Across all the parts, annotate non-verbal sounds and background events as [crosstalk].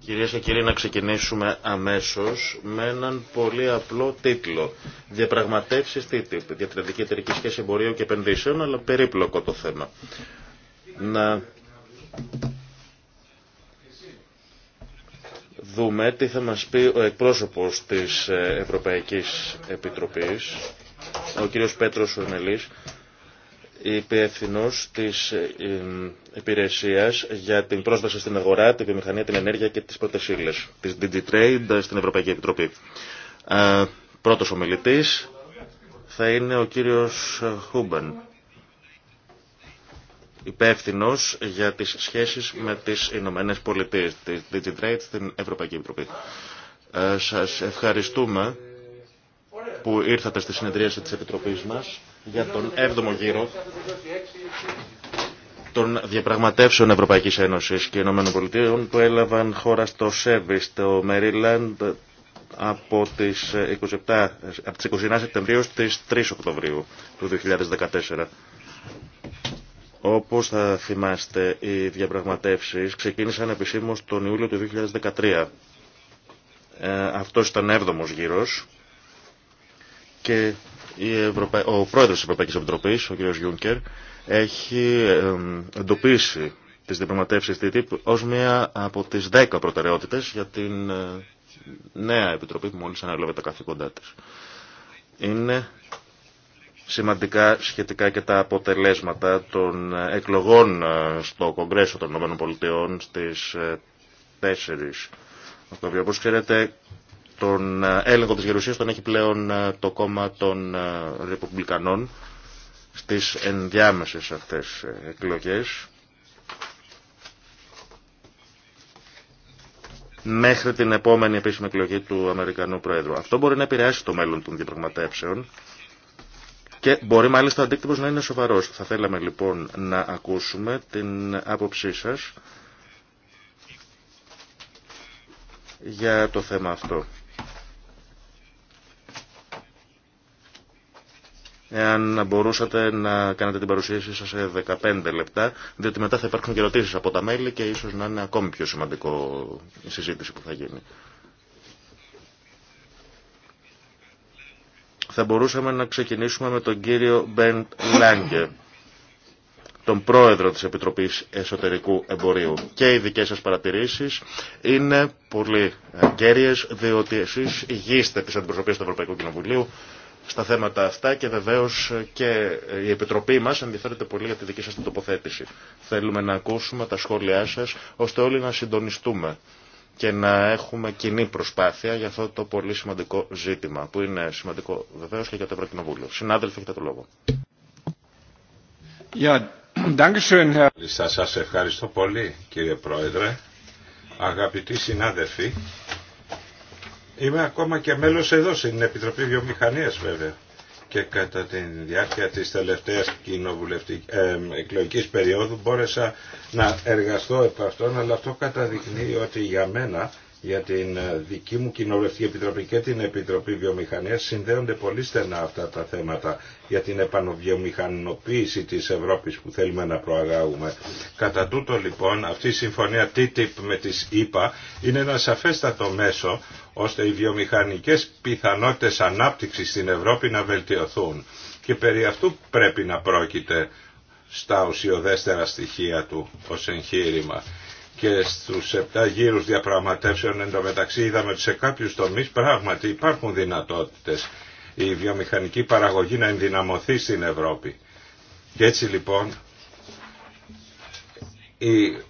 Κυρίες και κύριοι, να ξεκινήσουμε αμέσως με έναν πολύ απλό τίτλο. Διαπραγματεύσεις TTIP, Διατρεπτική Εταιρική Σχέση Εμπορίου και Επενδύσεων, αλλά περίπλοκο το θέμα. Να δούμε τι θα μας πει ο εκπρόσωπος της Ευρωπαϊκής Επιτροπής, ο κύριος Πέτρος Ουρνελής, υπεύθυνο τη ε, υπηρεσία για την πρόσβαση στην αγορά, την βιομηχανία, την ενέργεια και τι πρώτε Της τη DigiTrade στην Ευρωπαϊκή Επιτροπή. Ε, Πρώτο ομιλητή θα είναι ο κύριο Χούμπαν, υπεύθυνο για τι σχέσει με τι Ηνωμένε Πολιτείε, τη DigiTrade στην Ευρωπαϊκή Επιτροπή. Ε, Σα ευχαριστούμε που ήρθατε στη συνεδρίαση της Επιτροπής μας για τον 7ο γύρο των διαπραγματεύσεων Ευρωπαϊκής Ένωσης και Ηνωμένων Πολιτείων που έλαβαν χώρα στο Σέβι, στο Μερίλαντ από τις, 27, από τις 29 Σεπτεμβρίου στις 3 Οκτωβρίου του 2014. Όπως θα θυμάστε, οι διαπραγματεύσεις ξεκίνησαν επισήμως τον Ιούλιο του 2013. Ε, αυτός ήταν 7ο γύρος και ο πρόεδρος της Ευρωπαϊκής Επιτροπής, ο κ. Γιούνκερ, έχει εντοπίσει τις της TTIP ως μία από τις δέκα προτεραιότητες για την ε, νέα Επιτροπή που μόλις αναλάβε τα καθήκοντά της. Είναι σημαντικά σχετικά και τα αποτελέσματα των εκλογών ε, στο Κογκρέσο των ΗΠΑ στις 4 ε, Οκτωβρίου. Όπως ξέρετε τον ε, έλεγχο της γερουσίας τον έχει πλέον ε, το κόμμα των ε, Ρεπουμπλικανών στις ενδιάμεσες αυτές εκλογές μέχρι την επόμενη επίσημη εκλογή του Αμερικανού Πρόεδρου. Αυτό μπορεί να επηρεάσει το μέλλον των διαπραγματεύσεων και μπορεί μάλιστα ο αντίκτυπος να είναι σοβαρός. Θα θέλαμε λοιπόν να ακούσουμε την άποψή σας για το θέμα αυτό. εάν μπορούσατε να κάνετε την παρουσίασή σας σε 15 λεπτά, διότι μετά θα υπάρχουν και ερωτήσεις από τα μέλη και ίσως να είναι ακόμη πιο σημαντικό η συζήτηση που θα γίνει. Θα μπορούσαμε να ξεκινήσουμε με τον κύριο Μπεντ Λάγκε, τον πρόεδρο της Επιτροπής Εσωτερικού Εμπορίου. Και οι δικές σας παρατηρήσεις είναι πολύ κέρυες, διότι εσείς υγείστε τις αντιπροσωπείες του Ευρωπαϊκού Κοινοβουλίου στα θέματα αυτά και βεβαίως και η Επιτροπή μας ενδιαφέρεται πολύ για τη δική σας τοποθέτηση. Θέλουμε να ακούσουμε τα σχόλιά σας ώστε όλοι να συντονιστούμε και να έχουμε κοινή προσπάθεια για αυτό το πολύ σημαντικό ζήτημα που είναι σημαντικό βεβαίως και για το Ευρωκοινοβούλιο. Συνάδελφοι, έχετε το λόγο. Σα ευχαριστώ πολύ κύριε Πρόεδρε. Αγαπητοί συνάδελφοι, Είμαι ακόμα και μέλος εδώ στην Επιτροπή Βιομηχανίας βέβαια και κατά τη διάρκεια της τελευταίας ε, εκλογικής περίοδου μπόρεσα να εργαστώ επ' αυτόν, αλλά αυτό καταδεικνύει ότι για μένα για την ε, δική μου κοινοβουλευτική επιτροπή και την Επιτροπή Βιομηχανίας συνδέονται πολύ στενά αυτά τα θέματα για την επανοβιομηχανοποίηση της Ευρώπης που θέλουμε να προαγάγουμε. Κατά τούτο λοιπόν αυτή η συμφωνία TTIP με τις ΗΠΑ είναι ένα σαφέστατο μέσο ώστε οι βιομηχανικές πιθανότητες ανάπτυξης στην Ευρώπη να βελτιωθούν. Και περί αυτού πρέπει να πρόκειται στα ουσιοδέστερα στοιχεία του ως εγχείρημα και στους 7 γύρους διαπραγματεύσεων εντωμεταξύ είδαμε ότι σε κάποιους τομείς πράγματι υπάρχουν δυνατότητες η βιομηχανική παραγωγή να ενδυναμωθεί στην Ευρώπη. Και έτσι λοιπόν η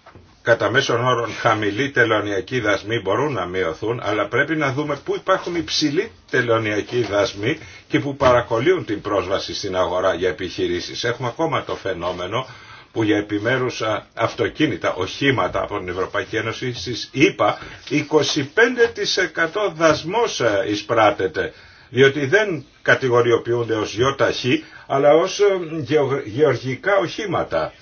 κατά μέσον όρων χαμηλοί τελωνιακοί δασμοί μπορούν να μειωθούν, αλλά πρέπει να δούμε πού υπάρχουν υψηλοί τελωνιακοί δασμοί και που παρακολύουν την πρόσβαση στην αγορά για επιχειρήσεις. Έχουμε ακόμα το φαινόμενο που για επιμέρους αυτοκίνητα, οχήματα από την Ευρωπαϊκή Ένωση στις ΗΠΑ 25% δασμός ε, εισπράτεται διότι δεν κατηγοριοποιούνται ως γιοταχή αλλά ως ε, γεωργικά οχήματα.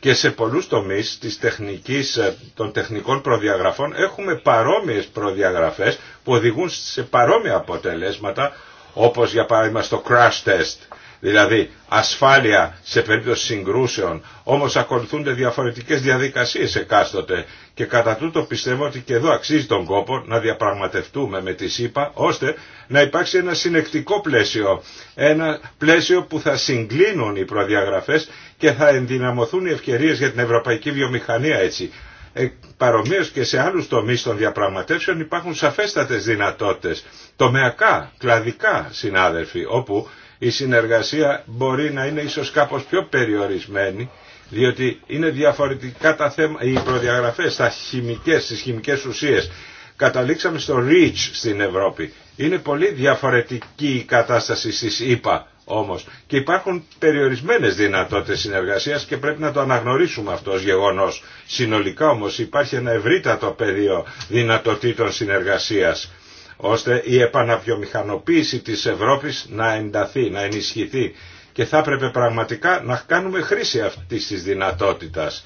Και σε πολλούς τομείς της τεχνικής, ε, των τεχνικών προδιαγραφών έχουμε παρόμοιες προδιαγραφές που οδηγούν σε παρόμοια αποτελέσματα όπως για παράδειγμα στο crash test δηλαδή ασφάλεια σε περίπτωση συγκρούσεων, όμως ακολουθούνται διαφορετικές διαδικασίες εκάστοτε και κατά τούτο πιστεύω ότι και εδώ αξίζει τον κόπο να διαπραγματευτούμε με τη ΣΥΠΑ ώστε να υπάρξει ένα συνεκτικό πλαίσιο, ένα πλαίσιο που θα συγκλίνουν οι προδιαγραφές και θα ενδυναμωθούν οι ευκαιρίες για την ευρωπαϊκή βιομηχανία έτσι. Ε, παρομοίως και σε άλλους τομείς των διαπραγματεύσεων υπάρχουν σαφέστατες δυνατότητες, τομεακά, κλαδικά συνάδελφοι, όπου η συνεργασία μπορεί να είναι ίσως κάπως πιο περιορισμένη διότι είναι διαφορετικά τα θέματα, οι προδιαγραφές τα χημικές, στις χημικές ουσίες. Καταλήξαμε στο REACH στην Ευρώπη. Είναι πολύ διαφορετική η κατάσταση στις ΗΠΑ όμως και υπάρχουν περιορισμένες δυνατότητες συνεργασίας και πρέπει να το αναγνωρίσουμε αυτό ως γεγονός. Συνολικά όμως υπάρχει ένα ευρύτατο πεδίο δυνατοτήτων συνεργασίας ώστε η επαναβιομηχανοποίηση της Ευρώπης να ενταθεί, να ενισχυθεί και θα έπρεπε πραγματικά να κάνουμε χρήση αυτής της δυνατότητας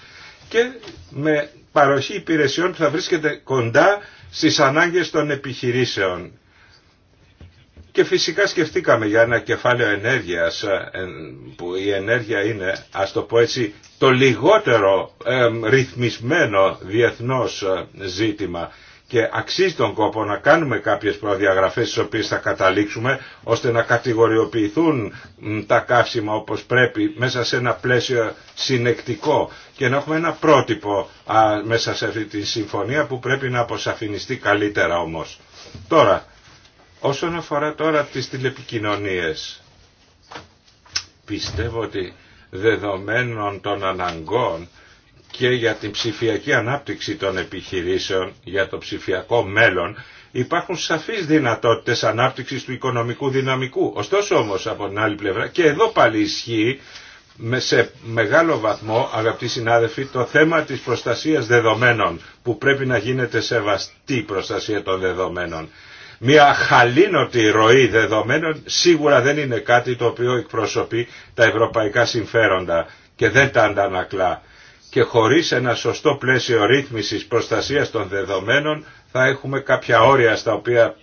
και με παροχή υπηρεσιών που θα βρίσκεται κοντά στις ανάγκες των επιχειρήσεων. Και φυσικά σκεφτήκαμε για ένα κεφάλαιο ενέργειας, ε, που η ενέργεια είναι, ας το πω έτσι, το λιγότερο ρυθμισμένο διεθνώς ε, ζήτημα και αξίζει τον κόπο να κάνουμε κάποιες προδιαγραφές στις οποίες θα καταλήξουμε ώστε να κατηγοριοποιηθούν τα καύσιμα όπως πρέπει μέσα σε ένα πλαίσιο συνεκτικό και να έχουμε ένα πρότυπο μέσα σε αυτή τη συμφωνία που πρέπει να αποσαφινιστεί καλύτερα όμως. Τώρα, όσον αφορά τώρα τις τηλεπικοινωνίες, πιστεύω ότι δεδομένων των αναγκών και για την ψηφιακή ανάπτυξη των επιχειρήσεων για το ψηφιακό μέλλον υπάρχουν σαφείς δυνατότητες ανάπτυξης του οικονομικού δυναμικού. Ωστόσο όμως από την άλλη πλευρά και εδώ πάλι ισχύει σε μεγάλο βαθμό αγαπητοί συνάδελφοι το θέμα της προστασίας δεδομένων που πρέπει να γίνεται σεβαστή προστασία των δεδομένων. Μια χαλήνοτη ροή δεδομένων σίγουρα δεν είναι κάτι το οποίο εκπροσωπεί τα ευρωπαϊκά συμφέροντα και δεν τα αντανακλά και χωρίς ένα σωστό πλαίσιο ρύθμισης προστασίας των δεδομένων θα έχουμε κάποια όρια στα οποία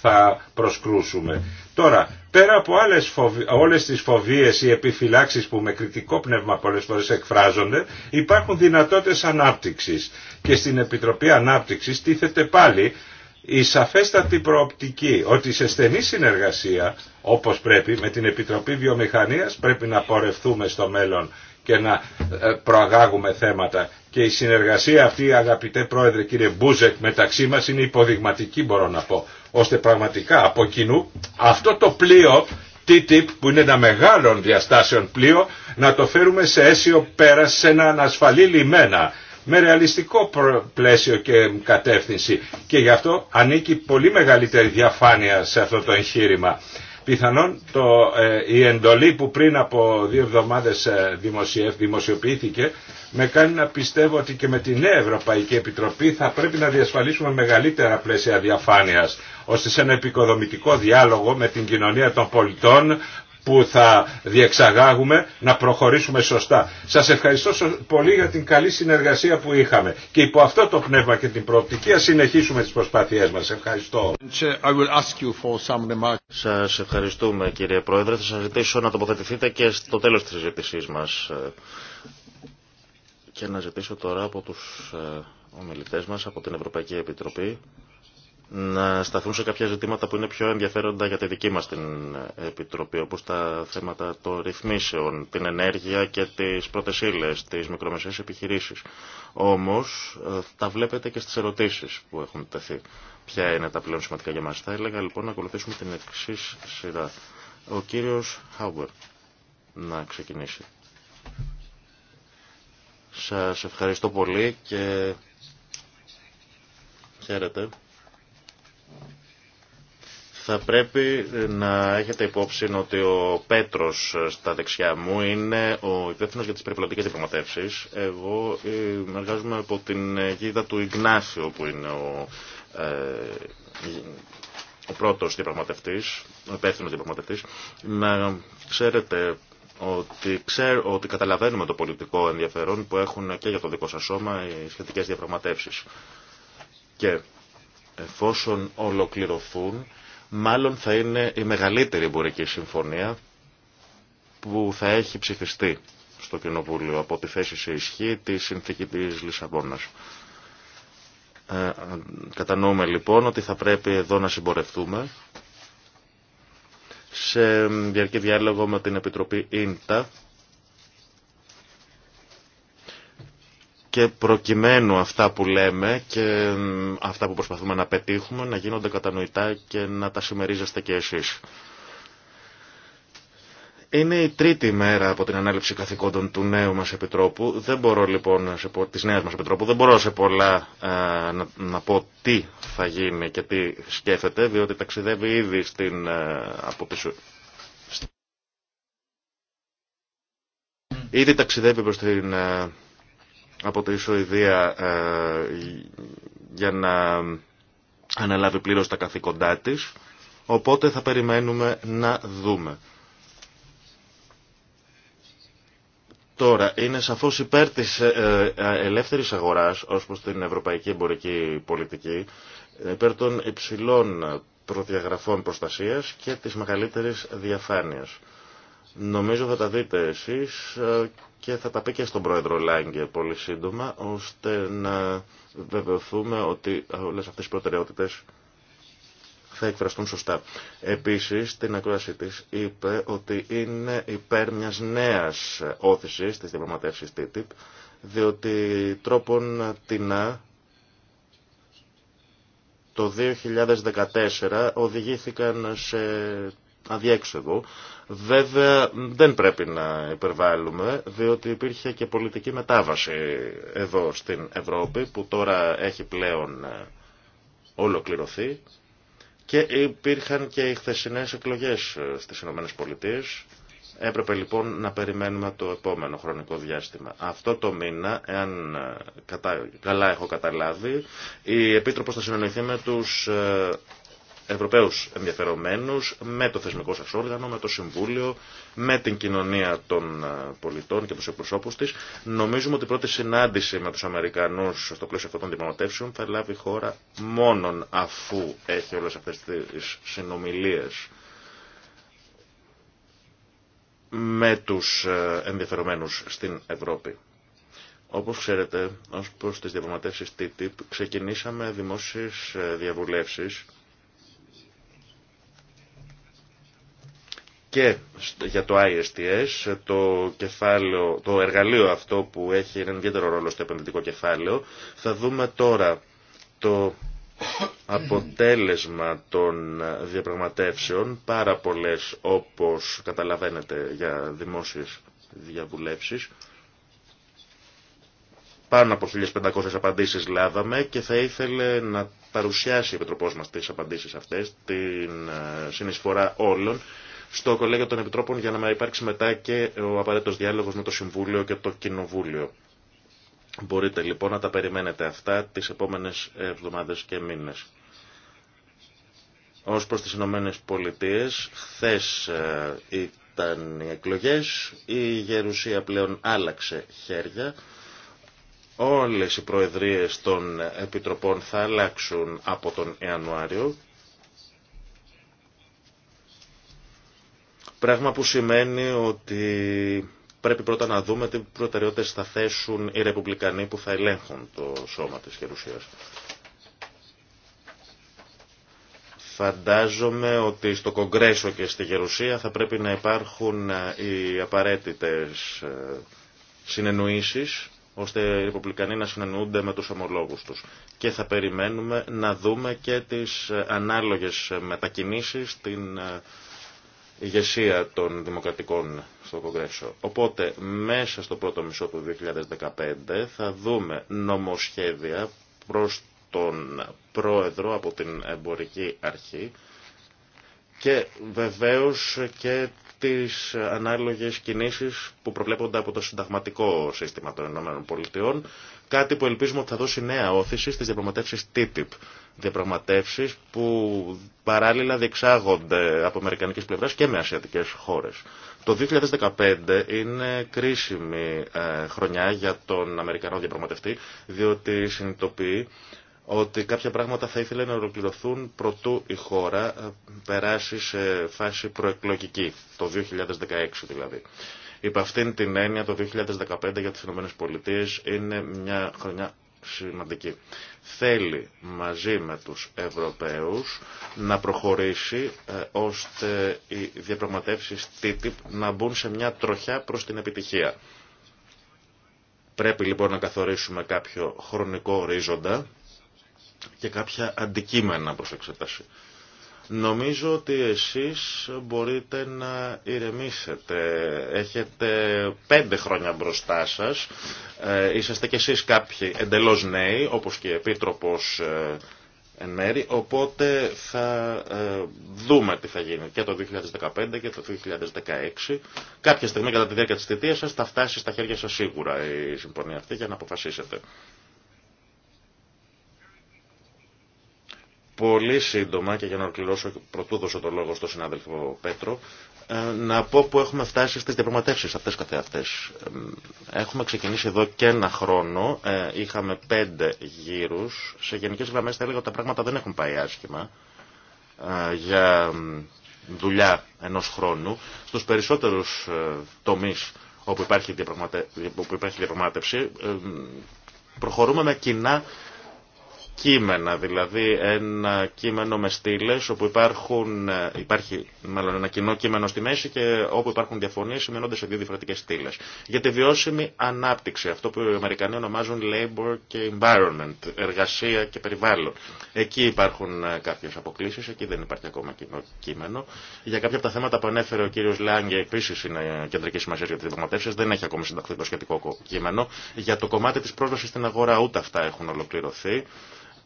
θα προσκρούσουμε. Τώρα, πέρα από άλλες φοβι... όλες τις φοβίες ή επιφυλάξεις που με κριτικό πνεύμα πολλές φορές εκφράζονται, υπάρχουν δυνατότητες ανάπτυξης. Και στην Επιτροπή Ανάπτυξης τίθεται πάλι η σαφέστατη προοπτική ότι σε στενή συνεργασία, όπως πρέπει, με την Επιτροπή Βιομηχανίας πρέπει να πορευθούμε στο μέλλον και να ε, προαγάγουμε θέματα. Και η συνεργασία αυτή αγαπητέ πρόεδρε κύριε Μπούζεκ μεταξύ μας είναι υποδειγματική μπορώ να πω. Ώστε πραγματικά από κοινού αυτό το πλοίο TTIP που είναι ένα μεγάλων διαστάσεων πλοίο να το φέρουμε σε αίσιο πέρα σε ένα ανασφαλή λιμένα με ρεαλιστικό πλαίσιο και κατεύθυνση. Και γι' αυτό ανήκει πολύ μεγαλύτερη διαφάνεια σε αυτό το εγχείρημα. Πιθανόν το, ε, η εντολή που πριν από δύο εβδομάδες ε, δημοσιοποιήθηκε με κάνει να πιστεύω ότι και με τη νέα Ευρωπαϊκή Επιτροπή θα πρέπει να διασφαλίσουμε μεγαλύτερα πλαίσια διαφάνειας ώστε σε ένα επικοδομητικό διάλογο με την κοινωνία των πολιτών που θα διεξαγάγουμε να προχωρήσουμε σωστά. Σας ευχαριστώ πολύ για την καλή συνεργασία που είχαμε και υπό αυτό το πνεύμα και την προοπτική ας συνεχίσουμε τις προσπάθειές μας. Ευχαριστώ. Σας ευχαριστούμε κύριε Πρόεδρε. Θα σας ζητήσω να τοποθετηθείτε και στο τέλος της συζήτησής μας και να ζητήσω τώρα από τους ε, ομιλητές μας από την Ευρωπαϊκή Επιτροπή να σταθούν σε κάποια ζητήματα που είναι πιο ενδιαφέροντα για τη δική μας την Επιτροπή, όπως τα θέματα των ρυθμίσεων, την ενέργεια και τις πρώτες τις μικρομεσαίες επιχειρήσεις. Όμως, τα βλέπετε και στις ερωτήσεις που έχουν τεθεί. Ποια είναι τα πλέον σημαντικά για μας. Θα έλεγα λοιπόν να ακολουθήσουμε την εξή σειρά. Ο κύριος Χάουερ να ξεκινήσει. Σας ευχαριστώ πολύ και χαίρετε. Θα πρέπει να έχετε υπόψη ότι ο Πέτρος στα δεξιά μου είναι ο υπεύθυνο για τις περιπλωτικές διαπραγματεύσεις. Εγώ ε, εργάζομαι από την γίδα του Ιγνάσιο που είναι ο, ε, ο πρώτος διαπραγματευτής, ο υπεύθυνος διαπραγματευτής. Να ξέρετε ότι, ξέρ, ότι καταλαβαίνουμε το πολιτικό ενδιαφέρον που έχουν και για το δικό σας σώμα οι σχετικές διαπραγματεύσεις. Και εφόσον ολοκληρωθούν μάλλον θα είναι η μεγαλύτερη εμπορική συμφωνία που θα έχει ψηφιστεί στο Κοινοβούλιο από τη θέση σε ισχύ τη συνθήκη της Λισαβόνας. Ε, κατανοούμε λοιπόν ότι θα πρέπει εδώ να συμπορευτούμε σε διαρκή διάλογο με την Επιτροπή ΙΝΤΑ και προκειμένου αυτά που λέμε και αυτά που προσπαθούμε να πετύχουμε να γίνονται κατανοητά και να τα συμμερίζεστε και εσείς. Είναι η τρίτη μέρα από την ανάληψη καθηκόντων του νέου μας επιτρόπου. Δεν μπορώ λοιπόν, σε, της νέας μας επιτρόπου, δεν μπορώ σε πολλά ε, να, να, πω τι θα γίνει και τι σκέφτεται, διότι ταξιδεύει ήδη στην, ε, α, ταξιδεύει προς την ε, από τη Σουηδία ε, για να αναλάβει πλήρως τα καθήκοντά της. Οπότε θα περιμένουμε να δούμε. Τώρα, είναι σαφώς υπέρ της ε, ε, ελεύθερης αγοράς ως προς την ευρωπαϊκή εμπορική πολιτική, υπέρ των υψηλών προδιαγραφών προστασίας και της μεγαλύτερης διαφάνειας. Νομίζω θα τα δείτε εσείς και θα τα πει και στον πρόεδρο Λάγκε πολύ σύντομα, ώστε να βεβαιωθούμε ότι όλες αυτές οι προτεραιότητες θα εκφραστούν σωστά. Επίσης, την ακρόαση είπε ότι είναι υπέρ μιας νέας όθησης της διαπραγματεύσης TTIP, διότι τρόπον τεινά το 2014 οδηγήθηκαν σε αδιέξοδο Βέβαια δεν πρέπει να υπερβάλλουμε, διότι υπήρχε και πολιτική μετάβαση εδώ στην Ευρώπη, που τώρα έχει πλέον ε, ολοκληρωθεί. Και υπήρχαν και οι χθεσινές εκλογές ε, στις Ηνωμένες Πολιτείες. Έπρεπε λοιπόν να περιμένουμε το επόμενο χρονικό διάστημα. Αυτό το μήνα, εάν ε, καλά έχω καταλάβει, η Επίτροπος θα συνεννοηθεί με τους Ευρωπαίους ενδιαφερομένους με το θεσμικό σας όργανο, με το Συμβούλιο, με την κοινωνία των ε, πολιτών και τους εκπροσώπους της. Νομίζουμε ότι η πρώτη συνάντηση με τους Αμερικανούς στο πλαίσιο αυτών των διαπραγματεύσεων θα λάβει χώρα μόνον αφού έχει όλες αυτές τις συνομιλίες με τους ε, ενδιαφερομένους στην Ευρώπη. Όπως ξέρετε, ως προς τις διαπραγματεύσεις TTIP ξεκινήσαμε δημόσιες ε, διαβουλεύσεις και για το ISTS, το, κεφάλαιο, το εργαλείο αυτό που έχει έναν ιδιαίτερο ρόλο στο επενδυτικό κεφάλαιο. Θα δούμε τώρα το αποτέλεσμα των διαπραγματεύσεων, πάρα πολλές όπως καταλαβαίνετε για δημόσιες διαβουλεύσεις. Πάνω από 1.500 απαντήσεις λάβαμε και θα ήθελε να παρουσιάσει η Επιτροπός μας τις απαντήσεις αυτές, την ε, συνεισφορά όλων στο κολέγιο των Επιτρόπων για να υπάρξει μετά και ο απαραίτητο διάλογο με το Συμβούλιο και το Κοινοβούλιο. Μπορείτε λοιπόν να τα περιμένετε αυτά τις επόμενες εβδομάδες και μήνες. Ως προς τις Ηνωμένε Πολιτείες, χθες ε, ήταν οι εκλογές, η Γερουσία πλέον άλλαξε χέρια. Όλες οι προεδρίες των επιτροπών θα αλλάξουν από τον Ιανουάριο Πράγμα που σημαίνει ότι πρέπει πρώτα να δούμε τι προτεραιότητες θα θέσουν οι Ρεπουμπλικανοί που θα ελέγχουν το σώμα της Γερουσίας. Φαντάζομαι ότι στο Κογκρέσο και στη Γερουσία θα πρέπει να υπάρχουν οι απαραίτητες ε, συνεννοήσεις ώστε οι Ρεπουμπλικανοί να συνεννοούνται με τους ομολόγους τους. Και θα περιμένουμε να δούμε και τις ε, ανάλογες μετακινήσεις στην ε, ηγεσία των δημοκρατικών στο Κογκρέσο. Οπότε μέσα στο πρώτο μισό του 2015 θα δούμε νομοσχέδια προς τον πρόεδρο από την εμπορική αρχή και βεβαίως και τις ανάλογες κινήσεις που προβλέπονται από το συνταγματικό σύστημα των ΗΠΑ, κάτι που ελπίζουμε ότι θα δώσει νέα όθηση στις διαπραγματεύσεις TTIP, διαπραγματεύσεις που παράλληλα διεξάγονται από αμερικανικές πλευράς και με ασιατικές χώρες. Το 2015 είναι κρίσιμη ε, χρονιά για τον Αμερικανό διαπραγματευτή, διότι συνειδητοποιεί ότι κάποια πράγματα θα ήθελε να ολοκληρωθούν προτού η χώρα ε, περάσει σε φάση προεκλογική, το 2016 δηλαδή. Υπ' αυτήν την έννοια το 2015 για τις ΗΠΑ είναι μια χρονιά σημαντική. Θέλει μαζί με τους Ευρωπαίους να προχωρήσει ε, ώστε οι διαπραγματεύσεις TTIP να μπουν σε μια τροχιά προς την επιτυχία. Πρέπει λοιπόν να καθορίσουμε κάποιο χρονικό ορίζοντα και κάποια αντικείμενα προς εξετάση. Νομίζω ότι εσείς μπορείτε να ηρεμήσετε. Έχετε πέντε χρόνια μπροστά σας. Ε, είσαστε κι εσείς κάποιοι εντελώς νέοι, όπως και η Επίτροπος ε, εν μέρη, οπότε θα ε, δούμε τι θα γίνει και το 2015 και το 2016. Κάποια στιγμή κατά τη διάρκεια της θητείας σας θα φτάσει στα χέρια σας σίγουρα η συμφωνία αυτή για να αποφασίσετε. Πολύ σύντομα και για να ολοκληρώσω πρωτού δώσω το λόγο στον συνάδελφο Πέτρο ε, να πω που έχουμε φτάσει στις διαπραγματεύσεις αυτές καθεαυτές. Ε, έχουμε ξεκινήσει εδώ και ένα χρόνο, ε, είχαμε πέντε γύρους. Σε γενικές γραμμές θα έλεγα ότι τα πράγματα δεν έχουν πάει άσχημα για δουλειά ενός χρόνου. Στους περισσότερους τομείς όπου υπάρχει διαπραγμάτευση προχωρούμε με κοινά κείμενα, δηλαδή ένα κείμενο με στήλε όπου υπάρχουν, ε, υπάρχει μάλλον ένα κοινό κείμενο στη μέση και όπου υπάρχουν διαφωνίες σημαίνονται σε δύο διαφορετικές στήλε. Για τη βιώσιμη ανάπτυξη, αυτό που οι Αμερικανοί ονομάζουν labor και environment, εργασία και περιβάλλον. Εκεί υπάρχουν ε, κάποιες αποκλήσεις, εκεί δεν υπάρχει ακόμα κοινό κείμενο. Για κάποια από τα θέματα που ανέφερε ο κύριος Λάγκε επίση είναι κεντρική σημασία για τις δημοκρατεύσεις, δεν έχει ακόμα συνταχθεί το σχετικό κείμενο. Για το κομμάτι της πρόσβασης στην αγορά ούτε αυτά έχουν ολοκληρωθεί.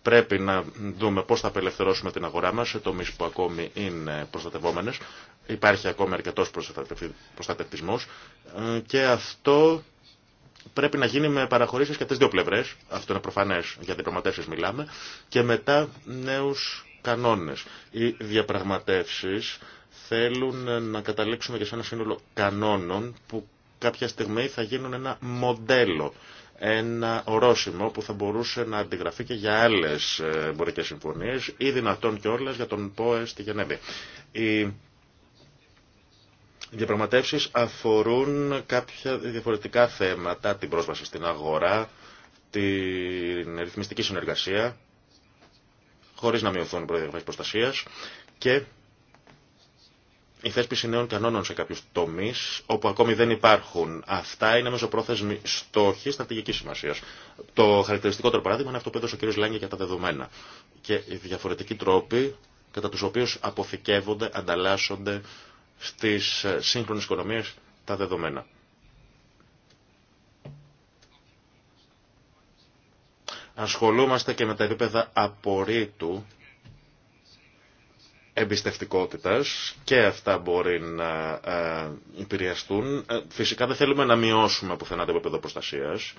Πρέπει να δούμε πώς θα απελευθερώσουμε την αγορά μας σε τομείς που ακόμη είναι προστατευόμενες. Υπάρχει ακόμη αρκετός προστατευτισμός ε, και αυτό πρέπει να γίνει με παραχωρήσεις και από τις δύο πλευρές. Αυτό είναι προφανές για διαπραγματεύσεις μιλάμε. Και μετά νέους κανόνες. Οι διαπραγματεύσεις θέλουν να καταλήξουμε και σε ένα σύνολο κανόνων που κάποια στιγμή θα γίνουν ένα μοντέλο ένα ορόσημο που θα μπορούσε να αντιγραφεί και για άλλες ε, εμπορικέ συμφωνίες ή δυνατόν κιόλα για τον ΠΟΕ στη Γενέβη. Οι διαπραγματεύσεις αφορούν κάποια διαφορετικά θέματα, την πρόσβαση στην αγορά, την ρυθμιστική συνεργασία, χωρίς να μειωθούν οι προδιαγραφές προστασίας και η θέσπιση νέων κανόνων σε κάποιου τομείς όπου ακόμη δεν υπάρχουν. Αυτά είναι μεσοπρόθεσμοι στόχοι στρατηγική σημασία. Το χαρακτηριστικότερο παράδειγμα είναι αυτό που έδωσε ο κ. Λάγκε για τα δεδομένα και οι διαφορετικοί τρόποι κατά τους οποίους αποθηκεύονται, ανταλλάσσονται στις σύγχρονε οικονομίες τα δεδομένα. Ασχολούμαστε και με τα επίπεδα απορρίτου εμπιστευτικότητας και αυτά μπορεί να ε, επηρεαστούν. Ε, φυσικά δεν θέλουμε να μειώσουμε πουθενά το επίπεδο προστασίας.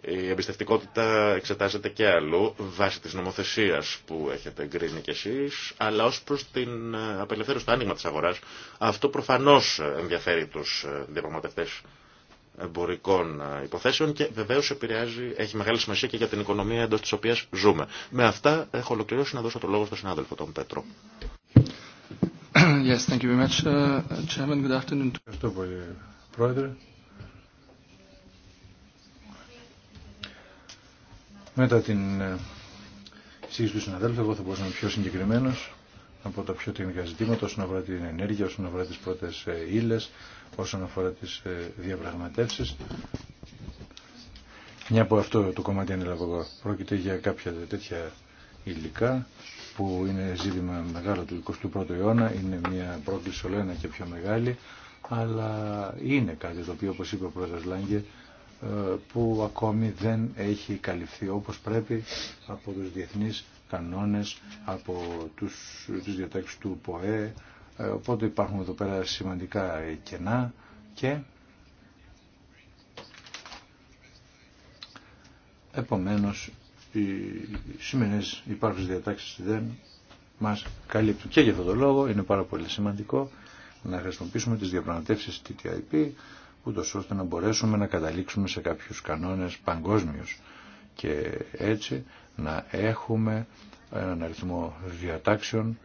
Η εμπιστευτικότητα εξετάζεται και αλλού βάσει της νομοθεσίας που έχετε εγκρίνει κι εσείς, αλλά ως προς την ε, απελευθέρωση του άνοιγμα της αγοράς. Αυτό προφανώς ενδιαφέρει τους διαπραγματευτές εμπορικών ε, υποθέσεων και βεβαίω επηρεάζει, έχει μεγάλη σημασία και για την οικονομία εντό τη οποία ζούμε. Με αυτά έχω ολοκληρώσει να δώσω το λόγο στον συνάδελφο τον Πέτρο. Yes, thank you very much, uh, Chairman. Good afternoon. Ευχαριστώ πολύ, Πρόεδρε. Μετά την ε, εισήγηση του συναδέλφου, εγώ θα μπορούσα να είμαι πιο συγκεκριμένος από τα πιο τεχνικά ζητήματα όσον αφορά την ενέργεια, όσον αφορά τις πρώτες ε, ύλες, όσον αφορά τις ε, διαπραγματεύσεις. Μια από αυτό το κομμάτι είναι εγώ. Πρόκειται για κάποια τέτοια υλικά που είναι ζήτημα μεγάλο του 21ου αιώνα, είναι μια πρόκληση όλο ένα και πιο μεγάλη, αλλά είναι κάτι το οποίο, όπως είπε ο πρόεδρος Λάγκε, ε, που ακόμη δεν έχει καλυφθεί όπως πρέπει από τους διεθνείς κανόνες, από τους, τις διατάξεις του ΠΟΕ, ε, οπότε υπάρχουν εδώ πέρα σημαντικά κενά και επομένως οι σημερινές υπάρχουσες διατάξεις δεν μας καλύπτουν. Και για αυτόν τον λόγο είναι πάρα πολύ σημαντικό να χρησιμοποιήσουμε τις διαπραγματεύσεις TTIP ούτως ώστε να μπορέσουμε να καταλήξουμε σε κάποιους κανόνες παγκόσμιους και έτσι να έχουμε έναν αριθμό διατάξεων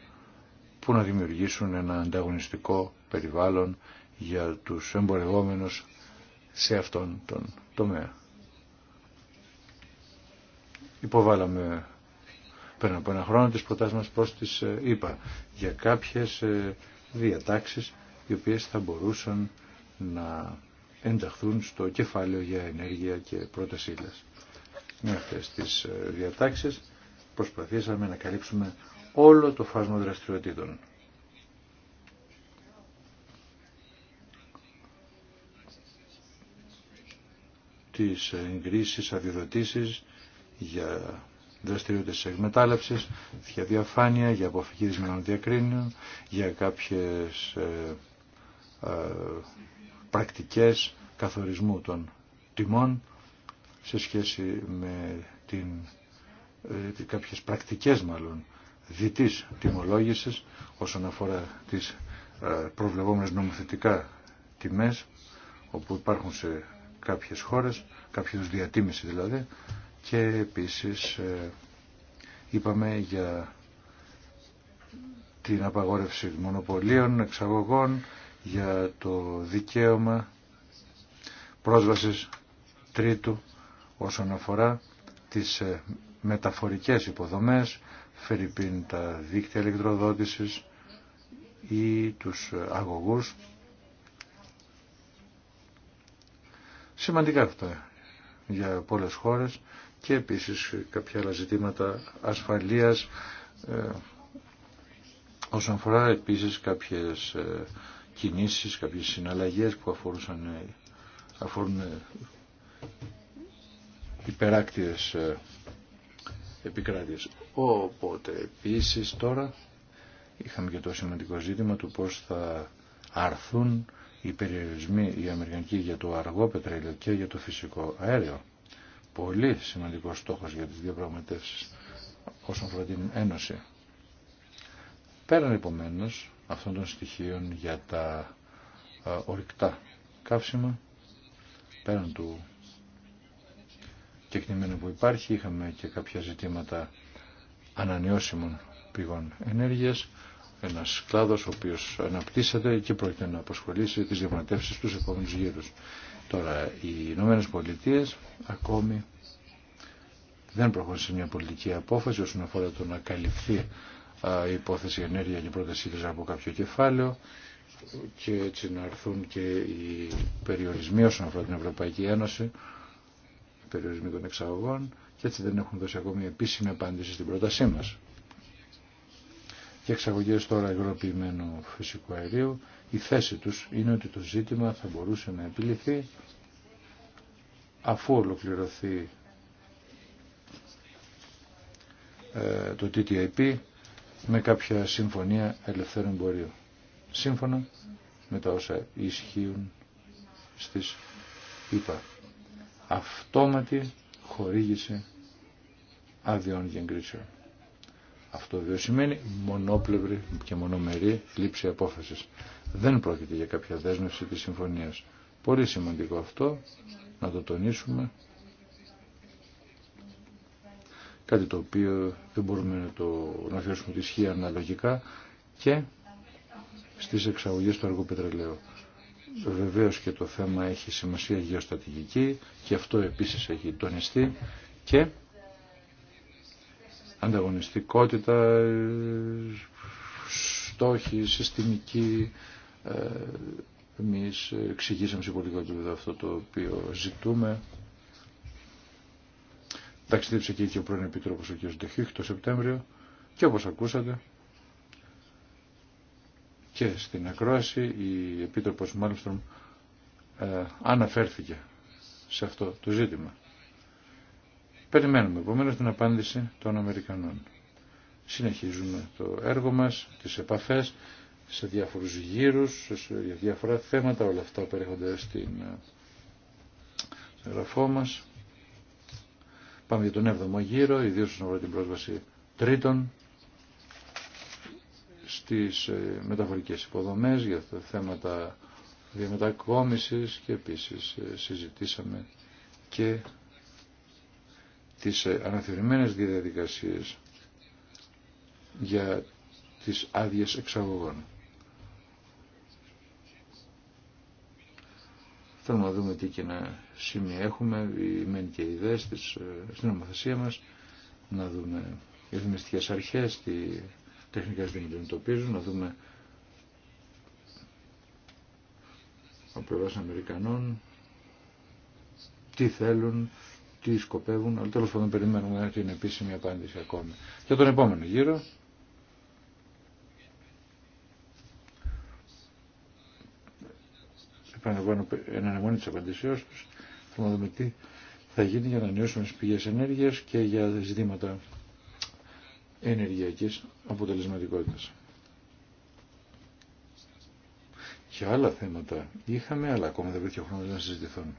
που να δημιουργήσουν ένα ανταγωνιστικό περιβάλλον για τους εμπορευόμενους σε αυτόν τον τομέα. Υποβάλαμε πριν από ένα χρόνο τις προτάσεις μας προς τις είπα, για κάποιες ε, διατάξεις οι οποίες θα μπορούσαν να ενταχθούν στο κεφάλαιο για ενέργεια και πρώτες ύλες με αυτές τις ε, διατάξεις προσπαθήσαμε να καλύψουμε όλο το φάσμα δραστηριοτήτων. Τις εγκρίσεις, αδειοδοτήσεις για δραστηριότητες της για διαφάνεια, για αποφυγή δυσμενών διακρίνων, για κάποιες ε, ε, πρακτικές καθορισμού των τιμών, σε σχέση με την, ε, κάποιες πρακτικές μάλλον διτής τιμολόγησης όσον αφορά τις ε, προβλεπόμενες νομοθετικά τιμές όπου υπάρχουν σε κάποιες χώρες, κάποιους διατίμηση δηλαδή και επίσης ε, είπαμε για την απαγόρευση μονοπωλίων, εξαγωγών, για το δικαίωμα πρόσβασης τρίτου όσον αφορά τις ε, μεταφορικές υποδομές, φερειπίν τα δίκτυα ηλεκτροδότησης ή τους ε, αγωγούς. Σημαντικά αυτά για πολλές χώρες και επίσης κάποια άλλα ζητήματα ασφαλείας ε, όσον αφορά επίσης κάποιες κινήσεις, κάποιες συναλλαγές που αφορούσαν, αφορούν υπεράκτιες ε, επικράτειες. Οπότε επίσης τώρα είχαμε και το σημαντικό ζήτημα του πώς θα αρθούν οι περιορισμοί οι Αμερικανικοί για το αργό πετρέλαιο και για το φυσικό αέριο. Πολύ σημαντικός στόχος για τις διαπραγματεύσεις όσον αφορά την Ένωση. Πέραν επομένω αυτών των στοιχείων για τα ε, ορυκτά καύσιμα, πέραν του και κεκτημένο που υπάρχει. Είχαμε και κάποια ζητήματα ανανεώσιμων πηγών ενέργειας. Ένας κλάδος ο οποίος αναπτύσσεται και πρόκειται να αποσχολήσει τις διαπραγματεύσεις τους επόμενους γύρους. Τώρα, οι Ηνωμένε Πολιτείε ακόμη δεν προχώρησε μια πολιτική απόφαση όσον αφορά το να καλυφθεί η υπόθεση ενέργεια και πρόταση της από κάποιο κεφάλαιο και έτσι να έρθουν και οι περιορισμοί όσον αφορά την Ευρωπαϊκή Ένωση περιορισμοί των εξαγωγών και έτσι δεν έχουν δώσει ακόμη επίσημη απάντηση στην πρότασή μας. Και εξαγωγές τώρα υγροποιημένου φυσικού αερίου, η θέση τους είναι ότι το ζήτημα θα μπορούσε να επιληθεί αφού ολοκληρωθεί ε, το TTIP με κάποια συμφωνία ελευθερών εμπορίου. Σύμφωνα με τα όσα ισχύουν στις ΗΠΑ αυτόματη χορήγηση άδειων και Αυτό βέβαια σημαίνει μονόπλευρη και μονομερή λήψη απόφασης. Δεν πρόκειται για κάποια δέσμευση της συμφωνίας. Πολύ σημαντικό αυτό να το τονίσουμε. Κάτι το οποίο δεν μπορούμε να το να θεωρήσουμε αναλογικά και στις εξαγωγές του αργού πετρελαίου. Βεβαίως και το θέμα έχει σημασία γεωστατηγική και αυτό επίσης έχει τονιστεί και ανταγωνιστικότητα, στόχοι, συστημική. Ε, εμείς εξηγήσαμε σε πολιτικό επίπεδο αυτό το οποίο ζητούμε. Ταξιδέψε και εκεί ο πρώην Επίτροπος ο κ. Ντεχίχ το Σεπτέμβριο και όπως ακούσατε και στην ακρόαση η Επίτροπος Μάλιστον ε, αναφέρθηκε σε αυτό το ζήτημα. Περιμένουμε επομένως την απάντηση των Αμερικανών. Συνεχίζουμε το έργο μας, τις επαφές σε διάφορους γύρους, σε διάφορα θέματα, όλα αυτά περιέχονται στην ε, γραφό μας. Πάμε για τον 7ο γύρο, ιδίως όσον αφορά την πρόσβαση τρίτων στις ε, μεταφορικές υποδομές, για τα θέματα διαμετακόμισης και επίσης ε, συζητήσαμε και τις ε, αναθεωρημένες διαδικασίες για τις άδειε εξαγωγών. Θέλουμε να δούμε τι κοινά σημεία έχουμε, οι μεν και οι δε στην ομοθεσία μας, να δούμε οι δημιουργικές αρχές, τι τεχνικές δεν αντιμετωπίζουν, να δούμε ο πλευράς Αμερικανών τι θέλουν, τι σκοπεύουν, αλλά τέλος πάντων περιμένουμε την επίσημη απάντηση ακόμη. Για τον επόμενο γύρο, επαναλαμβάνω ενανεμόνη τη απαντησεώ του. Θέλουμε να δούμε τι θα γίνει για να νιώσουμε τι πηγέ ενέργεια και για ζητήματα ενεργειακής αποτελεσματικότητας. Και άλλα θέματα είχαμε, αλλά ακόμα δεν βρήκε ο χρόνος να συζητηθούν.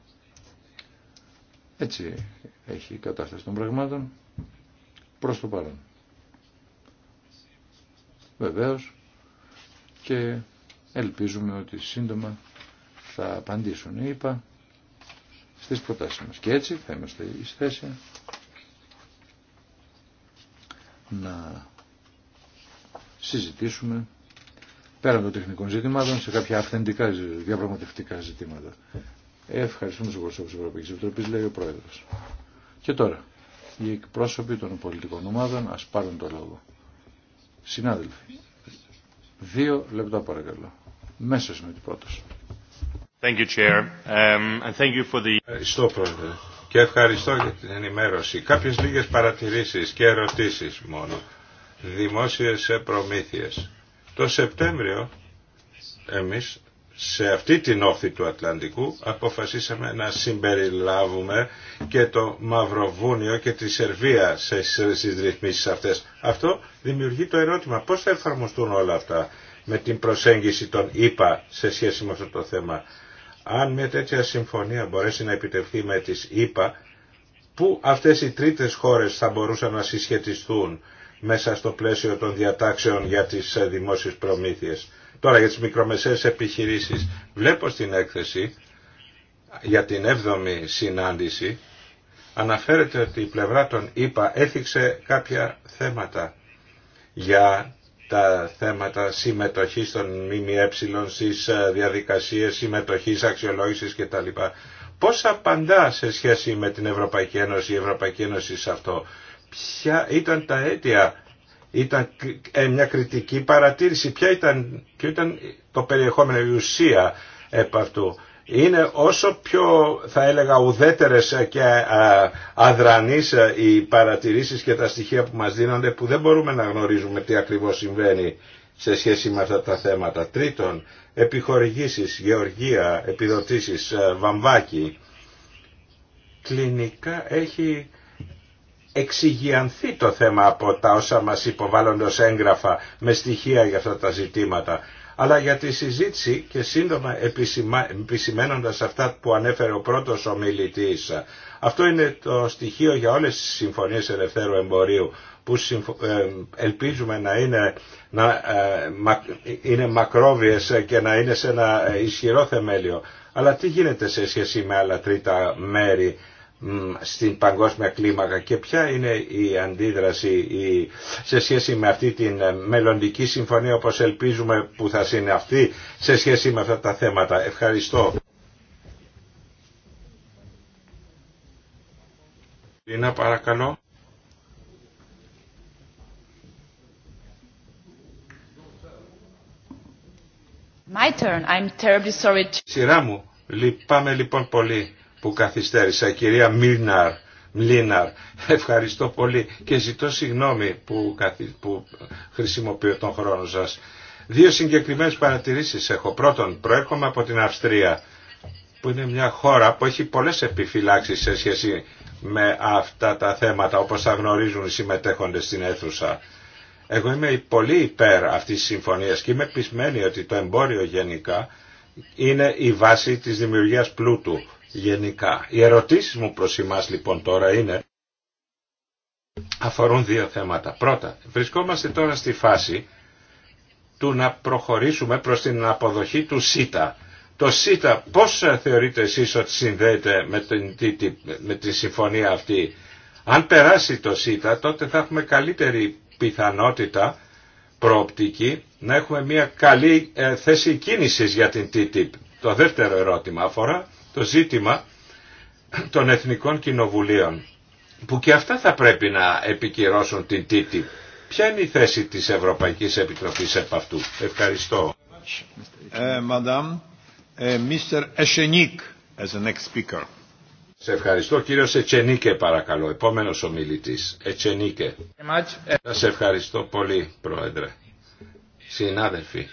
Έτσι έχει η κατάσταση των πραγμάτων προς το παρόν. Βεβαίως και ελπίζουμε ότι σύντομα θα απαντήσουν, είπα, στις προτάσεις μας. Και έτσι θα είμαστε εις θέση να συζητήσουμε πέραν των τεχνικών ζητημάτων σε κάποια αυθεντικά διαπραγματευτικά ζητήματα. Ευχαριστούμε του εκπροσώπου τη Ευρωπαϊκή Επιτροπή, λέει ο Πρόεδρο. Και τώρα, οι εκπρόσωποι των πολιτικών ομάδων α πάρουν το λόγο. Συνάδελφοι, δύο λεπτά παρακαλώ. Μέσα με την πρώτο. Ευχαριστώ, Πρόεδρε και ευχαριστώ για την ενημέρωση. Κάποιες λίγες παρατηρήσεις και ερωτήσεις μόνο. Δημόσιες προμήθειες. Το Σεπτέμβριο εμείς σε αυτή την όχθη του Ατλαντικού αποφασίσαμε να συμπεριλάβουμε και το Μαυροβούνιο και τη Σερβία στις ρυθμίσεις αυτές. Αυτό δημιουργεί το ερώτημα πώς θα εφαρμοστούν όλα αυτά με την προσέγγιση των ΙΠΑ σε σχέση με αυτό το θέμα αν μια τέτοια συμφωνία μπορέσει να επιτευχθεί με τις ΗΠΑ, πού αυτές οι τρίτες χώρες θα μπορούσαν να συσχετιστούν μέσα στο πλαίσιο των διατάξεων για τις ε, δημόσιες προμήθειες. Τώρα για τις μικρομεσαίες επιχειρήσεις. Βλέπω στην έκθεση για την 7η συνάντηση αναφέρεται ότι η πλευρά των ΗΠΑ έθιξε κάποια θέματα για τα θέματα συμμετοχής των ΜΜΕ στις ε, διαδικασίες συμμετοχής, αξιολόγησης κτλ. Πώς απαντά σε σχέση με την Ευρωπαϊκή Ένωση, η Ευρωπαϊκή Ένωση σε αυτό. Ποια ήταν τα αίτια, ήταν ε, μια κριτική παρατήρηση, ποια ήταν, ποιο ήταν το περιεχόμενο, η ουσία επ' αυτού είναι όσο πιο θα έλεγα ουδέτερες και αδρανείς ε, οι παρατηρήσεις και τα στοιχεία που μας δίνονται που δεν μπορούμε να γνωρίζουμε τι ακριβώς συμβαίνει σε σχέση με αυτά τα θέματα. Τρίτον, επιχορηγήσεις, γεωργία, επιδοτήσεις, ε, βαμβάκι. Κλινικά έχει εξηγιανθεί το θέμα από τα όσα μας υποβάλλονται ως έγγραφα με στοιχεία για αυτά τα ζητήματα. Αλλά για τη συζήτηση και σύντομα επισημένοντας αυτά που ανέφερε ο πρώτος ομιλητής, αυτό είναι το στοιχείο για όλες τις συμφωνίες ελευθέρου εμπορίου που ε, ελπίζουμε να είναι, να, ε, είναι μακρόβιες και να είναι σε ένα ισχυρό θεμέλιο. Αλλά τι γίνεται σε σχέση με άλλα τρίτα μέρη στην παγκόσμια κλίμακα και ποια είναι η αντίδραση σε σχέση με αυτή την μελλοντική συμφωνία όπως ελπίζουμε που θα συναυθεί σε σχέση με αυτά τα θέματα. Ευχαριστώ. Λίνα παρακαλώ. My Σειρά μου. Λυπάμαι λοιπόν πολύ που καθυστέρησα. Κυρία Μίλναρ, Μλίναρ, ευχαριστώ πολύ και ζητώ συγγνώμη που, καθυ... που χρησιμοποιώ τον χρόνο σας. Δύο συγκεκριμένες παρατηρήσεις έχω. Πρώτον, προέρχομαι από την Αυστρία, που είναι μια χώρα που έχει πολλές επιφυλάξεις σε σχέση με αυτά τα θέματα, όπως θα γνωρίζουν οι συμμετέχοντες στην αίθουσα. Εγώ είμαι πολύ υπέρ αυτής της συμφωνίας και είμαι πεισμένη ότι το εμπόριο γενικά είναι η βάση της δημιουργίας πλούτου γενικά. Οι ερωτήσεις μου προς εμάς λοιπόν τώρα είναι αφορούν δύο θέματα. Πρώτα, βρισκόμαστε τώρα στη φάση του να προχωρήσουμε προς την αποδοχή του ΣΥΤΑ. Το ΣΥΤΑ πώς θεωρείτε εσείς ότι συνδέεται με, την, με τη συμφωνία αυτή. Αν περάσει το ΣΥΤΑ τότε θα έχουμε καλύτερη πιθανότητα προοπτική να έχουμε μια καλή ε, θέση κίνησης για την TTIP. Το δεύτερο ερώτημα αφορά το ζήτημα των εθνικών κοινοβουλίων που και αυτά θα πρέπει να επικυρώσουν την τίτη. Ποια είναι η θέση της Ευρωπαϊκής Επιτροπής επ' αυτού. Ευχαριστώ. Ε, ε, Σε ευχαριστώ κύριο Ετσενίκε παρακαλώ, επόμενος ομιλητής. Ετσενίκε. Σας ευχαριστώ πολύ πρόεδρε. Συνάδελφοι.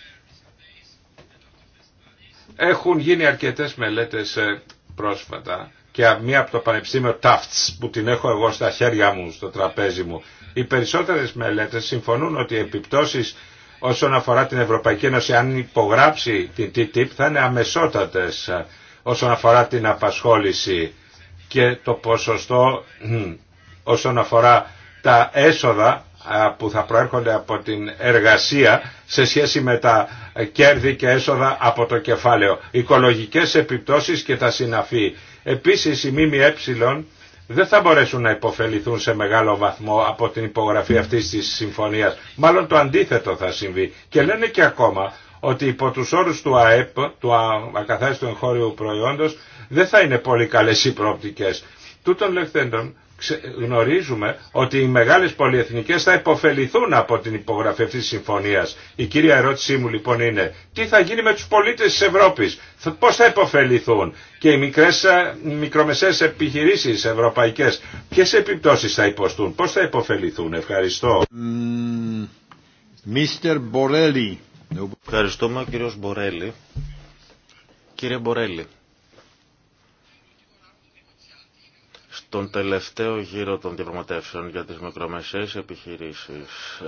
Έχουν γίνει αρκετές μελέτες ε, πρόσφατα και μία από το Πανεπιστήμιο Ταφτς που την έχω εγώ στα χέρια μου, στο τραπέζι μου. Οι περισσότερες μελέτες συμφωνούν ότι οι επιπτώσεις όσον αφορά την Ευρωπαϊκή Ένωση αν υπογράψει την TTIP θα είναι αμεσότατες ε, όσον αφορά την απασχόληση και το ποσοστό hm, όσον αφορά τα έσοδα που θα προέρχονται από την εργασία σε σχέση με τα κέρδη και έσοδα από το κεφάλαιο, οικολογικές επιπτώσεις και τα συναφή. Επίσης οι ΜΜΕ δεν θα μπορέσουν να υποφεληθούν σε μεγάλο βαθμό από την υπογραφή αυτής της συμφωνίας. Μάλλον το αντίθετο θα συμβεί. Και λένε και ακόμα ότι υπό τους όρους του ΑΕΠ, του ακαθάριστου εγχώριου προϊόντος, δεν θα είναι πολύ καλές οι προοπτικές. Τούτων λεχθέντων γνωρίζουμε ότι οι μεγάλες πολυεθνικές θα υποφεληθούν από την υπογραφή αυτής της συμφωνίας. Η κύρια ερώτησή μου λοιπόν είναι τι θα γίνει με τους πολίτες της Ευρώπης, πώς θα υποφεληθούν και οι μικρές, ε, μικρομεσαίες επιχειρήσεις ευρωπαϊκές, ποιες επιπτώσεις θα υποστούν, πώς θα υποφεληθούν. Ευχαριστώ. Μπορέλη. Κύριε Μπορέλη. Τον τελευταίο γύρο των διαπραγματεύσεων για τις μικρομεσαίες επιχειρήσεις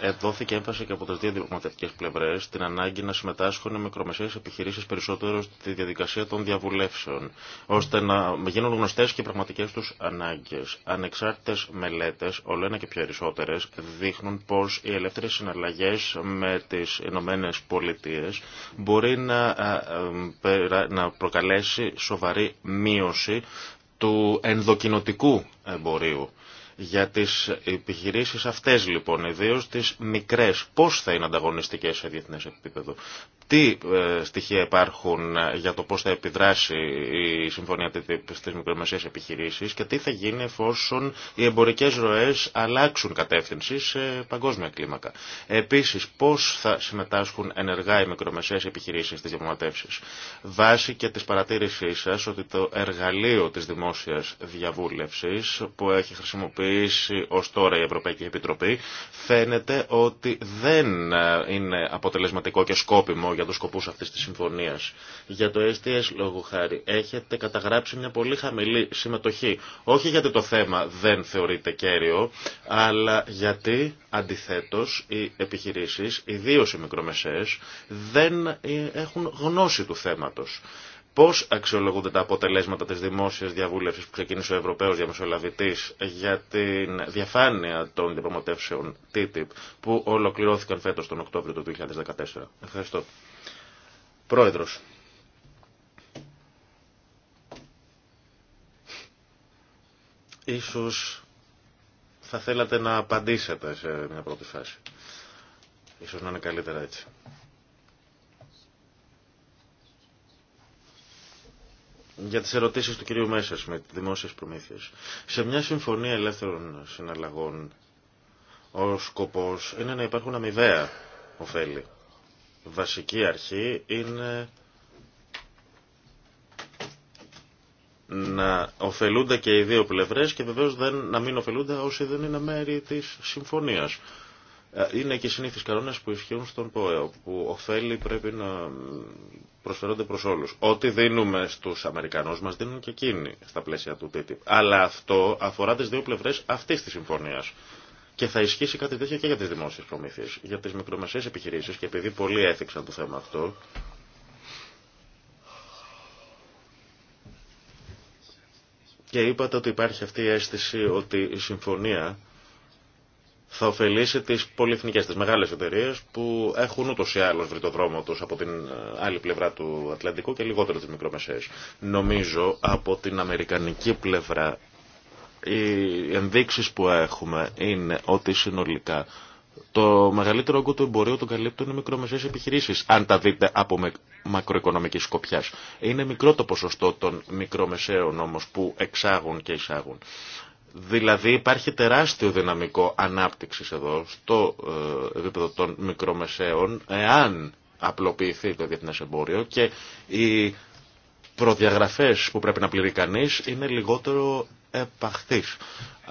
ε, ε δόθηκε έμφαση και από τις δύο διαπραγματευτικές πλευρές την ανάγκη να συμμετάσχουν οι μικρομεσαίες επιχειρήσεις περισσότερο στη διαδικασία των διαβουλεύσεων ώστε να γίνουν γνωστές και οι πραγματικές τους ανάγκες. Ανεξάρτητες μελέτες, όλο ένα και πιο περισσότερες, δείχνουν πως οι ελεύθερες συναλλαγές με τις Ηνωμένε Πολιτείε μπορεί να, ε, ε, να προκαλέσει σοβαρή μείωση του ενδοκινοτικού εμπορίου για τις επιχειρήσεις αυτές λοιπόν, ιδίω τις μικρές, πώς θα είναι ανταγωνιστικές σε διεθνές επίπεδο. Τι ε, στοιχεία υπάρχουν ε, για το πώς θα επιδράσει η Συμφωνία TTIP στις μικρομεσαίες επιχειρήσεις και τι θα γίνει εφόσον οι εμπορικές ροές αλλάξουν κατεύθυνση σε παγκόσμια κλίμακα. Επίσης, πώς θα συμμετάσχουν ενεργά οι μικρομεσαίες επιχειρήσεις στις διαπραγματεύσεις. Βάσει και της παρατήρησής σας ότι το εργαλείο της δημόσιας διαβούλευσης που έχει χρησιμοποιήσει ως ω τώρα η Ευρωπαϊκή Επιτροπή φαίνεται ότι δεν ε, είναι αποτελεσματικό και σκόπιμο για τους σκοπούς αυτή της συμφωνία. Για το STS, λόγω χάρη, έχετε καταγράψει μια πολύ χαμηλή συμμετοχή. Όχι γιατί το θέμα δεν θεωρείται κέριο, αλλά γιατί αντιθέτω οι επιχειρήσει, ιδίω οι μικρομεσαίε, δεν ε, έχουν γνώση του θέματο. Πώ αξιολογούνται τα αποτελέσματα της δημόσιας διαβούλευσης που ξεκίνησε ο Ευρωπαίος Διαμεσολαβητής για την διαφάνεια των διαπραγματεύσεων TTIP που ολοκληρώθηκαν φέτο τον Οκτώβριο του 2014. Ευχαριστώ. Πρόεδρος. Ίσως θα θέλατε να απαντήσετε σε μια πρώτη φάση. Ίσως να είναι καλύτερα έτσι. για τις ερωτήσεις του κυρίου Μέσας με δημόσιες προμήθειες. Σε μια συμφωνία ελεύθερων συναλλαγών ο σκοπός είναι να υπάρχουν αμοιβαία ωφέλη. Βασική αρχή είναι να ωφελούνται και οι δύο πλευρές και βεβαίως δεν, να μην ωφελούνται όσοι δεν είναι μέρη της συμφωνίας. Ε, είναι και συνήθεις κανόνες που ισχύουν στον ΠΟΕΟ... που οφέλη πρέπει να προσφέρονται προς όλους. Ό,τι δίνουμε στους Αμερικανούς μας δίνουν και εκείνοι στα πλαίσια του TTIP. Αλλά αυτό αφορά τις δύο πλευρές αυτής της συμφωνίας. Και θα ισχύσει κάτι τέτοιο και για τις δημόσιες προμήθειες, για τις μικρομεσαίες επιχειρήσεις και επειδή πολλοί έθιξαν το θέμα αυτό, και είπατε ότι υπάρχει αυτή η αίσθηση ότι η συμφωνία θα ωφελήσει τις πολυεθνικές, τις μεγάλες εταιρείες που έχουν ούτως ή άλλως βρει το δρόμο τους από την ε, άλλη πλευρά του Ατλαντικού και λιγότερο τις μικρομεσαίες. Νομίζω από την αμερικανική πλευρά οι ενδείξεις που έχουμε είναι ότι συνολικά το μεγαλύτερο όγκο του εμπορίου τον καλύπτουν οι μικρομεσαίες επιχειρήσεις, αν τα δείτε από μακροοικονομική σκοπιά. Είναι μικρό το ποσοστό των μικρομεσαίων όμως που εξάγουν και εισάγουν. Δηλαδή υπάρχει τεράστιο δυναμικό ανάπτυξης εδώ στο ε, επίπεδο των μικρομεσαίων εάν απλοποιηθεί το διεθνές εμπόριο και οι προδιαγραφές που πρέπει να πληρεί κανείς είναι λιγότερο επαχθείς.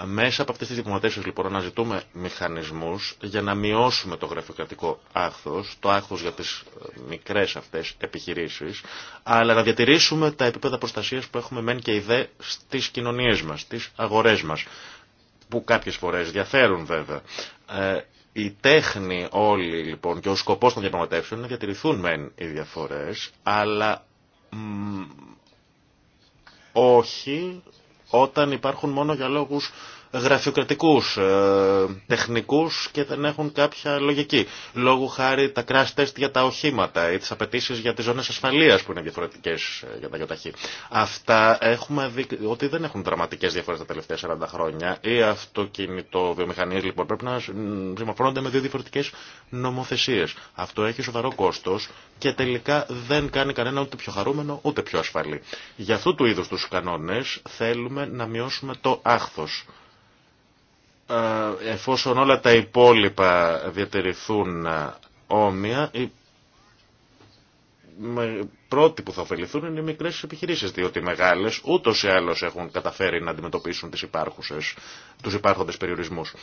Μέσα από αυτές τις διαπραγματεύσεις λοιπόν αναζητούμε μηχανισμούς για να μειώσουμε το γραφειοκρατικό άχθος, το άχθος για τις ε, μικρές αυτές επιχειρήσεις, αλλά να διατηρήσουμε τα επίπεδα προστασίας που έχουμε μεν και ιδέ στις κοινωνίες μας, στις αγορές μας, που κάποιες φορές διαφέρουν βέβαια. Η ε, τέχνη όλοι λοιπόν και ο σκοπός των διαπραγματεύσεων είναι να διατηρηθούν μεν οι διαφορές, αλλά όχι όταν υπάρχουν μόνο για λόγους γραφειοκρατικούς, ε, τεχνικούς και δεν έχουν κάποια λογική. Λόγω χάρη τα crash test για τα οχήματα ή τις απαιτήσει για τις ζώνες ασφαλείας που είναι διαφορετικές ε, για τα γιοταχή. Αυτά έχουμε δει ότι δεν έχουν δραματικές διαφορές τα τελευταία 40 χρόνια. ή αυτοκινητοβιομηχανίες λοιπόν πρέπει να συμμορφώνονται με δύο διαφορετικές νομοθεσίες. Αυτό έχει σοβαρό κόστος και τελικά δεν κάνει κανένα ούτε πιο χαρούμενο ούτε πιο ασφαλή. Για αυτού του είδου τους κανόνες θέλουμε να μειώσουμε το άχθο. Ε, εφόσον όλα τα υπόλοιπα διατηρηθούν ε, όμοια, οι πρώτοι που θα ωφεληθούν είναι οι μικρές επιχειρήσεις, διότι οι μεγάλες ούτως ή άλλως έχουν καταφέρει να αντιμετωπίσουν τις υπάρχουσες, τους υπάρχοντες περιορισμούς.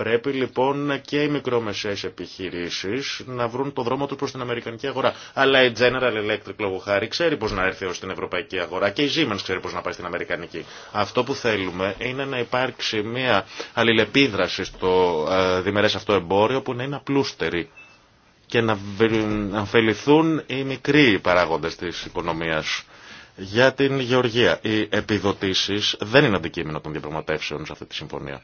Πρέπει λοιπόν και οι μικρομεσαίες επιχειρήσεις να βρουν το δρόμο τους προς την Αμερικανική αγορά. Αλλά η General Electric λόγω χάρη ξέρει πώς να έρθει ω την Ευρωπαϊκή αγορά και η Siemens ξέρει πώς να πάει στην Αμερικανική. Αυτό που θέλουμε είναι να υπάρξει μια αλληλεπίδραση στο ε, διμερές αυτό εμπόριο που να είναι απλούστερη και να αμφεληθούν οι μικροί παράγοντες της οικονομίας. Για την γεωργία, οι επιδοτήσεις δεν είναι αντικείμενο των διαπραγματεύσεων σε αυτή τη συμφωνία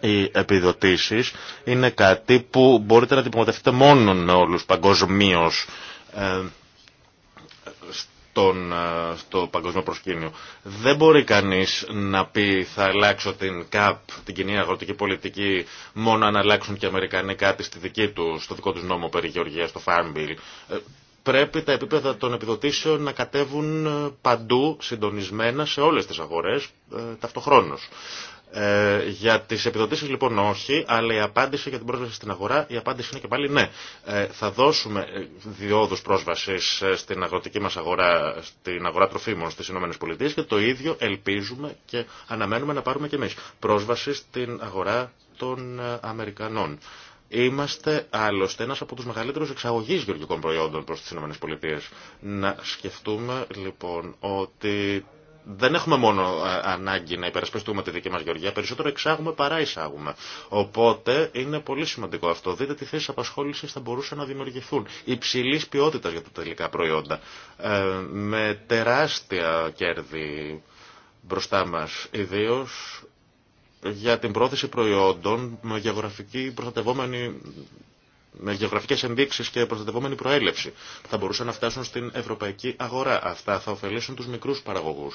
οι επιδοτήσεις είναι κάτι που μπορείτε να διπλωματευτείτε μόνο με όλους παγκοσμίω ε, στον, ε, στο παγκοσμίο προσκήνιο. Δεν μπορεί κανείς να πει θα αλλάξω την ΚΑΠ, την κοινή αγροτική πολιτική, μόνο αν αλλάξουν και οι Αμερικανοί κάτι στη δική του, στο δικό τους νόμο περί Γεωργίας, στο Farm Bill. Ε, πρέπει τα επίπεδα των επιδοτήσεων να κατέβουν παντού συντονισμένα σε όλες τις αγορές ταυτοχρόνως. Ε, για τι επιδοτήσει λοιπόν όχι, αλλά η απάντηση για την πρόσβαση στην αγορά, η απάντηση είναι και πάλι ναι. Ε, θα δώσουμε ε, διόδου πρόσβαση στην αγροτική μα αγορά, στην αγορά τροφίμων στι ΗΠΑ και το ίδιο ελπίζουμε και αναμένουμε να πάρουμε κι εμεί. Πρόσβαση στην αγορά των Αμερικανών. Είμαστε άλλωστε ένα από του μεγαλύτερου εξαγωγεί γεωργικών προϊόντων προ τι ΗΠΑ. Να σκεφτούμε λοιπόν ότι δεν έχουμε μόνο ε, ανάγκη να υπερασπιστούμε τη δική μα γεωργία, περισσότερο εξάγουμε παρά εισάγουμε. Οπότε είναι πολύ σημαντικό αυτό. Δείτε τι θέσει απασχόληση θα μπορούσαν να δημιουργηθούν. Υψηλή ποιότητα για τα τελικά προϊόντα. Ε, με τεράστια κέρδη μπροστά μα. Ιδίω για την πρόθεση προϊόντων με γεωγραφική προστατευόμενη με γεωγραφικέ ενδείξει και προστατευόμενη προέλευση θα μπορούσαν να φτάσουν στην ευρωπαϊκή αγορά. Αυτά θα ωφελήσουν του μικρού παραγωγού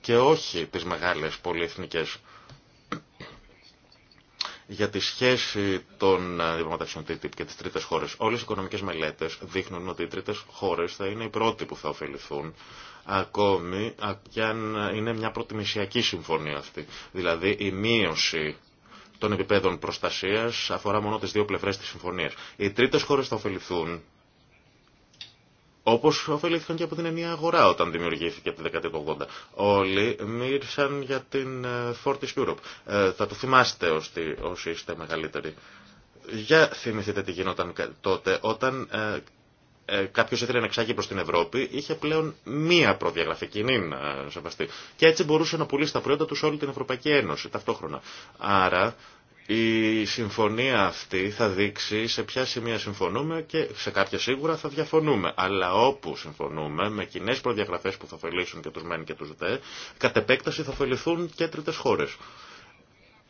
και όχι τι μεγάλε πολυεθνικέ. Για τη σχέση των διαπραγματεύσεων TTIP και τι τρίτε χώρε, όλε οι οικονομικέ μελέτε δείχνουν ότι οι τρίτε χώρε θα είναι οι πρώτοι που θα ωφεληθούν ακόμη και αν είναι μια προτιμησιακή συμφωνία αυτή. Δηλαδή η μείωση των επιπέδων προστασία αφορά μόνο τι δύο πλευρέ τη συμφωνία. Οι τρίτε χώρε θα ωφεληθούν, όπω ωφελήθηκαν και από την ενιαία αγορά όταν δημιουργήθηκε το τη δεκαετία του 80. Όλοι μίλησαν για την ε, Fortis Europe. Ε, θα το θυμάστε όσοι είστε μεγαλύτεροι. Για θυμηθείτε τι γινόταν τότε όταν ε, ε, κάποιο ήθελε να εξάγει προ την Ευρώπη, είχε πλέον μία προδιαγραφή κοινή να ε, σεβαστεί. Και έτσι μπορούσε να πουλήσει τα προϊόντα του σε όλη την Ευρωπαϊκή Ένωση ταυτόχρονα. Άρα η συμφωνία αυτή θα δείξει σε ποια σημεία συμφωνούμε και σε κάποια σίγουρα θα διαφωνούμε. Αλλά όπου συμφωνούμε, με κοινέ προδιαγραφέ που θα ωφελήσουν και του ΜΕΝ και του ΔΕ, κατ' επέκταση θα ωφεληθούν και τρίτε χώρε.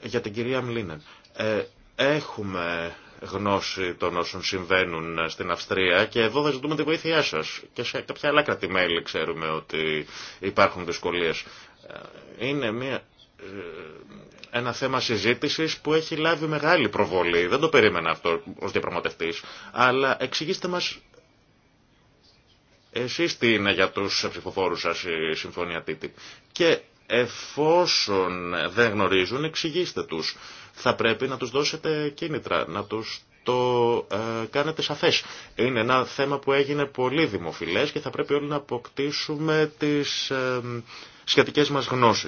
Για την κυρία Μλίνεν. Ε, έχουμε γνώση των όσων συμβαίνουν ε, στην Αυστρία και εδώ θα ζητούμε τη βοήθειά σας. Και σε κάποια άλλα κρατημέλη ξέρουμε ότι υπάρχουν δυσκολίες. Ε, είναι μια ε, ένα θέμα συζήτησης που έχει λάβει μεγάλη προβολή. Δεν το περίμενα αυτό ως διαπραγματευτής. Αλλά εξηγήστε μας εσείς τι είναι για τους ψηφοφόρους σας η Συμφωνία TTIP. Και εφόσον δεν γνωρίζουν, εξηγήστε τους θα πρέπει να τους δώσετε κίνητρα, να τους το ε, κάνετε σαφές. Είναι ένα θέμα που έγινε πολύ δημοφιλές και θα πρέπει όλοι να αποκτήσουμε τις... Ε, σχετικέ γνώσεις. γνώσει.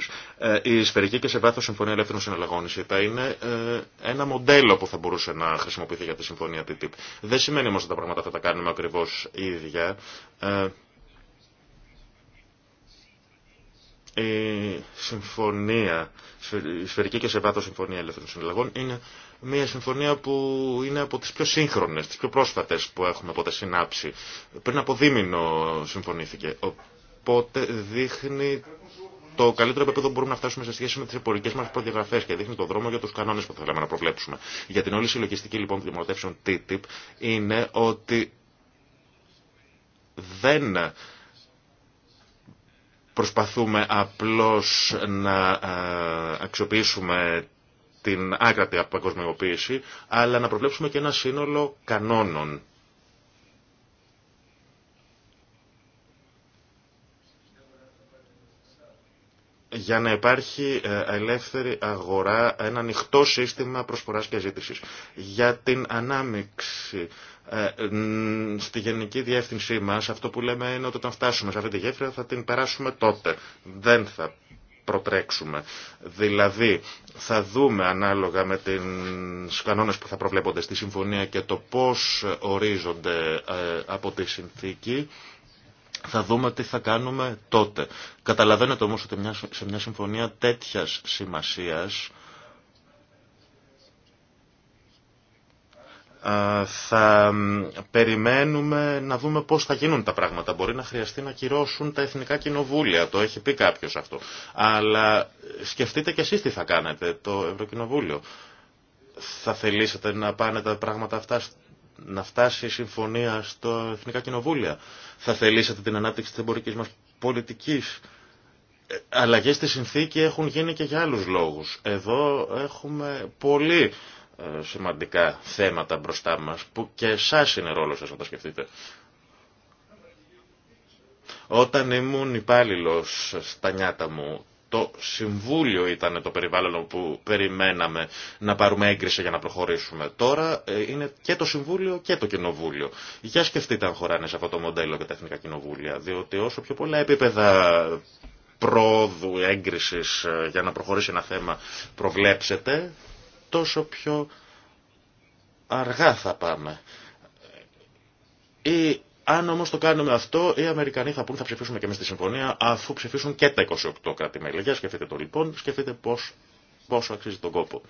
η σφαιρική και σε βάθος Συμφωνία Ελεύθερων Συναλλαγών, η ΣΥΤΑ, είναι ε, ένα μοντέλο που θα μπορούσε να χρησιμοποιηθεί για τη Συμφωνία TTIP. Δεν σημαίνει όμως ότι τα πράγματα θα τα κάνουμε ακριβώ ίδια. Ε, Η συμφωνία, η σφαιρική και σε βάθος συμφωνία ελεύθερων συναλλαγών είναι μια συμφωνία που είναι από τις πιο σύγχρονες, τις πιο πρόσφατες που έχουμε ποτέ συνάψει. Πριν από δίμηνο συμφωνήθηκε, οπότε δείχνει το καλύτερο επίπεδο που μπορούμε να φτάσουμε σε σχέση με τι εμπορικέ μα προδιαγραφέ και δείχνει το δρόμο για του κανόνε που θέλαμε να προβλέψουμε. Για την όλη συλλογιστική λοιπόν των δημοκρατήσεων TTIP είναι ότι δεν Προσπαθούμε απλώς να ε, αξιοποιήσουμε την άκρατη παγκοσμιοποίηση, αλλά να προβλέψουμε και ένα σύνολο κανόνων για να υπάρχει ε, ελεύθερη αγορά, ένα ανοιχτό σύστημα προσφοράς και ζήτησης. Για την ανάμειξη ε, στη γενική διεύθυνσή μας, αυτό που λέμε είναι ότι όταν φτάσουμε σε αυτή τη γέφυρα θα την περάσουμε τότε. Δεν θα προτρέξουμε. Δηλαδή, θα δούμε ανάλογα με τις κανόνες που θα προβλέπονται στη συμφωνία και το πώς ορίζονται ε, από τη συνθήκη, θα δούμε τι θα κάνουμε τότε. Καταλαβαίνετε όμως ότι σε μια συμφωνία τέτοιας σημασίας θα περιμένουμε να δούμε πώς θα γίνουν τα πράγματα. Μπορεί να χρειαστεί να κυρώσουν τα εθνικά κοινοβούλια, το έχει πει κάποιος αυτό. Αλλά σκεφτείτε κι εσείς τι θα κάνετε το Ευρωκοινοβούλιο. Θα θελήσετε να πάνε τα πράγματα αυτά να φτάσει η συμφωνία στο Εθνικά Κοινοβούλια. Θα θελήσατε την ανάπτυξη της εμπορικής μας πολιτικής. Ε, Αλλαγέ στη συνθήκη έχουν γίνει και για άλλους λόγους. Εδώ έχουμε πολύ ε, σημαντικά θέματα μπροστά μας που και εσάς είναι ρόλο σας να τα σκεφτείτε. Όταν ήμουν υπάλληλο στα νιάτα μου, το Συμβούλιο ήταν το περιβάλλον που περιμέναμε να πάρουμε έγκριση για να προχωρήσουμε. Τώρα ε, είναι και το Συμβούλιο και το Κοινοβούλιο. Για σκεφτείτε αν χωράνε σε αυτό το μοντέλο και τα Εθνικά Κοινοβούλια, διότι όσο πιο πολλά επίπεδα πρόοδου έγκρισης ε, για να προχωρήσει ένα θέμα προβλέψετε, τόσο πιο αργά θα πάμε. Η αν όμω το κάνουμε αυτό, οι Αμερικανοί θα πούν θα ψηφίσουμε και εμεί τη συμφωνία, αφού ψηφίσουν και τα 28 κράτη-μέλη. Για σκεφτείτε το λοιπόν, σκεφτείτε πόσο αξίζει τον κόπο.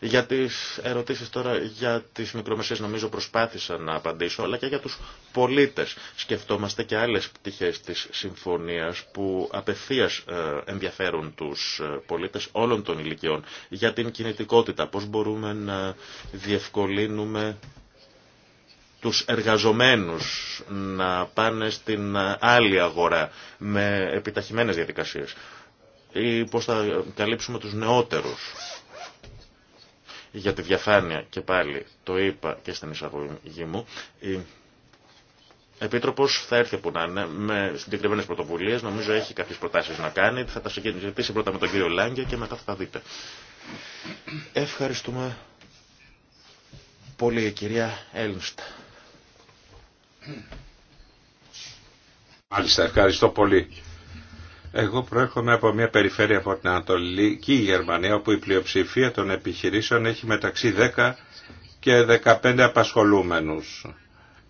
Για τι ερωτήσει τώρα για τι μικρομεσαίε νομίζω προσπάθησα να απαντήσω, αλλά και για του πολίτε. Σκεφτόμαστε και άλλε πτυχέ τη συμφωνία που απευθεία ε, ενδιαφέρουν του ε, πολίτε όλων των ηλικιών. Για την κινητικότητα, πώ μπορούμε να διευκολύνουμε τους εργαζομένους να πάνε στην άλλη αγορά με επιταχυμένες διαδικασίες ή πώς θα καλύψουμε τους νεότερους για τη διαφάνεια και πάλι το είπα και στην εισαγωγή μου η Επίτροπος θα έρθει που να είναι με συγκεκριμένες πρωτοβουλίες νομίζω έχει κάποιες προτάσεις να κάνει θα τα συγκεκριμένει πρώτα με τον κύριο Λάγκε και μετά θα τα δείτε Ευχαριστούμε πολύ κυρία Έλνστα Μάλιστα, ευχαριστώ πολύ. Εγώ προέρχομαι από μια περιφέρεια από την Ανατολική Γερμανία όπου η πλειοψηφία των επιχειρήσεων έχει μεταξύ 10 και 15 απασχολούμενους.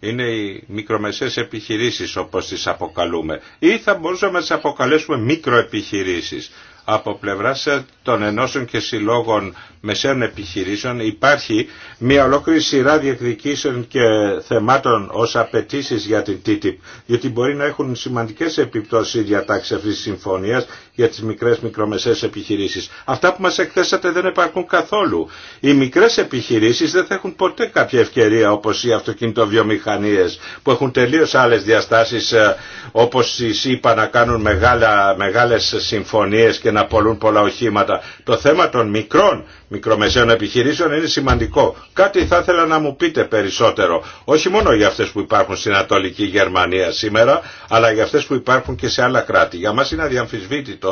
Είναι οι μικρομεσαίες επιχειρήσεις όπως τις αποκαλούμε. Ή θα μπορούσαμε να τις αποκαλέσουμε μικροεπιχειρήσεις από πλευράς των ενώσεων και συλλόγων μεσαίων επιχειρήσεων υπάρχει μια ολόκληρη σειρά διεκδικήσεων και θεμάτων ως απαιτήσει για την TTIP, γιατί μπορεί να έχουν σημαντικές επιπτώσεις οι διατάξεις αυτής της συμφωνίας για τις μικρές μικρομεσαίες επιχειρήσεις. Αυτά που μας εκθέσατε δεν υπάρχουν καθόλου. Οι μικρές επιχειρήσεις δεν θα έχουν ποτέ κάποια ευκαιρία όπως οι αυτοκινητοβιομηχανίες που έχουν τελείως άλλες διαστάσεις ε, όπως τι είπα να κάνουν μεγάλα, μεγάλες συμφωνίες και να πολλούν πολλά οχήματα. Το θέμα των μικρών μικρομεσαίων επιχειρήσεων είναι σημαντικό. Κάτι θα ήθελα να μου πείτε περισσότερο. Όχι μόνο για αυτές που υπάρχουν στην Ανατολική Γερμανία σήμερα, αλλά για αυτές που υπάρχουν και σε άλλα κράτη. Για μας είναι αδιαμφισβήτητο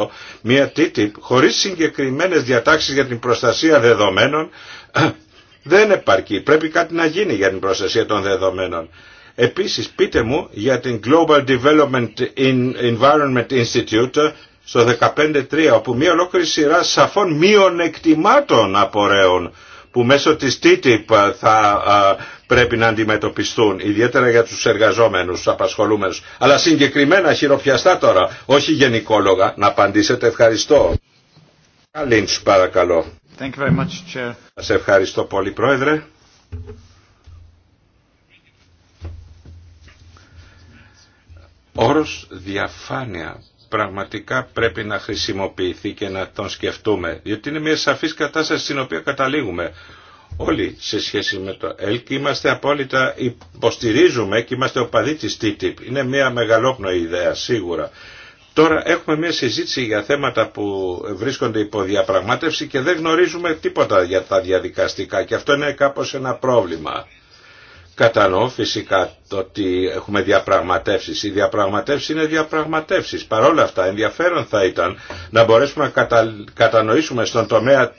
μια TTIP χωρίς συγκεκριμένες διατάξεις για την προστασία δεδομένων [clears throat] δεν επαρκεί. Πρέπει κάτι να γίνει για την προστασία των δεδομένων. Επίσης πείτε μου για την Global Development Environment Institute στο 15.3 όπου μια ολόκληρη σειρά σαφών μειονεκτημάτων απορρέων που μέσω της TTIP θα πρέπει να αντιμετωπιστούν, ιδιαίτερα για τους εργαζόμενους, τους απασχολούμενους. Αλλά συγκεκριμένα χειροπιαστά τώρα, όχι γενικόλογα, να απαντήσετε ευχαριστώ. Καλίντς παρακαλώ. Thank Σας ευχαριστώ πολύ Πρόεδρε. Όρος διαφάνεια πραγματικά πρέπει να χρησιμοποιηθεί και να τον σκεφτούμε, διότι είναι μια σαφής κατάσταση στην οποία καταλήγουμε όλοι σε σχέση με το ΕΛΚ είμαστε απόλυτα υποστηρίζουμε και είμαστε οπαδοί της TTIP. Είναι μια μεγαλόπνοη ιδέα σίγουρα. Τώρα έχουμε μια συζήτηση για θέματα που βρίσκονται υπό διαπραγμάτευση και δεν γνωρίζουμε τίποτα για τα διαδικαστικά και αυτό είναι κάπως ένα πρόβλημα. Κατανοώ φυσικά το ότι έχουμε διαπραγματεύσεις. Οι διαπραγματεύσεις είναι διαπραγματεύσεις. Παρ' όλα αυτά ενδιαφέρον θα ήταν να μπορέσουμε να κατανοήσουμε στον τομέα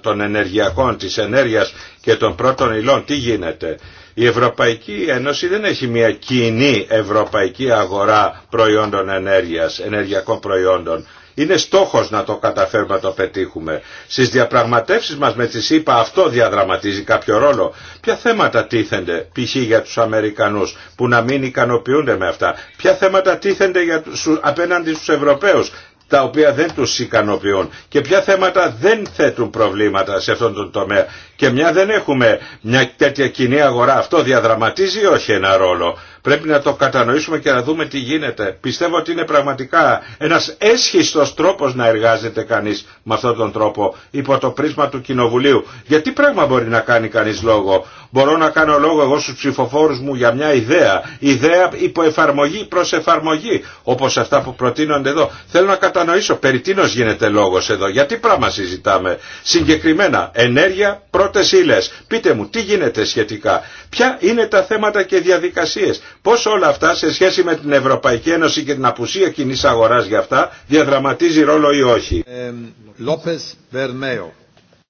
των ενεργειακών, της ενέργειας και των πρώτων υλών τι γίνεται. Η Ευρωπαϊκή Ένωση δεν έχει μια κοινή ευρωπαϊκή αγορά προϊόντων ενέργειας, ενεργειακών προϊόντων. Είναι στόχος να το καταφέρουμε να το πετύχουμε. Στις διαπραγματεύσεις μας με τη ΣΥΠΑ αυτό διαδραματίζει κάποιο ρόλο. Ποια θέματα τίθενται π.χ. για τους Αμερικανούς που να μην ικανοποιούνται με αυτά. Ποια θέματα τίθενται για τους, απέναντι στους Ευρωπαίους τα οποία δεν τους ικανοποιούν και ποια θέματα δεν θέτουν προβλήματα σε αυτόν τον τομέα. Και μια δεν έχουμε μια τέτοια κοινή αγορά. Αυτό διαδραματίζει ή όχι ένα ρόλο. Πρέπει να το κατανοήσουμε και να δούμε τι γίνεται. Πιστεύω ότι είναι πραγματικά ένας έσχιστος τρόπος να εργάζεται κανείς με αυτόν τον τρόπο υπό το πρίσμα του Κοινοβουλίου. Γιατί πράγμα μπορεί να κάνει κανείς λόγο μπορώ να κάνω λόγο εγώ στους ψηφοφόρους μου για μια ιδέα, ιδέα υπό εφαρμογή προς εφαρμογή, όπως αυτά που προτείνονται εδώ. Θέλω να κατανοήσω περί τίνος γίνεται λόγος εδώ, γιατί πράγμα συζητάμε. Συγκεκριμένα, ενέργεια, πρώτες ύλες. Πείτε μου, τι γίνεται σχετικά. Ποια είναι τα θέματα και διαδικασίες. Πώς όλα αυτά σε σχέση με την Ευρωπαϊκή Ένωση και την απουσία κοινή αγοράς για αυτά διαδραματίζει ρόλο ή όχι. Ε, Λόπες Μπερνέο.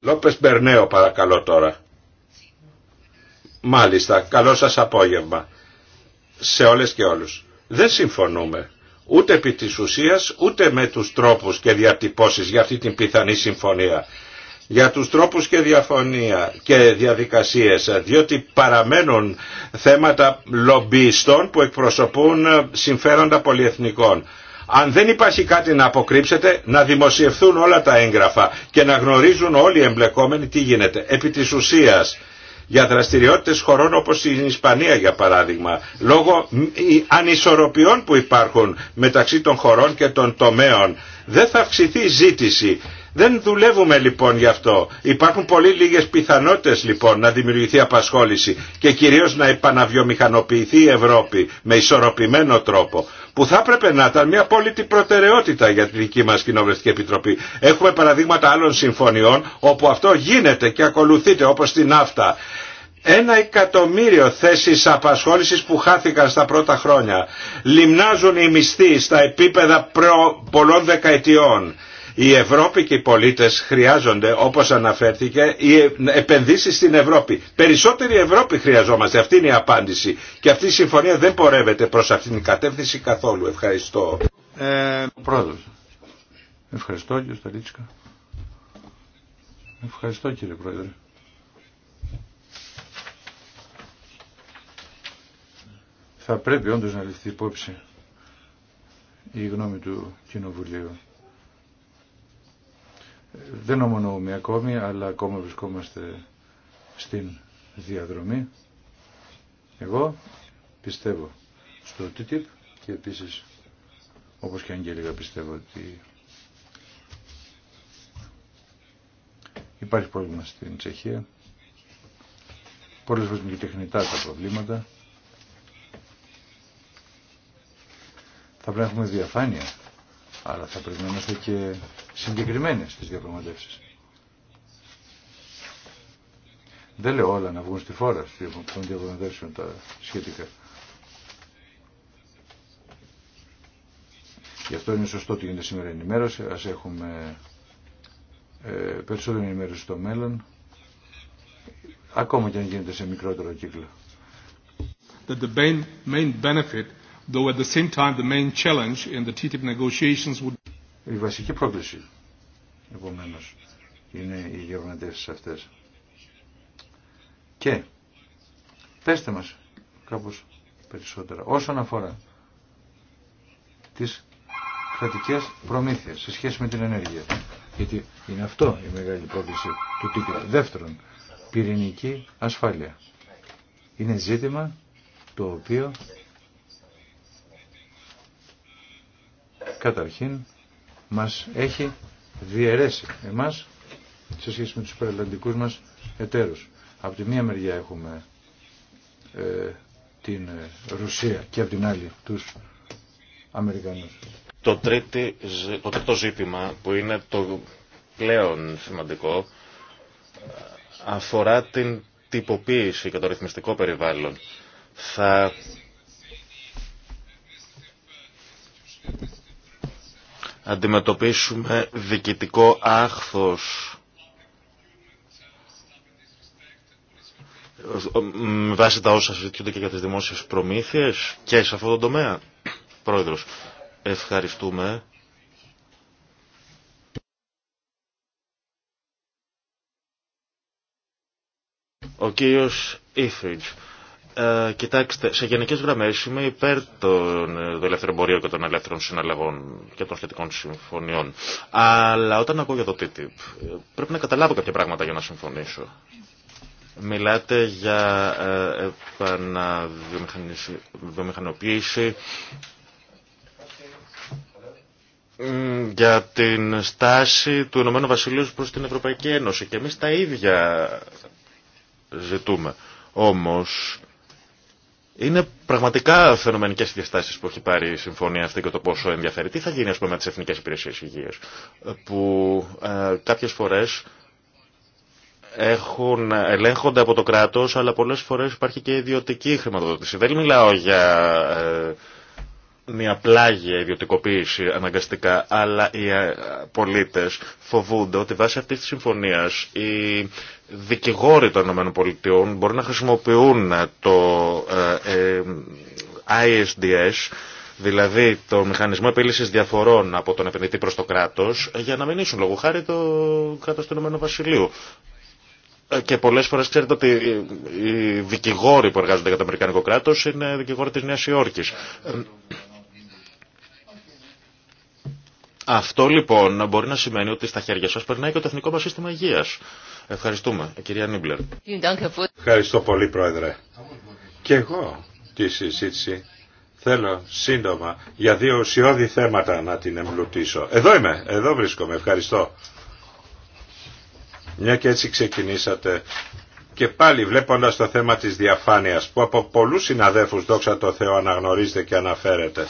Λόπες Μπερνέο παρακαλώ τώρα. Μάλιστα, καλό σας απόγευμα σε όλες και όλους. Δεν συμφωνούμε ούτε επί της ουσίας, ούτε με τους τρόπους και διατυπώσεις για αυτή την πιθανή συμφωνία. Για τους τρόπους και διαφωνία και διαδικασίες, διότι παραμένουν θέματα λομπίστων που εκπροσωπούν συμφέροντα πολυεθνικών. Αν δεν υπάρχει κάτι να αποκρύψετε, να δημοσιευθούν όλα τα έγγραφα και να γνωρίζουν όλοι οι εμπλεκόμενοι τι γίνεται. Επί της ουσίας, για δραστηριότητες χωρών όπως η Ισπανία για παράδειγμα, λόγω ανισορροπιών που υπάρχουν μεταξύ των χωρών και των τομέων. Δεν θα αυξηθεί η ζήτηση. Δεν δουλεύουμε λοιπόν γι' αυτό. Υπάρχουν πολύ λίγες πιθανότητες λοιπόν να δημιουργηθεί απασχόληση και κυρίως να επαναβιομηχανοποιηθεί η Ευρώπη με ισορροπημένο τρόπο που θα έπρεπε να ήταν μια απόλυτη προτεραιότητα για τη δική μας Κοινοβουλευτική Επιτροπή. Έχουμε παραδείγματα άλλων συμφωνιών όπου αυτό γίνεται και ακολουθείται όπως στην ΑΦΤΑ. Ένα εκατομμύριο θέσεις απασχόλησης που χάθηκαν στα πρώτα χρόνια. Λιμνάζουν οι μισθοί στα επίπεδα πολλών δεκαετιών. Οι Ευρώπη και οι πολίτες χρειάζονται, όπως αναφέρθηκε, οι επενδύσεις στην Ευρώπη. Περισσότερη Ευρώπη χρειαζόμαστε. Αυτή είναι η απάντηση. Και αυτή η συμφωνία δεν πορεύεται προς αυτήν την κατεύθυνση καθόλου. Ευχαριστώ. Ε, Ευχαριστώ κύριε Σταλίτσικα. Ευχαριστώ κύριε Πρόεδρε. Θα πρέπει όντως να ληφθεί υπόψη η γνώμη του Κοινοβουλίου. Δεν ομονοούμε ακόμη, αλλά ακόμα βρισκόμαστε στην διαδρομή. Εγώ πιστεύω στο TTIP και επίσης, όπως και και Αγγέλικα, πιστεύω ότι υπάρχει πρόβλημα στην Τσεχία. Πολλές φορές είναι και τεχνητά τα προβλήματα. Θα πρέπει να έχουμε διαφάνεια, αλλά θα πρέπει να είμαστε και συγκεκριμένες τις διαπραγματεύσεις. Δεν λέω όλα να βγουν στη φόρα των διαπραγματεύσεων τα σχετικά. Γι' αυτό είναι σωστό ότι γίνεται σήμερα ενημέρωση. Ας έχουμε ε, περισσότερη ενημέρωση στο μέλλον. Ακόμα και αν γίνεται σε μικρότερο κύκλο η βασική πρόκληση. Επομένως, είναι οι διαπραγματεύσεις αυτέ. Και, πέστε μας κάπως περισσότερα, όσον αφορά τις κρατικές προμήθειε σε σχέση με την ενέργεια. Γιατί είναι αυτό η μεγάλη πρόκληση του τίτλου. Δεύτερον, πυρηνική ασφάλεια. Είναι ζήτημα το οποίο καταρχήν μας έχει διαιρέσει εμάς σε σχέση με τους προελλαντικούς μας εταίρους. Από τη μία μεριά έχουμε ε, την ε, Ρουσία και από την άλλη τους Αμερικανούς. Το, τρίτη, το τρίτο ζήτημα που είναι το πλέον σημαντικό ε, αφορά την τυποποίηση και το ρυθμιστικό περιβάλλον. Θα αντιμετωπίσουμε διοικητικό άχθος με βάση τα όσα συζητούνται και για τις δημόσιες προμήθειες και σε αυτό τον τομέα. Πρόεδρος, ευχαριστούμε. Ο κύριος ε, κοιτάξτε, σε γενικέ γραμμέ είμαι υπέρ των ε, ελεύθερων και των ελεύθερων συναλλαγών και των σχετικών συμφωνιών. Αλλά όταν ακούω για το TTIP, ε, πρέπει να καταλάβω κάποια πράγματα για να συμφωνήσω. Μιλάτε για ε, επαναβιομηχανοποίηση, για την στάση του Ηνωμένου Βασιλείου προς την Ευρωπαϊκή Ένωση και εμείς τα ίδια ζητούμε. Όμως είναι πραγματικά φαινομενικέ οι διαστάσει που έχει πάρει η συμφωνία αυτή και το πόσο ενδιαφέρει. Τι θα γίνει, α πούμε, με τι εθνικέ υπηρεσίε υγεία, που ε, κάποιε φορέ έχουν, ελέγχονται από το κράτο, αλλά πολλέ φορέ υπάρχει και ιδιωτική χρηματοδότηση. Δεν μιλάω για ε, μια πλάγια ιδιωτικοποίηση αναγκαστικά, αλλά οι ε, πολίτες φοβούνται ότι βάσει αυτής της συμφωνία οι δικηγόροι των ΗΠΑ μπορεί να χρησιμοποιούν το ε, ε, ISDS, δηλαδή το μηχανισμό επίλυση διαφορών από τον επενδυτή προς το κράτος, για να ήσουν λόγω χάρη το κράτο του ΗΠΑ. Βασιλείου. Και πολλέ φορέ ξέρετε ότι οι δικηγόροι που εργάζονται για το Αμερικανικό κράτος είναι δικηγόροι της Νέας Υόρκης. Αυτό λοιπόν μπορεί να σημαίνει ότι στα χέρια σας περνάει και το Εθνικό μα Σύστημα Υγείας. Ευχαριστούμε. Κυρία Νίμπλερ. Ευχαριστώ πολύ Πρόεδρε. Και εγώ τη συζήτηση θέλω σύντομα για δύο ουσιώδη θέματα να την εμπλουτίσω. Εδώ είμαι, εδώ βρίσκομαι. Ευχαριστώ. Μια και έτσι ξεκινήσατε και πάλι βλέποντας το θέμα της διαφάνειας που από πολλούς συναδέφους δόξα τω Θεώ αναγνωρίζετε και αναφέρετε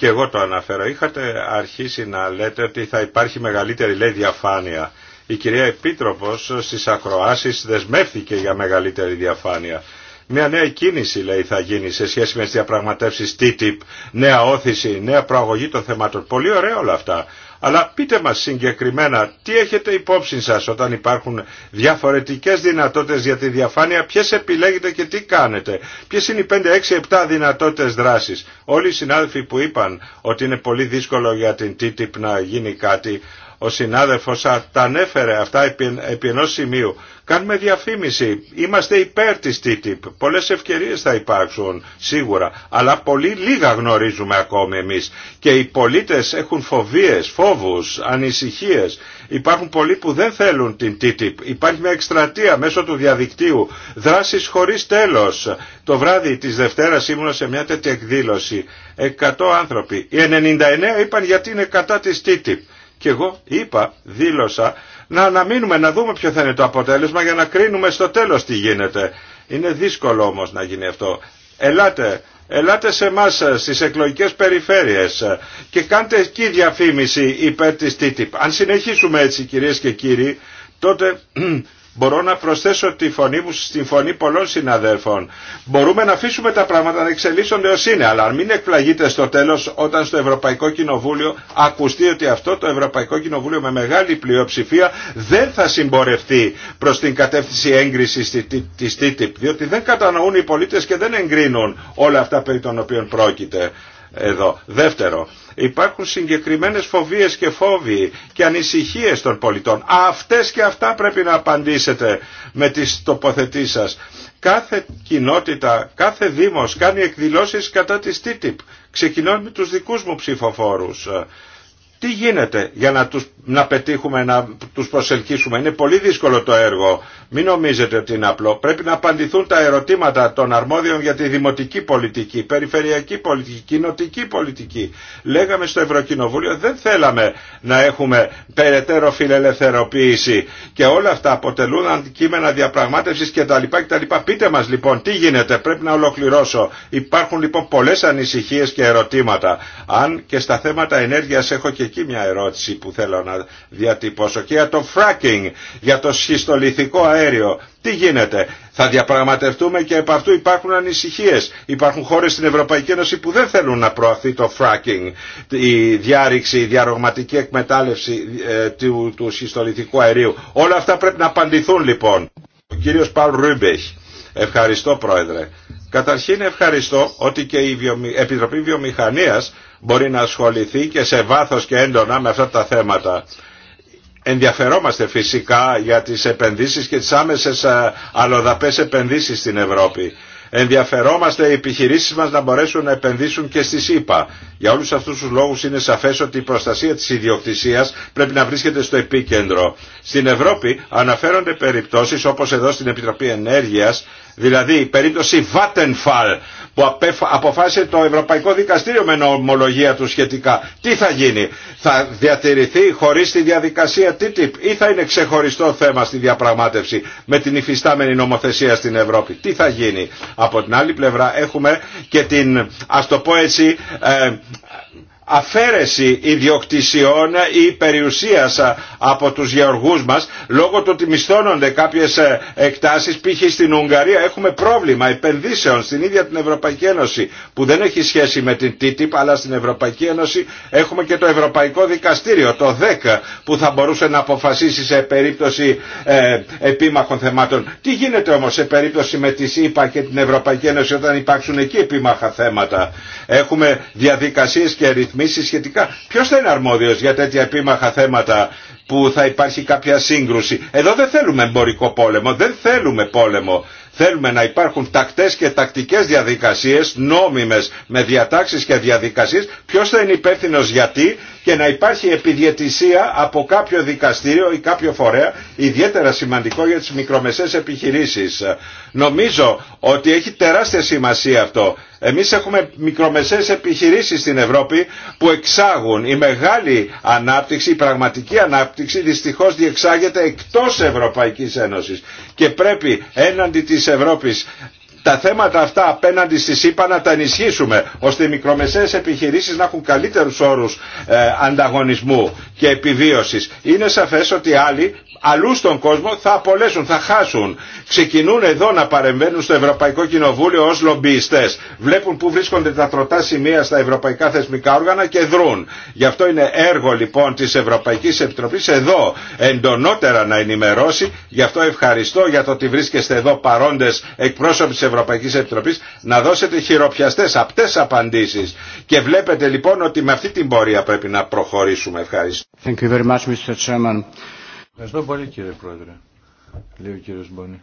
και εγώ το αναφέρω. Είχατε αρχίσει να λέτε ότι θα υπάρχει μεγαλύτερη λέει διαφάνεια. Η κυρία Επίτροπος στις ακροάσεις δεσμεύθηκε για μεγαλύτερη διαφάνεια. Μια νέα κίνηση λέει θα γίνει σε σχέση με τις διαπραγματεύσεις TTIP, νέα όθηση, νέα προαγωγή των θεμάτων. Πολύ ωραία όλα αυτά. Αλλά πείτε μας συγκεκριμένα τι έχετε υπόψη σας όταν υπάρχουν διαφορετικές δυνατότητες για τη διαφάνεια, ποιες επιλέγετε και τι κάνετε. Ποιες είναι οι 5, 6, 7 δυνατότητες δράσης. Όλοι οι συνάδελφοι που είπαν ότι είναι πολύ δύσκολο για την TTIP να γίνει κάτι, ο συνάδελφος τα ανέφερε αυτά επί, επί ενός σημείου. Κάνουμε διαφήμιση. Είμαστε υπέρ της TTIP. Πολλές ευκαιρίες θα υπάρξουν σίγουρα. Αλλά πολύ λίγα γνωρίζουμε ακόμη εμείς. Και οι πολίτες έχουν φοβίες, φόβους, ανησυχίες. Υπάρχουν πολλοί που δεν θέλουν την TTIP. Υπάρχει μια εκστρατεία μέσω του διαδικτύου. Δράσεις χωρίς τέλος. Το βράδυ της Δευτέρας ήμουν σε μια τέτοια εκδήλωση. 100 άνθρωποι. Οι 99 είπαν γιατί είναι κατά της TTIP. Και εγώ είπα, δήλωσα, να αναμείνουμε, να δούμε ποιο θα είναι το αποτέλεσμα για να κρίνουμε στο τέλος τι γίνεται. Είναι δύσκολο όμως να γίνει αυτό. Ελάτε, ελάτε σε εμά ε, στις εκλογικές περιφέρειες ε, και κάντε εκεί διαφήμιση υπέρ της TTIP. Αν συνεχίσουμε έτσι κυρίες και κύριοι, τότε Μπορώ να προσθέσω τη φωνή μου στην φωνή πολλών συναδέλφων. Μπορούμε να αφήσουμε τα πράγματα να εξελίσσονται ως είναι, αλλά μην εκπλαγείτε στο τέλος όταν στο Ευρωπαϊκό Κοινοβούλιο ακουστεί ότι αυτό το Ευρωπαϊκό Κοινοβούλιο με μεγάλη πλειοψηφία δεν θα συμπορευτεί προς την κατεύθυνση έγκρισης της TTIP, διότι δεν κατανοούν οι πολίτες και δεν εγκρίνουν όλα αυτά περί των οποίων πρόκειται εδώ. Δεύτερο, Υπάρχουν συγκεκριμένες φοβίες και φόβοι και ανησυχίες των πολιτών. Αυτές και αυτά πρέπει να απαντήσετε με τις τοποθετήσεις σας. Κάθε κοινότητα, κάθε δήμος κάνει εκδηλώσεις κατά της TTIP. Ξεκινώ με τους δικούς μου ψηφοφόρους. Τι γίνεται για να, τους, να πετύχουμε, να τους προσελκύσουμε. Είναι πολύ δύσκολο το έργο μην νομίζετε ότι είναι απλό. Πρέπει να απαντηθούν τα ερωτήματα των αρμόδιων για τη δημοτική πολιτική, περιφερειακή πολιτική, κοινοτική πολιτική. Λέγαμε στο Ευρωκοινοβούλιο δεν θέλαμε να έχουμε περαιτέρω φιλελευθεροποίηση και όλα αυτά αποτελούν αντικείμενα διαπραγμάτευση κτλ. κτλ. Πείτε μα λοιπόν τι γίνεται, πρέπει να ολοκληρώσω. Υπάρχουν λοιπόν πολλέ ανησυχίε και ερωτήματα. Αν και στα θέματα ενέργεια έχω και εκεί μια ερώτηση που θέλω να διατυπώσω και για το fracking, για το σχιστολιθικό αέριο τι γίνεται, θα διαπραγματευτούμε και επ' αυτού υπάρχουν ανησυχίε. Υπάρχουν χώρε στην Ευρωπαϊκή Ένωση που δεν θέλουν να προωθεί το fracking, η διάρρηξη, η διαρρογματική εκμετάλλευση ε, του, του αερίου. Όλα αυτά πρέπει να απαντηθούν λοιπόν. Ο κύριο Παλ Ρούμπεχ. Ευχαριστώ πρόεδρε. Καταρχήν ευχαριστώ ότι και η Επιτροπή Βιομηχανίας μπορεί να ασχοληθεί και σε βάθος και έντονα με αυτά τα θέματα ενδιαφερόμαστε φυσικά για τις επενδύσεις και τις άμεσες ε, αλλοδαπές επενδύσεις στην Ευρώπη. Ενδιαφερόμαστε οι επιχειρήσεις μας να μπορέσουν να επενδύσουν και στη ΣΥΠΑ. Για όλους αυτούς τους λόγους είναι σαφές ότι η προστασία της ιδιοκτησίας πρέπει να βρίσκεται στο επίκεντρο. Στην Ευρώπη αναφέρονται περιπτώσεις όπως εδώ στην Επιτροπή Ενέργειας Δηλαδή η περίπτωση Vattenfall που αποφάσισε το Ευρωπαϊκό Δικαστήριο με νομολογία του σχετικά. Τι θα γίνει, θα διατηρηθεί χωρίς τη διαδικασία TTIP ή θα είναι ξεχωριστό θέμα στη διαπραγμάτευση με την υφιστάμενη νομοθεσία στην Ευρώπη. Τι θα γίνει. Από την άλλη πλευρά έχουμε και την, ας το πω έτσι, ε, αφαίρεση ιδιοκτησιών ή περιουσίας από τους γεωργούς μας λόγω του ότι μισθώνονται κάποιες ε, εκτάσεις π.χ. στην Ουγγαρία έχουμε πρόβλημα επενδύσεων στην ίδια την Ευρωπαϊκή Ένωση που δεν έχει σχέση με την TTIP αλλά στην Ευρωπαϊκή Ένωση έχουμε και το Ευρωπαϊκό Δικαστήριο το 10 που θα μπορούσε να αποφασίσει σε περίπτωση ε, επίμαχων θεμάτων. Τι γίνεται όμως σε περίπτωση με τη ΣΥΠΑ και την Ευρωπαϊκή Ένωση όταν υπάρξουν εκεί επίμαχα θέματα. Έχουμε διαδικασίες και ρυθμίσει ρυθμίσει σχετικά. Ποιο θα είναι αρμόδιο για τέτοια επίμαχα θέματα που θα υπάρχει κάποια σύγκρουση. Εδώ δεν θέλουμε εμπορικό πόλεμο, δεν θέλουμε πόλεμο. Θέλουμε να υπάρχουν τακτές και τακτικές διαδικασίες, νόμιμες, με διατάξεις και διαδικασίες, Ποιο θα είναι υπεύθυνο γιατί και να υπάρχει επιδιαιτησία από κάποιο δικαστήριο ή κάποιο φορέα, ιδιαίτερα σημαντικό για τι μικρομεσαίες επιχειρήσει. Νομίζω ότι έχει τεράστια σημασία αυτό εμείς έχουμε μικρομεσαίες επιχειρήσεις στην Ευρώπη που εξάγουν. Η μεγάλη ανάπτυξη, η πραγματική ανάπτυξη δυστυχώς διεξάγεται εκτός Ευρωπαϊκής Ένωσης και πρέπει έναντι της Ευρώπης τα θέματα αυτά απέναντι στη ΣΥΠΑ να τα ενισχύσουμε ώστε οι μικρομεσαίες επιχειρήσεις να έχουν καλύτερους όρους ε, ανταγωνισμού και επιβίωσης. Είναι σαφές ότι άλλοι αλλού στον κόσμο θα απολέσουν, θα χάσουν. Ξεκινούν εδώ να παρεμβαίνουν στο Ευρωπαϊκό Κοινοβούλιο ως λομπιστές. Βλέπουν που βρίσκονται τα τροτά σημεία στα ευρωπαϊκά θεσμικά όργανα και δρούν. Γι' αυτό είναι έργο λοιπόν της Ευρωπαϊκής Επιτροπής εδώ εντονότερα να ενημερώσει. Γι' αυτό ευχαριστώ για το ότι βρίσκεστε εδώ παρόντες εκπρόσωποι της Ευρωπαϊκής Επιτροπής να δώσετε χειροπιαστές απτές απαντήσεις. Και βλέπετε λοιπόν ότι με αυτή την πορεία πρέπει να προχωρήσουμε. Ευχαριστώ. Thank you very much, Mr. Chairman. Ευχαριστώ πολύ κύριε Πρόεδρε, λέει ο κύριος Μπόνη.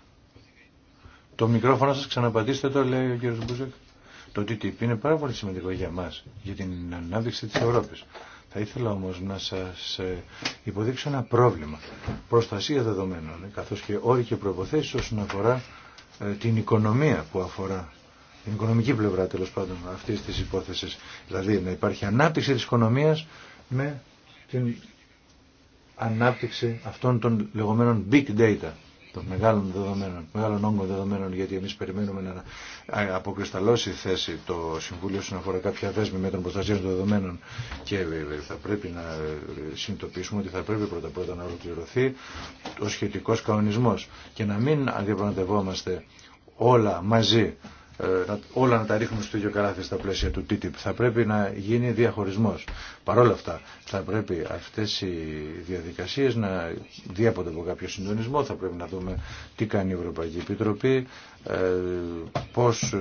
Το μικρόφωνο σας ξαναπατήστε το, λέει ο κύριος Μπούζεκ. Το TTIP είναι πάρα πολύ σημαντικό για μας, για την ανάπτυξη της Ευρώπης. Θα ήθελα όμως να σας ε, υποδείξω ένα πρόβλημα. Προστασία δεδομένων, ε, καθώς και όροι και προποθέσεις όσον αφορά ε, την οικονομία που αφορά την οικονομική πλευρά τέλο πάντων αυτή τη υπόθεση. Δηλαδή να υπάρχει ανάπτυξη τη οικονομία με την ανάπτυξη αυτών των λεγόμενων big data, των μεγάλων δεδομένων, μεγάλων όγκων δεδομένων, γιατί εμείς περιμένουμε να αποκρισταλώσει η θέση το Συμβούλιο όσον αφορά κάποια δέσμη με τον προστασία των δεδομένων και ε, ε, ε, θα πρέπει να συνειδητοποιήσουμε ότι θα πρέπει πρώτα πρώτα να ολοκληρωθεί ο σχετικό κανονισμός και να μην αντιπρονατευόμαστε όλα μαζί να, όλα να τα ρίχνουμε στο ίδιο καράθι στα πλαίσια του TTIP. Θα πρέπει να γίνει διαχωρισμός. Παρ' όλα αυτά θα πρέπει αυτές οι διαδικασίες να διέπονται από κάποιο συντονισμό. Θα πρέπει να δούμε τι κάνει η Ευρωπαϊκή Επιτροπή, ε, πώς ε,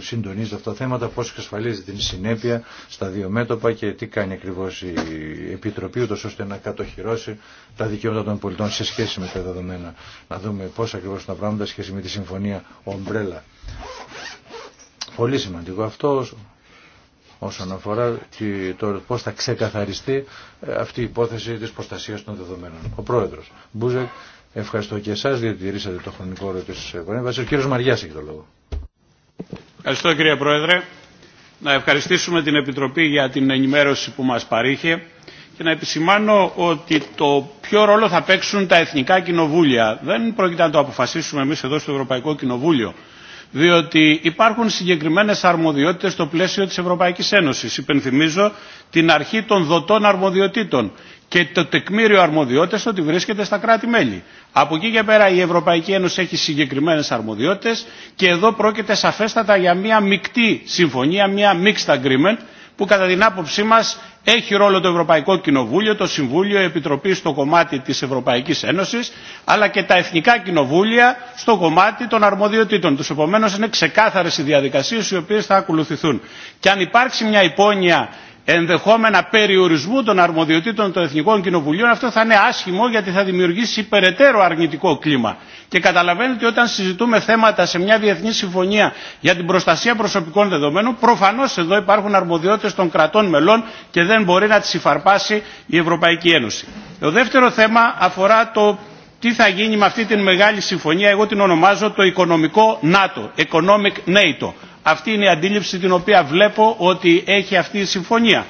συντονίζει αυτά τα θέματα, πώς εξασφαλίζει την συνέπεια στα δύο μέτωπα και τι κάνει ακριβώς η Επιτροπή ούτως ώστε να κατοχυρώσει τα δικαιώματα των πολιτών σε σχέση με τα δεδομένα. Να δούμε πώς ακριβώς τα πράγματα σχέση με τη συμφωνία Ομπρέλα. Πολύ σημαντικό αυτό όσον αφορά το πώς θα ξεκαθαριστεί ε, αυτή η υπόθεση της προστασίας των δεδομένων. Ο πρόεδρος Μπούζεκ, ευχαριστώ και εσάς γιατί τηρήσατε το χρονικό όρο της παρέμβαση. Ο κύριος Μαριάς έχει το λόγο. Ευχαριστώ κύριε Πρόεδρε. Να ευχαριστήσουμε την Επιτροπή για την ενημέρωση που μας παρήχε και να επισημάνω ότι το ποιο ρόλο θα παίξουν τα εθνικά κοινοβούλια δεν πρόκειται να το αποφασίσουμε εμείς εδώ στο Ευρωπαϊκό Κοινοβούλιο διότι υπάρχουν συγκεκριμένες αρμοδιότητες στο πλαίσιο της Ευρωπαϊκής Ένωσης. Υπενθυμίζω την αρχή των δοτών αρμοδιοτήτων και το τεκμήριο αρμοδιότητες ότι βρίσκεται στα κράτη-μέλη. Από εκεί και πέρα η Ευρωπαϊκή Ένωση έχει συγκεκριμένες αρμοδιότητες και εδώ πρόκειται σαφέστατα για μια μεικτή συμφωνία, μια mixed agreement που κατά την άποψή μας έχει ρόλο το Ευρωπαϊκό Κοινοβούλιο, το Συμβούλιο, η Επιτροπή στο κομμάτι της Ευρωπαϊκής Ένωσης, αλλά και τα Εθνικά Κοινοβούλια στο κομμάτι των αρμοδιοτήτων τους. Επομένως είναι ξεκάθαρες οι διαδικασίες οι οποίες θα ακολουθηθούν. Και αν υπάρξει μια υπόνοια ενδεχόμενα περιορισμού των αρμοδιοτήτων των Εθνικών Κοινοβουλίων αυτό θα είναι άσχημο γιατί θα δημιουργήσει υπεραιτέρω αρνητικό κλίμα. Και καταλαβαίνετε ότι όταν συζητούμε θέματα σε μια διεθνή συμφωνία για την προστασία προσωπικών δεδομένων, προφανώς εδώ υπάρχουν αρμοδιότητες των κρατών μελών και δεν μπορεί να τις υφαρπάσει η Ευρωπαϊκή Ένωση. Το δεύτερο θέμα αφορά το τι θα γίνει με αυτή τη μεγάλη συμφωνία, εγώ την ονομάζω το οικονομικό ΝΑΤΟ, Economic NATO αυτή είναι η αντίληψη την οποία βλέπω ότι έχει αυτή η συμφωνία.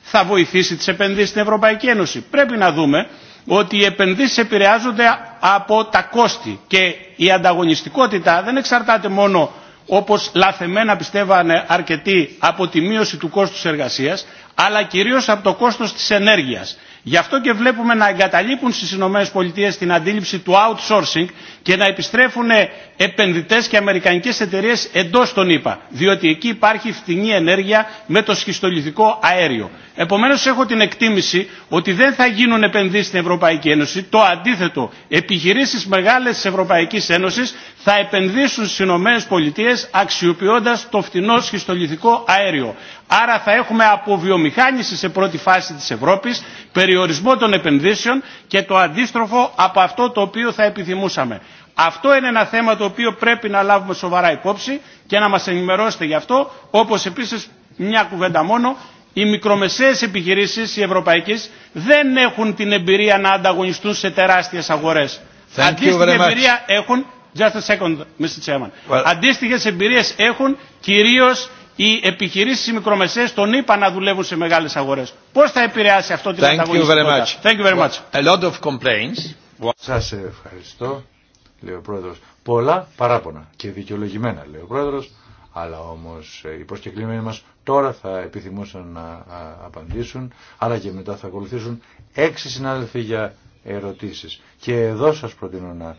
Θα βοηθήσει τις επενδύσεις στην Ευρωπαϊκή Ένωση. Πρέπει να δούμε ότι οι επενδύσεις επηρεάζονται από τα κόστη και η ανταγωνιστικότητα δεν εξαρτάται μόνο όπως λαθεμένα πιστεύανε αρκετοί από τη μείωση του κόστους εργασίας αλλά κυρίως από το κόστος της ενέργειας. Γι' αυτό και βλέπουμε να εγκαταλείπουν στις ΗΠΑ την αντίληψη του outsourcing και να επιστρέφουν επενδυτές και αμερικανικές εταιρείες εντός των ΗΠΑ, διότι εκεί υπάρχει φτηνή ενέργεια με το σχιστολιθικό αέριο. Επομένως έχω την εκτίμηση ότι δεν θα γίνουν επενδύσεις στην Ευρωπαϊκή Ένωση, το αντίθετο, επιχειρήσεις μεγάλες της Ευρωπαϊκής Ένωσης θα επενδύσουν στι Ηνωμένε Πολιτείε αξιοποιώντα το φτηνό σχιστολιθικό αέριο. Άρα θα έχουμε αποβιομηχάνηση σε πρώτη φάση τη Ευρώπη, περιορισμό των επενδύσεων και το αντίστροφο από αυτό το οποίο θα επιθυμούσαμε. Αυτό είναι ένα θέμα το οποίο πρέπει να λάβουμε σοβαρά υπόψη και να μα ενημερώσετε γι' αυτό, όπω επίση μια κουβέντα μόνο. Οι μικρομεσαίες επιχειρήσεις, οι ευρωπαϊκές, δεν έχουν την εμπειρία να ανταγωνιστούν σε τεράστιες αγορές. Αντίστοιχη εμπειρία έχουν Just a second, Mr. Chairman. Well, Αντίστοιχες εμπειρίες έχουν κυρίω οι επιχειρήσει οι μικρομεσαίες των ΗΠΑ να δουλεύουν σε μεγάλε αγορέ. Πώ θα επηρεάσει αυτό την ανταγωνιστικότητα. Thank you very much. A lot of complaints. Σας ευχαριστώ, λέει ο πρόεδρο. Πολλά παράπονα και δικαιολογημένα, λέει ο πρόεδρο, Αλλά όμω οι προσκεκλημένοι μα τώρα θα επιθυμούσαν να απαντήσουν, αλλά και μετά θα ακολουθήσουν έξι συνάδελφοι για ερωτήσει. Και εδώ σας προτείνω να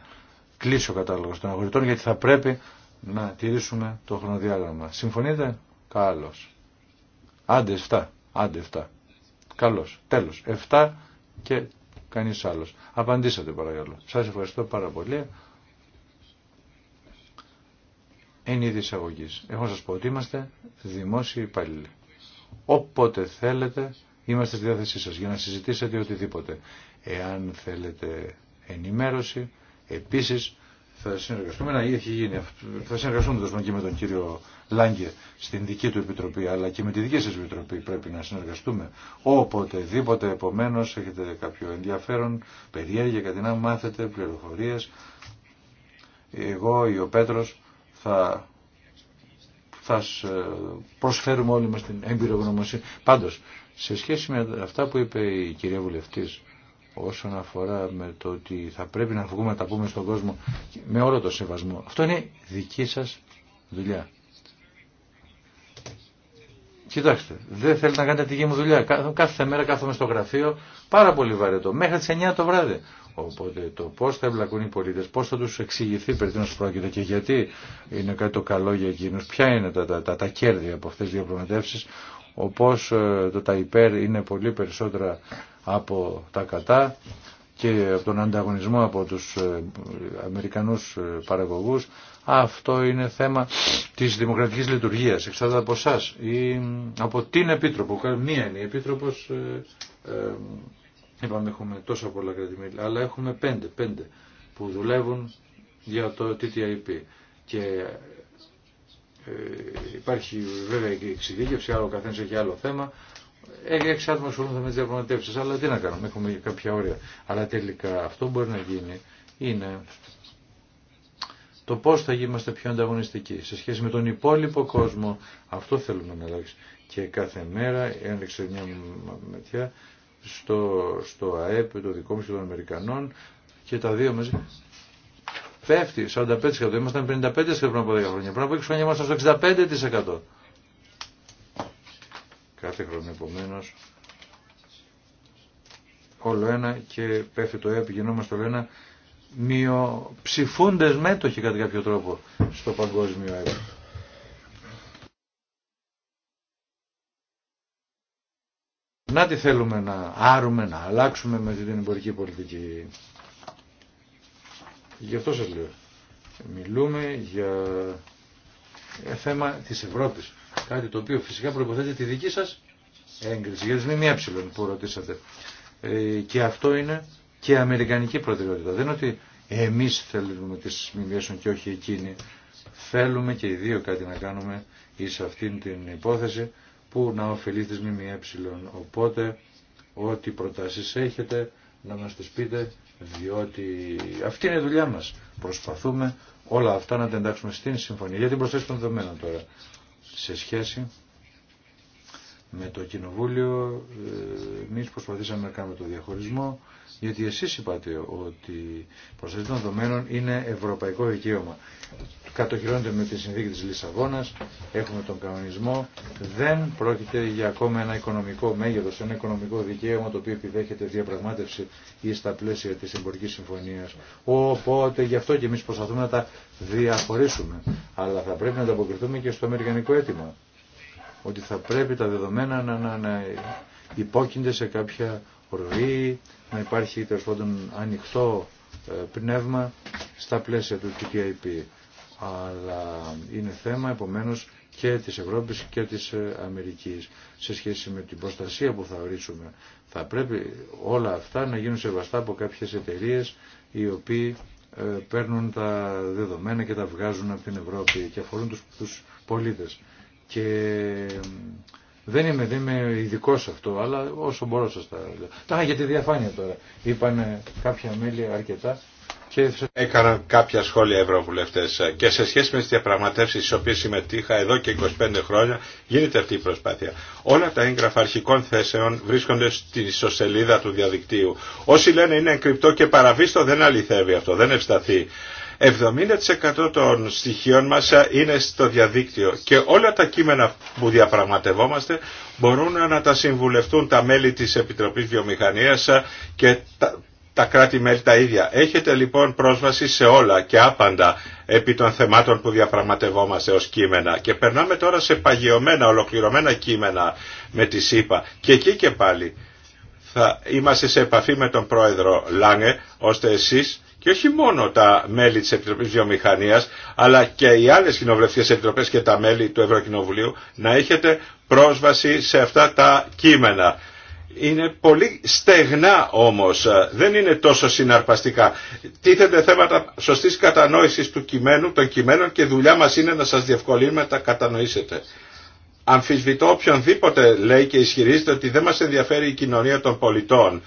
κλείσει ο κατάλογος των αγορητών γιατί θα πρέπει να τηρήσουμε το χρονοδιάγραμμα. Συμφωνείτε? Καλώς. Άντε 7. Άντε 7. Καλώς. Τέλος. 7 και κανείς άλλος. Απαντήσατε παρακαλώ. Σας ευχαριστώ πάρα πολύ. Εν είδη εισαγωγής. Έχω σας πω ότι είμαστε δημόσιοι υπαλλήλοι. Όποτε θέλετε είμαστε στη διάθεσή σας για να συζητήσετε οτιδήποτε. Εάν θέλετε ενημέρωση, Επίσης θα συνεργαστούμε, να έχει γίνει, θα συνεργαστούμε και με τον κύριο Λάγκε στην δική του επιτροπή, αλλά και με τη δική σας επιτροπή πρέπει να συνεργαστούμε. Οποτεδήποτε επομένω έχετε κάποιο ενδιαφέρον, περιέργεια, κάτι να μάθετε, πληροφορίες. Εγώ ή ο Πέτρος θα θα ε, προσφέρουμε όλοι μας την έμπειρο γνωμοσύνη. Πάντως, σε σχέση με αυτά που είπε η κυρία Βουλευτής, όσον αφορά με το ότι θα πρέπει να βγούμε να τα πούμε στον κόσμο με όλο το σεβασμό. Αυτό είναι δική σας δουλειά. Κοιτάξτε, δεν θέλετε να κάνετε τη δική μου δουλειά. Κάθε μέρα κάθομαι στο γραφείο πάρα πολύ βαρετό, μέχρι τις 9 το βράδυ. Οπότε το πώ θα εμπλακούν οι πολίτε, πώ θα του εξηγηθεί περί τίνο πρόκειται και γιατί είναι κάτι το καλό για εκείνου, ποια είναι τα, τα, τα, τα κέρδη από αυτέ τι διαπραγματεύσει, ο πώ ε, τα υπέρ είναι πολύ περισσότερα από τα κατά και από τον ανταγωνισμό από τους ε, Αμερικανούς ε, παραγωγούς. Αυτό είναι θέμα της δημοκρατικής λειτουργίας. Εξαρτάται από εσάς ή από την Επίτροπο. Μία είναι η Επίτροπος, ε, ε είπαμε έχουμε τόσα πολλά κρατημιλια αλλά έχουμε πέντε, πέντε που δουλεύουν για το TTIP. Και ε, υπάρχει βέβαια και εξειδίκευση, άλλο καθένας έχει άλλο θέμα, ε, εξάτομα θα με τι διαπραγματεύσει. Αλλά τι να κάνουμε, έχουμε κάποια όρια. Αλλά τελικά αυτό που μπορεί να γίνει είναι το πώς θα είμαστε πιο ανταγωνιστικοί σε σχέση με τον υπόλοιπο κόσμο. Αυτό θέλουμε να αλλάξει. Και κάθε μέρα έλεξε μια ματιά στο, στο ΑΕΠ, το δικό μου και των Αμερικανών και τα δύο μαζί. Πέφτει 45%. Ήμασταν 55% πριν από 10 χρόνια. Πριν από 6 χρόνια ήμασταν στο 65% κάθε χρόνο. επομένω. όλο ένα και πέφτει το ΕΠ, γινόμαστε όλο ένα μειοψηφούντε μέτοχοι κατά κάποιο τρόπο στο παγκόσμιο ΕΠ. Να τι θέλουμε να άρουμε, να αλλάξουμε με την εμπορική πολιτική. Γι' αυτό σας λέω. Μιλούμε για ε, θέμα της Ευρώπης. Κάτι το οποίο φυσικά προποθέτει τη δική σας έγκριση. Για τις ΜΜΕ που ρωτήσατε. Ε, και αυτό είναι και αμερικανική προτεραιότητα. Δεν είναι ότι εμείς θέλουμε τις ΜΜΕ και όχι εκείνη Θέλουμε και οι δύο κάτι να κάνουμε εις αυτήν την υπόθεση που να ωφελεί τις ΜΜΕ. Οπότε, ό,τι προτάσεις έχετε, να μας τις πείτε, διότι αυτή είναι η δουλειά μας. Προσπαθούμε όλα αυτά να τα εντάξουμε στην συμφωνία. γιατί την προσθέση των δεδομένων τώρα σε σχέση με το Κοινοβούλιο. Ε, Εμεί προσπαθήσαμε να κάνουμε το διαχωρισμό, γιατί εσείς είπατε ότι προστασία των δεδομένων είναι ευρωπαϊκό δικαίωμα. Κατοχυρώνεται με τη συνθήκη της Λισαβόνας, έχουμε τον κανονισμό, δεν πρόκειται για ακόμα ένα οικονομικό μέγεθος, ένα οικονομικό δικαίωμα το οποίο επιδέχεται διαπραγμάτευση ή στα πλαίσια της εμπορικής συμφωνίας. Οπότε γι' αυτό και εμείς προσπαθούμε να τα διαχωρίσουμε. Αλλά θα πρέπει να τα ανταποκριθούμε και στο αμερικανικό αίτημα ότι θα πρέπει τα δεδομένα να, να, να υπόκεινται σε κάποια ροή... να υπάρχει τέλο πάντων ανοιχτό ε, πνεύμα στα πλαίσια του TTIP. Αλλά είναι θέμα επομένως και της Ευρώπης και της ε, Αμερικής σε σχέση με την προστασία που θα ορίσουμε. Θα πρέπει όλα αυτά να γίνουν σεβαστά από κάποιες εταιρείες οι οποίοι ε, παίρνουν τα δεδομένα και τα βγάζουν από την Ευρώπη και αφορούν τους, τους πολίτες. Και δεν είμαι, δεν είμαι ειδικό σε αυτό, αλλά όσο μπορώ σα τα λέω. Τα για τη διαφάνεια τώρα. Είπαν κάποια μέλη αρκετά. Και... Έκαναν κάποια σχόλια ευρωβουλευτέ ε, και σε σχέση με τι διαπραγματεύσει στι οποίε συμμετείχα εδώ και 25 χρόνια γίνεται αυτή η προσπάθεια. Όλα τα έγγραφα αρχικών θέσεων βρίσκονται στη ιστοσελίδα του διαδικτύου. Όσοι λένε είναι κρυπτό και παραβίστο δεν αληθεύει αυτό, δεν ευσταθεί. 70% των στοιχείων μας είναι στο διαδίκτυο και όλα τα κείμενα που διαπραγματευόμαστε μπορούν να τα συμβουλευτούν τα μέλη της Επιτροπής Βιομηχανίας και τα, τα κράτη-μέλη τα ίδια. Έχετε λοιπόν πρόσβαση σε όλα και άπαντα επί των θεμάτων που διαπραγματευόμαστε ως κείμενα. Και περνάμε τώρα σε παγιωμένα, ολοκληρωμένα κείμενα με τη ΣΥΠΑ. Και εκεί και πάλι θα είμαστε σε επαφή με τον πρόεδρο Λάνε ώστε εσείς και όχι μόνο τα μέλη της Επιτροπής Βιομηχανίας αλλά και οι άλλες κοινοβουλευτικές επιτροπές και τα μέλη του Ευρωκοινοβουλίου να έχετε πρόσβαση σε αυτά τα κείμενα. Είναι πολύ στεγνά όμως, ε, δεν είναι τόσο συναρπαστικά. Τίθεται θέματα σωστής κατανόησης του κειμένου, των κειμένων και δουλειά μας είναι να σας διευκολύνουμε να τα κατανοήσετε. Αμφισβητώ οποιονδήποτε λέει και ισχυρίζεται ότι δεν μας ενδιαφέρει η κοινωνία των πολιτών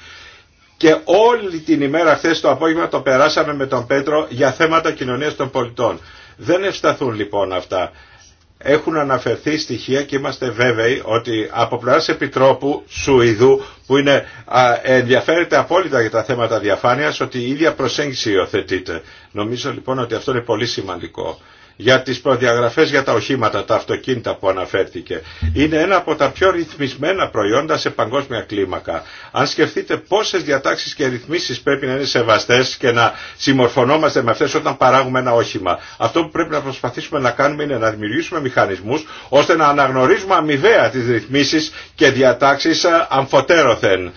και όλη την ημέρα χθε το απόγευμα το περάσαμε με τον Πέτρο για θέματα κοινωνίας των πολιτών. Δεν ευσταθούν λοιπόν αυτά. Έχουν αναφερθεί στοιχεία και είμαστε βέβαιοι ότι από πλευρά Επιτρόπου Σουηδού που είναι, ενδιαφέρεται απόλυτα για τα θέματα διαφάνειας ότι η ίδια προσέγγιση υιοθετείται. Νομίζω λοιπόν ότι αυτό είναι πολύ σημαντικό για τις προδιαγραφές για τα οχήματα, τα αυτοκίνητα που αναφέρθηκε. Είναι ένα από τα πιο ρυθμισμένα προϊόντα σε παγκόσμια κλίμακα. Αν σκεφτείτε πόσες διατάξεις και ρυθμίσεις πρέπει να είναι σεβαστές και να συμμορφωνόμαστε με αυτές όταν παράγουμε ένα όχημα. Αυτό που πρέπει να προσπαθήσουμε να κάνουμε είναι να δημιουργήσουμε μηχανισμούς ώστε να αναγνωρίζουμε αμοιβαία τις ρυθμίσεις και διατάξεις ε, αμφωτέρωθεν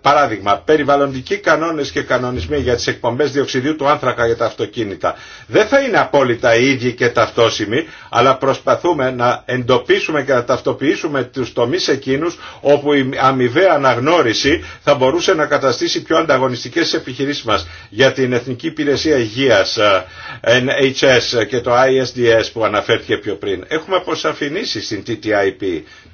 Παράδειγμα, περιβαλλοντικοί κανόνες και κανονισμοί για τις εκπομπές διοξιδίου του άνθρακα για τα αυτοκίνητα. Δεν θα είναι απόλυτα οι ίδιοι και ταυτόσιμοι, αλλά προσπαθούμε να εντοπίσουμε και να ταυτοποιήσουμε τους τομείς εκείνους όπου η αμοιβαία αναγνώριση θα μπορούσε να καταστήσει πιο ανταγωνιστικές επιχειρήσει μα για την Εθνική Υπηρεσία Υγείας, NHS ε, και το ISDS που αναφέρθηκε πιο πριν. Έχουμε αποσαφηνήσει στην TTIP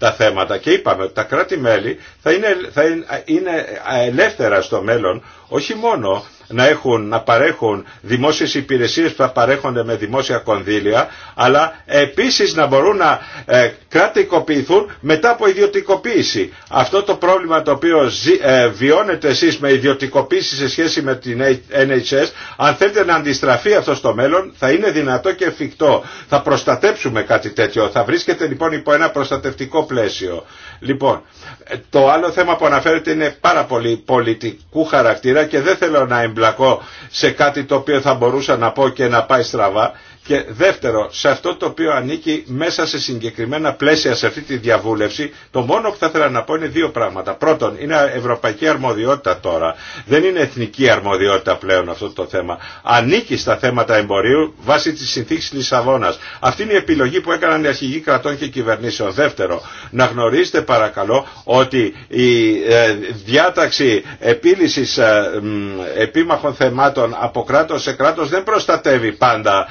τα θέματα και είπαμε ότι τα κράτη-μέλη θα είναι, θα είναι ε, ε, ελεύθερα στο μέλλον όχι μόνο να, έχουν, να παρέχουν δημόσιες υπηρεσίες που θα παρέχονται με δημόσια κονδύλια, αλλά επίσης να μπορούν να ε, κρατικοποιηθούν μετά από ιδιωτικοποίηση. Αυτό το πρόβλημα το οποίο ε, βιώνετε εσείς με ιδιωτικοποίηση σε σχέση με την NHS, αν θέλετε να αντιστραφεί αυτό στο μέλλον, θα είναι δυνατό και εφικτό. Θα προστατέψουμε κάτι τέτοιο. Θα βρίσκεται λοιπόν υπό ένα προστατευτικό πλαίσιο. Λοιπόν, ε, το άλλο θέμα που αναφέρεται είναι πάρα πολύ πολιτικού χαρακτήρα και δεν θέλω να εμπλακώ σε κάτι το οποίο θα μπορούσα να πω και να πάει στραβά και δεύτερο, σε αυτό το οποίο ανήκει μέσα σε συγκεκριμένα πλαίσια σε αυτή τη διαβούλευση, το μόνο που θα ήθελα να πω είναι δύο πράγματα. Πρώτον, είναι ευρωπαϊκή αρμοδιότητα τώρα. Δεν είναι εθνική αρμοδιότητα πλέον αυτό το θέμα. Ανήκει στα θέματα εμπορίου βάσει τη συνθήκη Λισαβόνα. Αυτή είναι η επιλογή που έκαναν οι αρχηγοί κρατών και κυβερνήσεων. Δεύτερο, να γνωρίζετε παρακαλώ ότι η ε, διάταξη επίλυση ε, επίμαχων θεμάτων από κράτο σε κράτο δεν προστατεύει πάντα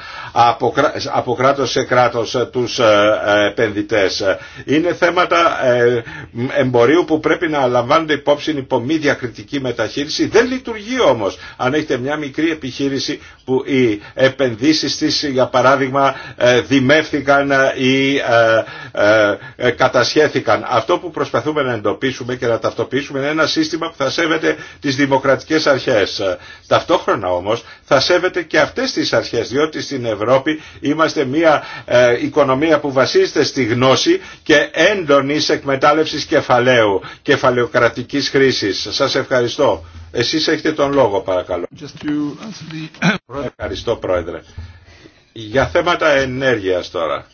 από κράτος σε κράτος ε, τους ε, ε, επενδυτές. Είναι θέματα εμπορίου που πρέπει να λαμβάνονται υπόψη υπό μη διακριτική μεταχείριση. Δεν λειτουργεί όμως αν έχετε μια μικρή επιχείρηση που οι επενδύσεις της για παράδειγμα δημεύθηκαν ή κατασχέθηκαν. Αυτό που προσπαθούμε να εντοπίσουμε και να ταυτοποιήσουμε είναι ένα σύστημα που θα σέβεται τις δημοκρατικές αρχές. Ταυτόχρονα όμως θα σέβεται και αυτές τις αρχές διότι στην Ευρώπη Ευρώπη είμαστε μια ε, οικονομία που βασίζεται στη γνώση και έντονη εκμετάλλευση κεφαλαίου, κεφαλαιοκρατικής χρήση. Σας ευχαριστώ. Εσείς έχετε τον λόγο παρακαλώ. Ευχαριστώ Πρόεδρε. Για θέματα ενέργειας τώρα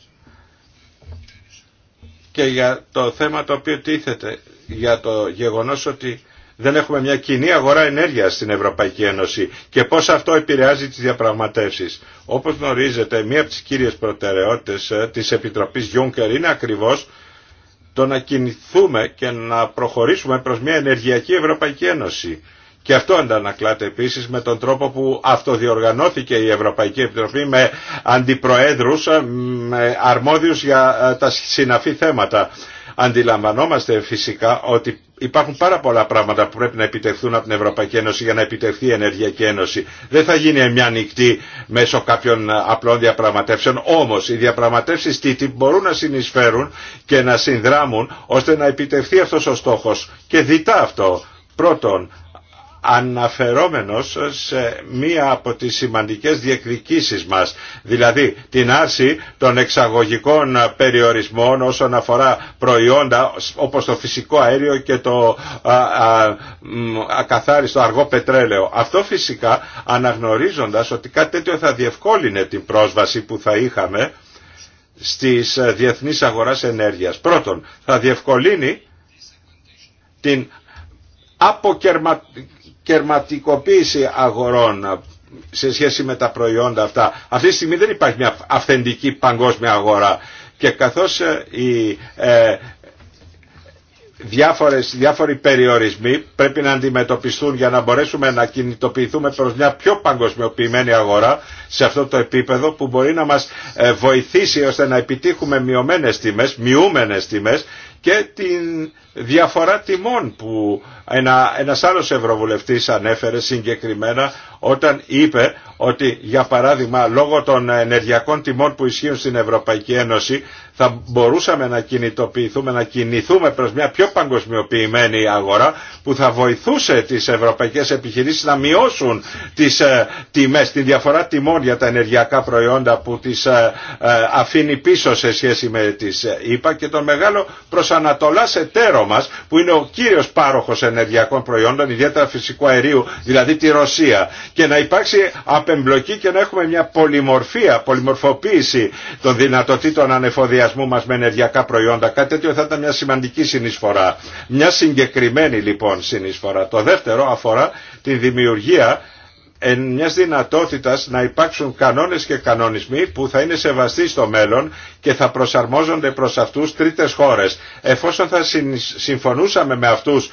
και για το θέμα το οποίο τίθεται για το γεγονός ότι δεν έχουμε μια κοινή αγορά ενέργειας στην Ευρωπαϊκή Ένωση και πώς αυτό επηρεάζει τις διαπραγματεύσεις. Όπως γνωρίζετε, μία από τις κύριες προτεραιότητες ε, της Επιτροπής Juncker είναι ακριβώς το να κινηθούμε και να προχωρήσουμε προς μια ενεργειακή Ευρωπαϊκή Ένωση. Και αυτό αντανακλάται επίσης με τον τρόπο που αυτοδιοργανώθηκε η Ευρωπαϊκή Επιτροπή με αντιπροέδρους, ε, με αρμόδιους για ε, τα συναφή θέματα. Αντιλαμβανόμαστε φυσικά ότι υπάρχουν πάρα πολλά πράγματα που πρέπει να επιτευχθούν από την Ευρωπαϊκή Ένωση για να επιτευχθεί η Ενεργειακή Ένωση. Δεν θα γίνει μια νυχτή μέσω κάποιων απλών διαπραγματεύσεων. Όμω οι διαπραγματεύσει TTIP μπορούν να συνεισφέρουν και να συνδράμουν ώστε να επιτευχθεί αυτό ο στόχο. Και διτά αυτό. Πρώτον, αναφερόμενος σε μία από τις σημαντικές διεκδικήσεις μας, δηλαδή την άρση των εξαγωγικών περιορισμών όσον αφορά προϊόντα όπως το φυσικό αέριο και το ακαθάριστο αργό πετρέλαιο. Αυτό φυσικά αναγνωρίζοντας ότι κάτι τέτοιο θα διευκόλυνε την πρόσβαση που θα είχαμε στις διεθνείς αγοράς ενέργειας. Πρώτον, θα διευκολύνει την αποκερμα κερματικοποίηση αγορών σε σχέση με τα προϊόντα αυτά. Αυτή τη στιγμή δεν υπάρχει μια αυθεντική παγκόσμια αγορά και καθώς ε, οι ε, διάφορες, διάφοροι περιορισμοί πρέπει να αντιμετωπιστούν για να μπορέσουμε να κινητοποιηθούμε προς μια πιο παγκοσμιοποιημένη αγορά σε αυτό το επίπεδο που μπορεί να μας ε, βοηθήσει ώστε να επιτύχουμε μειωμένες τιμές, μειούμενες τιμές και την διαφορά τιμών που ένα, ένας άλλος ευρωβουλευτής ανέφερε συγκεκριμένα όταν είπε ότι για παράδειγμα λόγω των ενεργειακών τιμών που ισχύουν στην Ευρωπαϊκή Ένωση θα μπορούσαμε να κινητοποιηθούμε, να κινηθούμε προς μια πιο παγκοσμιοποιημένη αγορά που θα βοηθούσε τις ευρωπαϊκές επιχειρήσεις να μειώσουν τις ε, τιμές, τη διαφορά τιμών για τα ενεργειακά προϊόντα που τις ε, ε, αφήνει πίσω σε σχέση με τις ΗΠΑ και τον μεγάλο προσανατολάς εταίρο μας που είναι ο κύριος πάροχος ενεργειακών προϊόντων, ιδιαίτερα φυσικού αερίου, δηλαδή τη Ρωσία και να υπάρξει απεμπλοκή και να έχουμε μια πολυμορφία, πολυμορφοποίηση των δυνατοτήτων ανεφοδιασμού μας με ενεργειακά προϊόντα. Κάτι τέτοιο θα ήταν μια σημαντική συνεισφορά. Μια συγκεκριμένη λοιπόν συνεισφορά. Το δεύτερο αφορά τη δημιουργία εν μιας δυνατότητας να υπάρξουν κανόνες και κανονισμοί που θα είναι σεβαστοί στο μέλλον και θα προσαρμόζονται προς αυτούς τρίτες χώρες. Εφόσον θα συμφωνούσαμε με αυτούς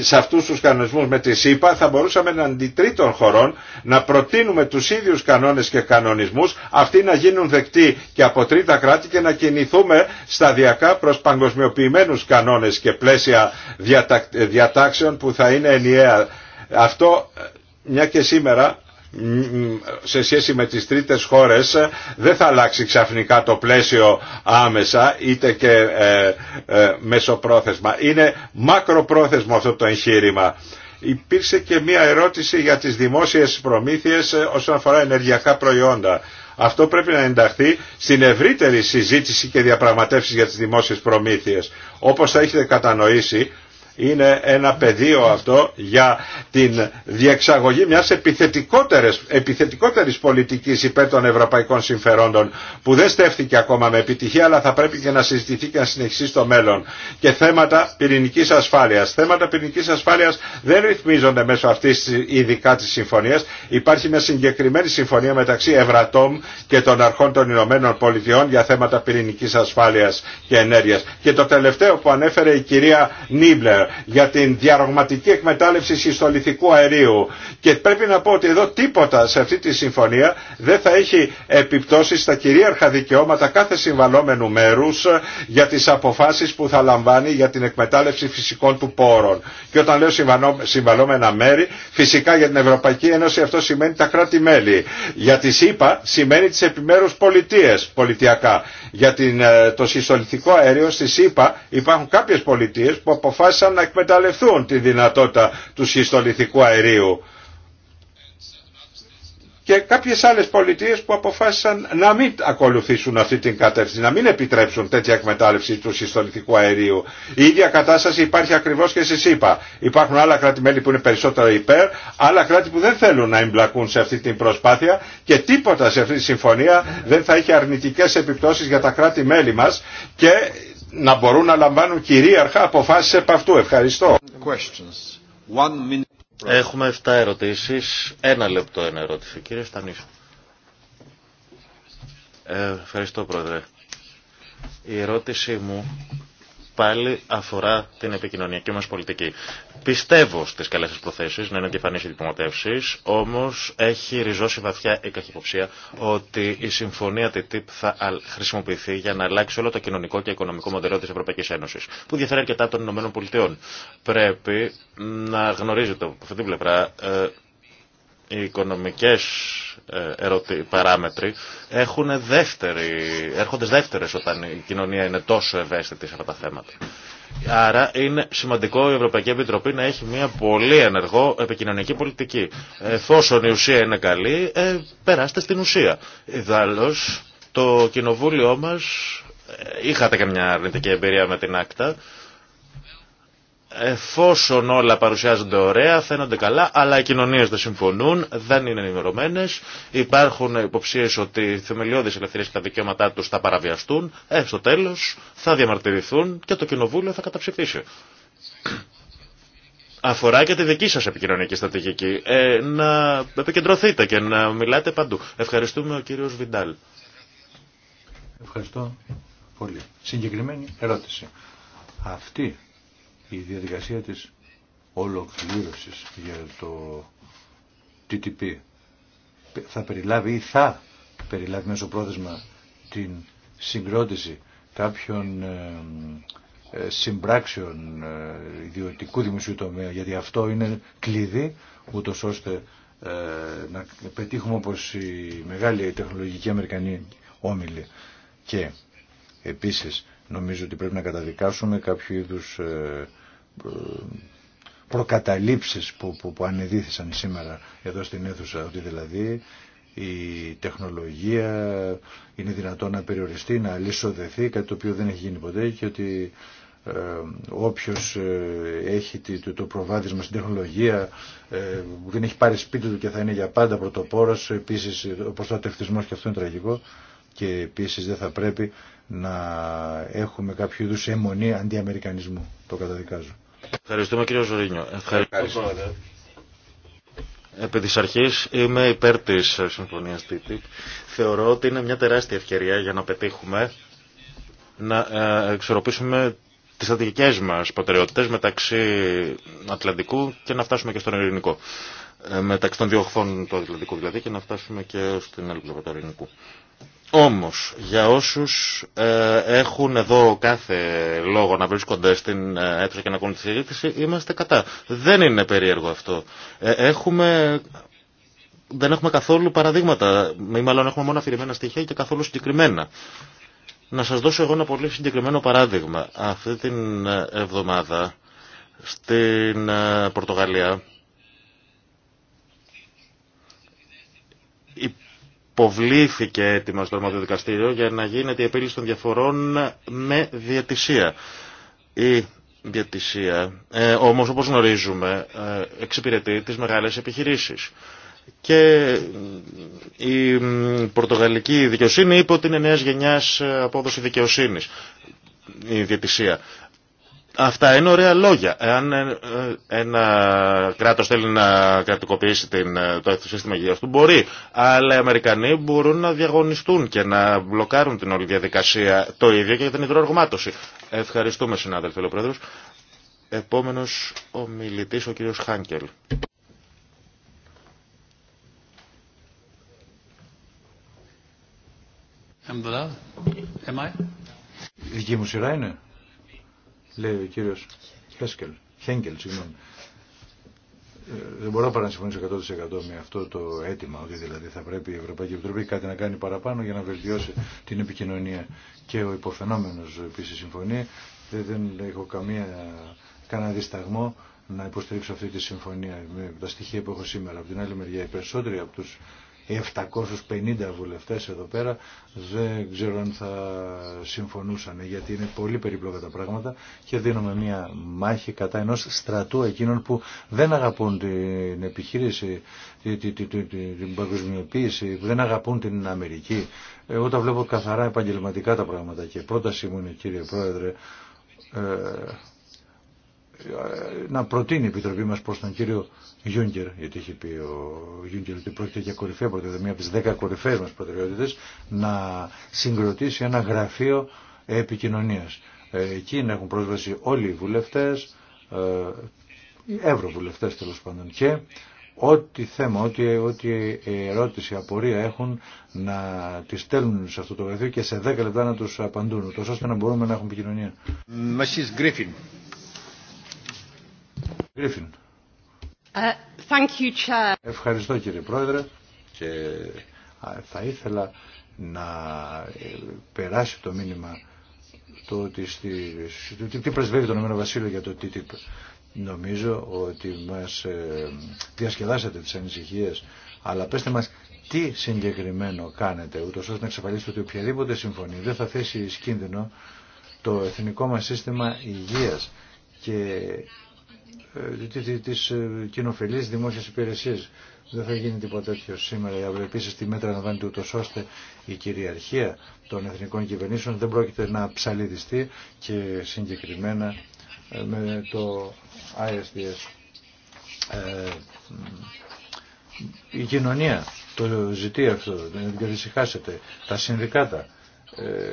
σε αυτούς τους κανονισμούς με τη ΣΥΠΑ θα μπορούσαμε αντί τρίτων χωρών να προτείνουμε τους ίδιους κανόνες και κανονισμούς αυτοί να γίνουν δεκτοί και από τρίτα κράτη και να κινηθούμε σταδιακά προς παγκοσμιοποιημένους κανόνες και πλαίσια διατάξεων που θα είναι ενιαία. Αυτό μια και σήμερα σε σχέση με τις τρίτες χώρες δεν θα αλλάξει ξαφνικά το πλαίσιο άμεσα είτε και ε, ε, μεσοπρόθεσμα. Είναι μακροπρόθεσμο αυτό το εγχείρημα. Υπήρξε και μία ερώτηση για τις δημόσιες προμήθειες ε, όσον αφορά ενεργειακά προϊόντα. Αυτό πρέπει να ενταχθεί στην ευρύτερη συζήτηση και διαπραγματεύσεις για τις δημόσιες προμήθειες. Όπως θα έχετε κατανοήσει, είναι ένα πεδίο αυτό για την διεξαγωγή μιας επιθετικότερης, επιθετικότερης πολιτικής υπέρ των ευρωπαϊκών συμφερόντων που δεν στέφθηκε ακόμα με επιτυχία αλλά θα πρέπει και να συζητηθεί και να συνεχίσει στο μέλλον. Και θέματα πυρηνικής ασφάλειας. Θέματα πυρηνικής ασφάλειας δεν ρυθμίζονται μέσω αυτής ειδικά της συμφωνίας. Υπάρχει μια συγκεκριμένη συμφωνία μεταξύ Ευρατόμ και των αρχών των Ηνωμένων Πολιτειών για θέματα πυρηνικής ασφάλειας και ενέργειας. Και το τελευταίο που ανέφερε η κυρία Νίμπλερ, για την διαρρογματική εκμετάλλευση συστολιθικού αερίου. Και πρέπει να πω ότι εδώ τίποτα σε αυτή τη συμφωνία δεν θα έχει επιπτώσει στα κυρίαρχα δικαιώματα κάθε συμβαλόμενου μέρους για τις αποφάσεις που θα λαμβάνει για την εκμετάλλευση φυσικών του πόρων. Και όταν λέω συμβαλόμενα μέρη, φυσικά για την Ευρωπαϊκή Ένωση αυτό σημαίνει τα κράτη-μέλη. Για τη ΣΥΠΑ σημαίνει τις επιμέρους πολιτείες πολιτιακά. Για την, ε, το συστολιθικό αέριο στη ΗΠΑ υπάρχουν κάποιε πολιτείες που αποφάσισαν να εκμεταλλευτούν τη δυνατότητα του συστολιθικού αερίου. Και κάποιες άλλες πολιτείες που αποφάσισαν να μην ακολουθήσουν αυτή την κατεύθυνση, να μην επιτρέψουν τέτοια εκμετάλλευση του συστολιθικού αερίου. Η ίδια κατάσταση υπάρχει ακριβώς και σε ΣΥΠΑ. Υπάρχουν άλλα κράτη-μέλη που είναι περισσότερο υπέρ, άλλα κράτη που δεν θέλουν να εμπλακούν σε αυτή την προσπάθεια και τίποτα σε αυτή τη συμφωνία δεν θα έχει αρνητικές επιπτώσεις για τα κράτη-μέλη μας και να μπορούν να λαμβάνουν κυρίαρχα αποφάσεις επ' αυτού. Ευχαριστώ. Έχουμε 7 ερωτήσεις. Ένα λεπτό ένα ερώτηση. Κύριε Στανίσου. Ε, ευχαριστώ πρόεδρε. Η ερώτησή μου πάλι αφορά την επικοινωνιακή μας πολιτική. Πιστεύω στι καλέ σα προθέσει να είναι διαφανή οι διπλωματεύσει, όμω έχει ριζώσει βαθιά η καχυποψία ότι η συμφωνία TTIP θα χρησιμοποιηθεί για να αλλάξει όλο το κοινωνικό και οικονομικό μοντέλο τη Ευρωπαϊκή Ένωση, που διαφέρει αρκετά των Ηνωμένων Πολιτειών. Πρέπει να γνωρίζετε από αυτή την πλευρά ε, οι οικονομικές ε, ερωτή, παράμετροι έχουν δεύτερη, έρχονται δεύτερες όταν η κοινωνία είναι τόσο ευαίσθητη σε αυτά τα θέματα. Άρα είναι σημαντικό η Ευρωπαϊκή Επιτροπή να έχει μια πολύ ενεργό επικοινωνική πολιτική. Εφόσον η ουσία είναι καλή, ε, περάστε στην ουσία. Ιδάλλως, το κοινοβούλιο μας, ε, είχατε καμία αρνητική εμπειρία με την άκτα, εφόσον όλα παρουσιάζονται ωραία, φαίνονται καλά, αλλά οι κοινωνίε δεν συμφωνούν, δεν είναι ενημερωμένε, υπάρχουν υποψίες ότι οι θεμελιώδει ελευθερίε και τα δικαιώματά του θα παραβιαστούν, ε, στο τέλο θα διαμαρτυρηθούν και το κοινοβούλιο θα καταψηφίσει. Αφορά και τη δική σας επικοινωνική στρατηγική. Ε, να επικεντρωθείτε και να μιλάτε παντού. Ευχαριστούμε ο κύριος Βιντάλ. Ευχαριστώ πολύ. Συγκεκριμένη ερώτηση. Αυτή η διαδικασία της ολοκλήρωσης για το TTP θα περιλάβει ή θα περιλάβει μέσω πρόθεσμα την συγκρότηση κάποιων ε, ε, συμπράξεων ε, ιδιωτικού δημοσίου τομέα γιατί αυτό είναι κλειδί ούτως ώστε να πετύχουμε όπως η μεγάλη τεχνολογική Αμερικανή όμιλη και επίσης νομίζω ότι πρέπει να καταδικάσουμε κάποιο είδους προκαταλήψεις που, που, ανεδίθησαν σήμερα εδώ στην αίθουσα, ότι δηλαδή η τεχνολογία είναι δυνατόν να περιοριστεί, να αλυσοδεθεί, κάτι το οποίο δεν έχει γίνει ποτέ και ότι ε, όποιος ε, έχει το, προβάδισμα στην τεχνολογία ε, δεν έχει πάρει σπίτι του και θα είναι για πάντα πρωτοπόρος, επίσης ο προστατευτισμός και αυτό είναι τραγικό και επίσης δεν θα πρέπει να έχουμε κάποιο είδους αιμονή αντιαμερικανισμού, το καταδικάζω. Ευχαριστούμε κύριο Ζωρίνιο. Ευχαριστώ. Επί της αρχής είμαι υπέρ της συμφωνίας TTIP. Θεωρώ ότι είναι μια τεράστια ευκαιρία για να πετύχουμε να ε, εξορροπήσουμε τις στρατηγικές μας προτεραιότητες μεταξύ Ατλαντικού και να φτάσουμε και στον Ελληνικό. Ε, μεταξύ των δύο χθών του Ατλαντικού δηλαδή και να φτάσουμε και στην άλλη του όμως, για όσους ε, έχουν εδώ κάθε λόγο να βρίσκονται στην ε, αίθουσα και να ακούν τη συζήτηση, είμαστε κατά. Δεν είναι περίεργο αυτό. Ε, έχουμε, δεν έχουμε καθόλου παραδείγματα, ή μάλλον έχουμε μόνο αφηρημένα στοιχεία και καθόλου συγκεκριμένα. Να σας δώσω εγώ ένα πολύ συγκεκριμένο παράδειγμα. Αυτή την εβδομάδα στην Πορτογαλία υποβλήθηκε έτοιμα στο Δημοτικό Δικαστήριο για να γίνεται η επίλυση των διαφορών με διατησία. Η διατησία, ε, όμως όπως γνωρίζουμε, ε, εξυπηρετεί τις μεγάλες επιχειρήσεις. Και η πορτογαλική δικαιοσύνη είπε ότι είναι νέας γενιάς απόδοση δικαιοσύνης η διατησία. Αυτά είναι ωραία λόγια. Εάν ε, ένα κράτος θέλει να κρατικοποιήσει ε, το σύστημα υγείας του, μπορεί. Αλλά οι Αμερικανοί μπορούν να διαγωνιστούν και να μπλοκάρουν την όλη διαδικασία το ίδιο και για την υδροοργμάτωση. Ευχαριστούμε συνάδελφε, ο Πρόεδρος. Επόμενος ο μιλητής, ο κύριος Χάνκελ. Δική μου σειρά είναι λέει ο κύριο Χέσκελ, Χέγκελ, συγγνώμη. Ε, δεν μπορώ παρά να συμφωνήσω 100% με αυτό το αίτημα, ότι δηλαδή θα πρέπει η Ευρωπαϊκή Επιτροπή κάτι να κάνει παραπάνω για να βελτιώσει την επικοινωνία. Και ο υποφαινόμενο επίση συμφωνεί. Δεν έχω καμία, κανένα δισταγμό να υποστηρίξω αυτή τη συμφωνία με τα στοιχεία που έχω σήμερα. Από την άλλη μεριά, οι περισσότεροι από του. 750 βουλευτές εδώ πέρα δεν ξέρω αν θα συμφωνούσαν γιατί είναι πολύ περίπλοκα τα πράγματα και δίνουμε μια μάχη κατά ενός στρατού εκείνων που δεν αγαπούν την επιχείρηση, την παγκοσμιοποίηση, δεν αγαπούν την Αμερική. Εγώ τα βλέπω καθαρά επαγγελματικά τα πράγματα και πρόταση μου είναι κύριε Πρόεδρε ε, ε, να προτείνει η Επιτροπή μας προς τον κύριο Γιούγκερ, γιατί είχε πει ο Γιούγκερ ότι πρόκειται για κορυφαία προτεραιότητα, μία από τι δέκα κορυφαίε μα προτεραιότητε, να συγκροτήσει ένα γραφείο επικοινωνία. Ε, εκεί να έχουν πρόσβαση όλοι οι βουλευτέ, ε, οι ευρωβουλευτέ τέλο πάντων. Και ό,τι θέμα, ό,τι, ό,τι ερώτηση, απορία έχουν να τη στέλνουν σε αυτό το γραφείο και σε 10 λεπτά να τους απαντούν, τόσο ώστε να μπορούμε να έχουμε επικοινωνία. Γκρίφιν. Γκρίφιν. Uh, Ευχαριστώ κύριε Πρόεδρε και θα ήθελα να ε, περάσει το μήνυμα το ότι στη, τι πρεσβεύει το νομένο Βασίλειο για το TTIP. Νομίζω ότι μας ε, διασκεδάσατε τις ανησυχίες, αλλά πέστε μας τι συγκεκριμένο κάνετε, ούτως ώστε να εξαφαλίσετε ότι οποιαδήποτε συμφωνία δεν θα θέσει σκίνδυνο το εθνικό μας σύστημα υγείας και ε, της ε, κοινοφιλής δημόσιας υπηρεσίας. Δεν θα γίνει τίποτα τέτοιο σήμερα ή αύριο. Επίση, τη μέτρα αναβάνεται ούτω ώστε η κυριαρχία των εθνικών κυβερνήσεων δεν πρόκειται να ψαλιδιστεί και συγκεκριμένα ε, με το ISDS. η κοινωνία το ζητεί αυτό, να διαδυσυχάσετε. Τα συνδικάτα. Ε,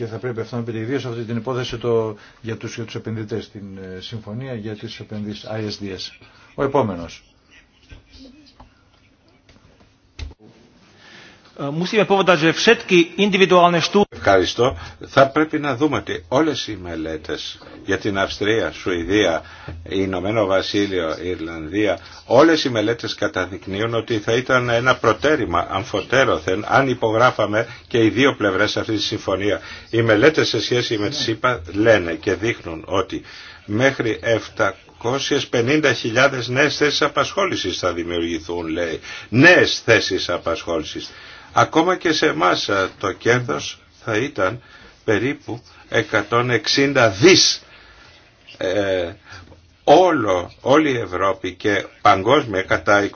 και θα πρέπει αυτό να πείτε ιδίως αυτή την υπόθεση το, για τους, για τους επενδυτές, την ε, συμφωνία για τις επενδύσεις ISDS. Ο επόμενος. Ευχαριστώ. Θα πρέπει να δούμε ότι όλες οι μελέτες για την Αυστρία, Σουηδία, Ηνωμένο Βασίλειο, Ιρλανδία, όλες οι μελέτες καταδεικνύουν ότι θα ήταν ένα προτέρημα αμφωτέρωθεν αν υπογράφαμε και οι δύο πλευρές αυτή τη συμφωνία. Οι μελέτες σε σχέση με τη ΣΥΠΑ λένε και δείχνουν ότι μέχρι 750.000 250.000 νέες θέσεις απασχόλησης θα δημιουργηθούν, λέει. Νέες θέσεις απασχόλησης. Ακόμα και σε εμά ε, το κέρδος θα ήταν περίπου 160 δις όλο, όλη η Ευρώπη και παγκόσμια κατά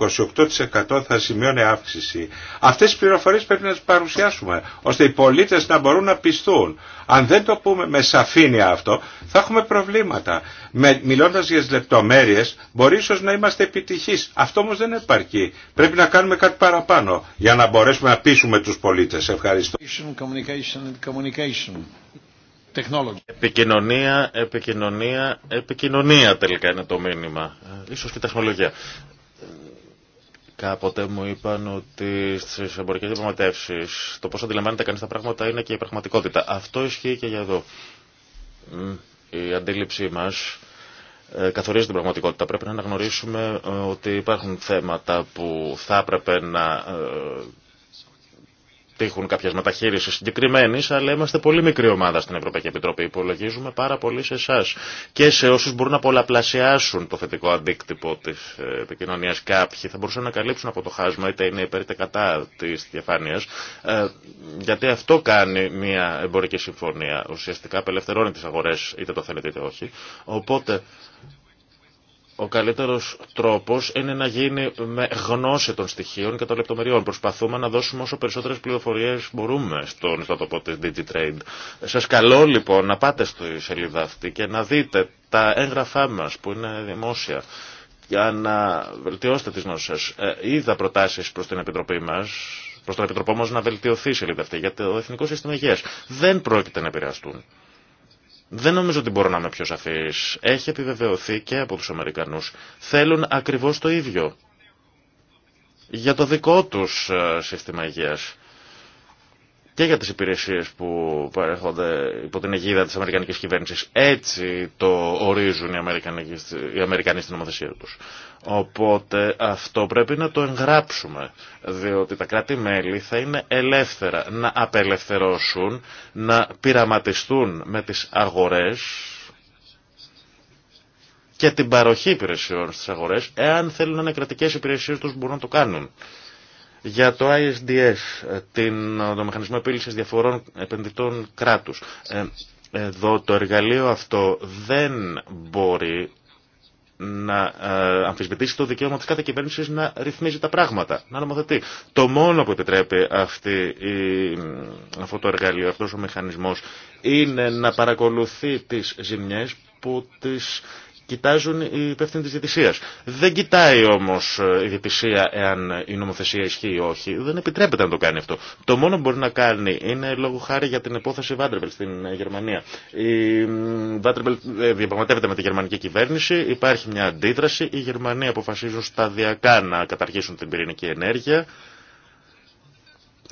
28% θα σημειώνει αύξηση. Αυτές τις πληροφορίες πρέπει να τις παρουσιάσουμε, ώστε οι πολίτες να μπορούν να πιστούν. Αν δεν το πούμε με σαφήνεια αυτό, θα έχουμε προβλήματα. Με, μιλώντας για τις λεπτομέρειες, μπορεί ίσως να είμαστε επιτυχείς. Αυτό όμως δεν επαρκεί. Πρέπει να κάνουμε κάτι παραπάνω για να μπορέσουμε να πείσουμε τους πολίτες. Ευχαριστώ. Επικοινωνία, επικοινωνία, επικοινωνία τελικά είναι το μήνυμα. Ε, ίσως και τεχνολογία. Κάποτε μου είπαν ότι στι εμπορικέ διαπραγματεύσεις το πώς αντιλαμβάνεται κανείς τα πράγματα είναι και η πραγματικότητα. Αυτό ισχύει και για εδώ. Η αντίληψή μας ε, καθορίζει την πραγματικότητα. Πρέπει να αναγνωρίσουμε ε, ότι υπάρχουν θέματα που θα έπρεπε να τύχουν κάποιε μεταχείρισει συγκεκριμένε, αλλά είμαστε πολύ μικρή ομάδα στην Ευρωπαϊκή Επιτροπή. Υπολογίζουμε πάρα πολύ σε εσά και σε όσου μπορούν να πολλαπλασιάσουν το θετικό αντίκτυπο τη ε, επικοινωνία. Κάποιοι θα μπορούσαν να καλύψουν από το χάσμα, είτε είναι υπέρ είτε κατά τη διαφάνεια, ε, γιατί αυτό κάνει μια εμπορική συμφωνία. Ουσιαστικά απελευθερώνει τι αγορέ, είτε το θέλετε είτε όχι. Οπότε ο καλύτερος τρόπος είναι να γίνει με γνώση των στοιχείων και των λεπτομεριών. Προσπαθούμε να δώσουμε όσο περισσότερες πληροφορίες μπορούμε στον ιστοτοπό της DigiTrade. Σας καλώ λοιπόν να πάτε στη σελίδα αυτή και να δείτε τα έγγραφά μας που είναι δημόσια για να βελτιώσετε τις γνώσεις σας. Ε, είδα προτάσεις προς την Επιτροπή μας, προς τον Επιτροπό μας να βελτιωθεί η σελίδα αυτή γιατί ο Εθνικό Σύστημα Υγείας. Δεν πρόκειται να επηρεαστούν. Δεν νομίζω ότι μπορώ να είμαι πιο σαφής. Έχει επιβεβαιωθεί και από τους Αμερικανούς. Θέλουν ακριβώς το ίδιο για το δικό τους ε, σύστημα υγείας και για τις υπηρεσίες που παρέχονται υπό την αιγίδα της Αμερικανικής κυβέρνησης. Έτσι το ορίζουν οι Αμερικανοί, οι Αμερικανοί στην νομοθεσία τους. Οπότε αυτό πρέπει να το εγγράψουμε, διότι τα κράτη-μέλη θα είναι ελεύθερα να απελευθερώσουν, να πειραματιστούν με τις αγορές και την παροχή υπηρεσιών στις αγορές, εάν θέλουν να είναι κρατικές υπηρεσίες τους μπορούν να το κάνουν. Για το ISDS, την, το Μηχανισμό Επίλυσης Διαφορών Επενδυτών Κράτους, ε, εδώ το εργαλείο αυτό δεν μπορεί να ε, αμφισβητήσει το δικαίωμα της κάθε κυβέρνηση να ρυθμίζει τα πράγματα, να νομοθετεί. Το μόνο που επιτρέπει αυτή αυτό το εργαλείο, αυτός ο μηχανισμός, είναι να παρακολουθεί τις ζημιές που τις κοιτάζουν οι υπεύθυνοι τη διαιτησία. Δεν κοιτάει όμω ε, η διαιτησία εάν η νομοθεσία ισχύει ή όχι. Δεν επιτρέπεται να το κάνει αυτό. Το μόνο που μπορεί να κάνει είναι λόγω χάρη για την υπόθεση Βάντρεμπελ στην ε, Γερμανία. Η Βάντρεμπελ διαπραγματεύεται με τη γερμανική κυβέρνηση, υπάρχει μια αντίδραση. Οι Γερμανοί αποφασίζουν σταδιακά να καταργήσουν την πυρηνική ενέργεια.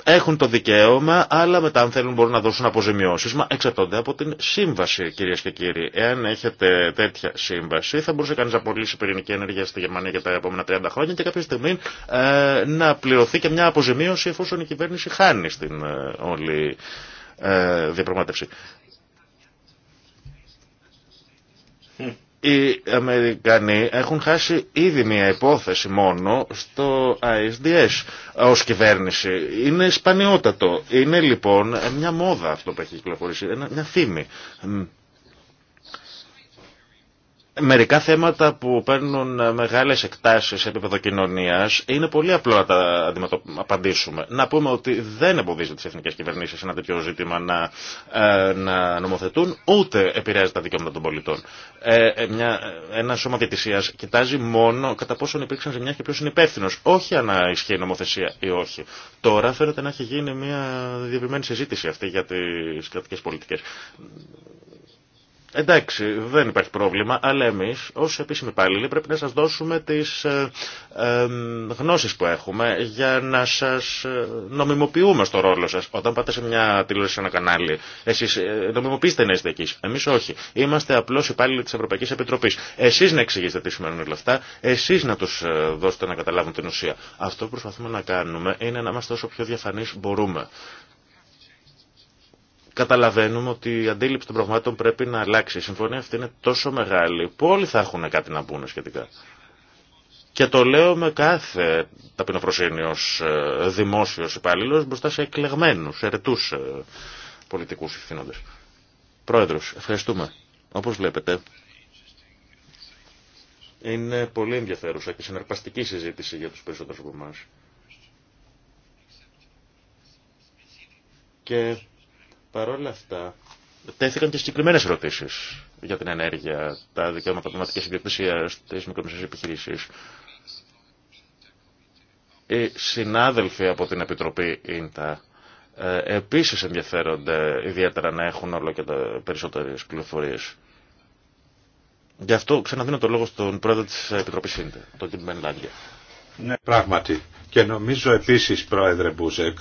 Έχουν το δικαίωμα, αλλά μετά αν θέλουν μπορούν να δώσουν αποζημιώσει μα εξαρτώνται από την σύμβαση κύριε και κύριοι. Εάν έχετε τέτοια σύμβαση θα μπορούσε κανείς να απολύσει πυρηνική ενέργεια στη Γερμανία για τα επόμενα 30 χρόνια και κάποια στιγμή ε, να πληρωθεί και μια αποζημίωση εφόσον η κυβέρνηση χάνει στην ε, όλη ε, διαπραγμάτευση. οι Αμερικανοί έχουν χάσει ήδη μια υπόθεση μόνο στο ISDS ως κυβέρνηση. Είναι σπανιότατο. Είναι λοιπόν μια μόδα αυτό που έχει κυκλοφορήσει, μια φήμη. Μερικά θέματα που παίρνουν μεγάλες εκτάσεις σε επίπεδο κοινωνίας είναι πολύ απλό να τα απαντήσουμε. Να πούμε ότι δεν εμποδίζει τις εθνικές κυβερνήσεις ένα τέτοιο ζήτημα να, ε, να νομοθετούν, ούτε επηρεάζει τα δικαιώματα των πολιτών. Ε, ε, μια, ένα σώμα διατησίας κοιτάζει μόνο κατά πόσον υπήρξαν ζημιά και ποιος είναι υπεύθυνο, όχι αν ισχύει η νομοθεσία ή όχι. Τώρα φαίνεται να έχει γίνει μια διευρυμένη συζήτηση αυτή για τις κρατικές πολιτικές. Εντάξει, δεν υπάρχει πρόβλημα, αλλά εμεί ω επίσημοι υπάλληλοι πρέπει να σα δώσουμε τι ε, ε γνώσει που έχουμε για να σα ε, νομιμοποιούμε στο ρόλο σα. Όταν πάτε σε μια τηλεόραση, σε ένα κανάλι, εσεί ε, νομιμοποιήστε να είστε εκεί. Εμεί όχι. Είμαστε απλώ υπάλληλοι τη Ευρωπαϊκή Επιτροπή. Εσεί να εξηγήσετε τι σημαίνουν όλα αυτά, εσεί να του ε, δώσετε να καταλάβουν την ουσία. Αυτό που προσπαθούμε να κάνουμε είναι να είμαστε όσο πιο διαφανεί μπορούμε καταλαβαίνουμε ότι η αντίληψη των πραγμάτων πρέπει να αλλάξει. Η συμφωνία αυτή είναι τόσο μεγάλη που όλοι θα έχουν κάτι να πούνε σχετικά. Και το λέω με κάθε ταπεινοφροσύνη ω ε, δημόσιο υπάλληλο μπροστά σε εκλεγμένου, ερετού ε, πολιτικού ευθύνοντε. Πρόεδρο, ευχαριστούμε. Όπω βλέπετε, είναι πολύ ενδιαφέρουσα και συναρπαστική συζήτηση για του περισσότερου από εμά. Και Παρ' όλα αυτά, τέθηκαν και συγκεκριμένε ερωτήσει για την ενέργεια, τα δικαιώματα πνευματική ιδιοκτησία, τι μικρομεσαίε επιχειρήσει. Οι συνάδελφοι από την Επιτροπή ΙΝΤΑ ε, επίσης ενδιαφέρονται ιδιαίτερα να έχουν όλο και τα περισσότερες πληροφορίες. Γι' αυτό ξαναδίνω το λόγο στον πρόεδρο της Επιτροπής ΙΝΤΑ, τον κ. Μπεν Ναι, πράγματι. Και νομίζω επίσης, πρόεδρε Μπούζεκ,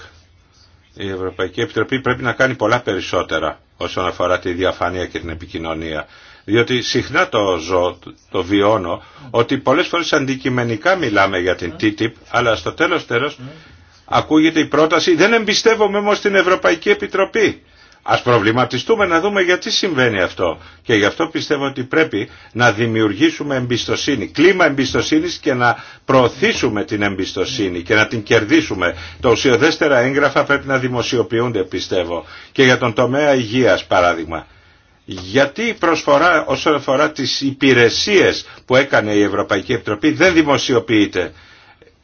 η Ευρωπαϊκή Επιτροπή πρέπει να κάνει πολλά περισσότερα όσον αφορά τη διαφάνεια και την επικοινωνία. Διότι συχνά το ζω, το βιώνω, ότι πολλές φορές αντικειμενικά μιλάμε για την TTIP, αλλά στο τέλος τέλος ναι. ακούγεται η πρόταση «Δεν εμπιστεύομαι όμως την Ευρωπαϊκή Επιτροπή». Ας προβληματιστούμε να δούμε γιατί συμβαίνει αυτό. Και γι' αυτό πιστεύω ότι πρέπει να δημιουργήσουμε εμπιστοσύνη, κλίμα εμπιστοσύνης και να προωθήσουμε την εμπιστοσύνη και να την κερδίσουμε. Τα ουσιοδέστερα έγγραφα πρέπει να δημοσιοποιούνται πιστεύω. Και για τον τομέα υγείας παράδειγμα. Γιατί η προσφορά όσον αφορά τις υπηρεσίες που έκανε η Ευρωπαϊκή Επιτροπή δεν δημοσιοποιείται.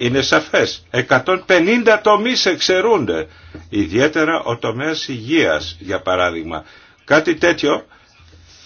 Είναι σαφές. 150 τομείς εξαιρούνται. Ιδιαίτερα ο τομέας υγείας, για παράδειγμα. Κάτι τέτοιο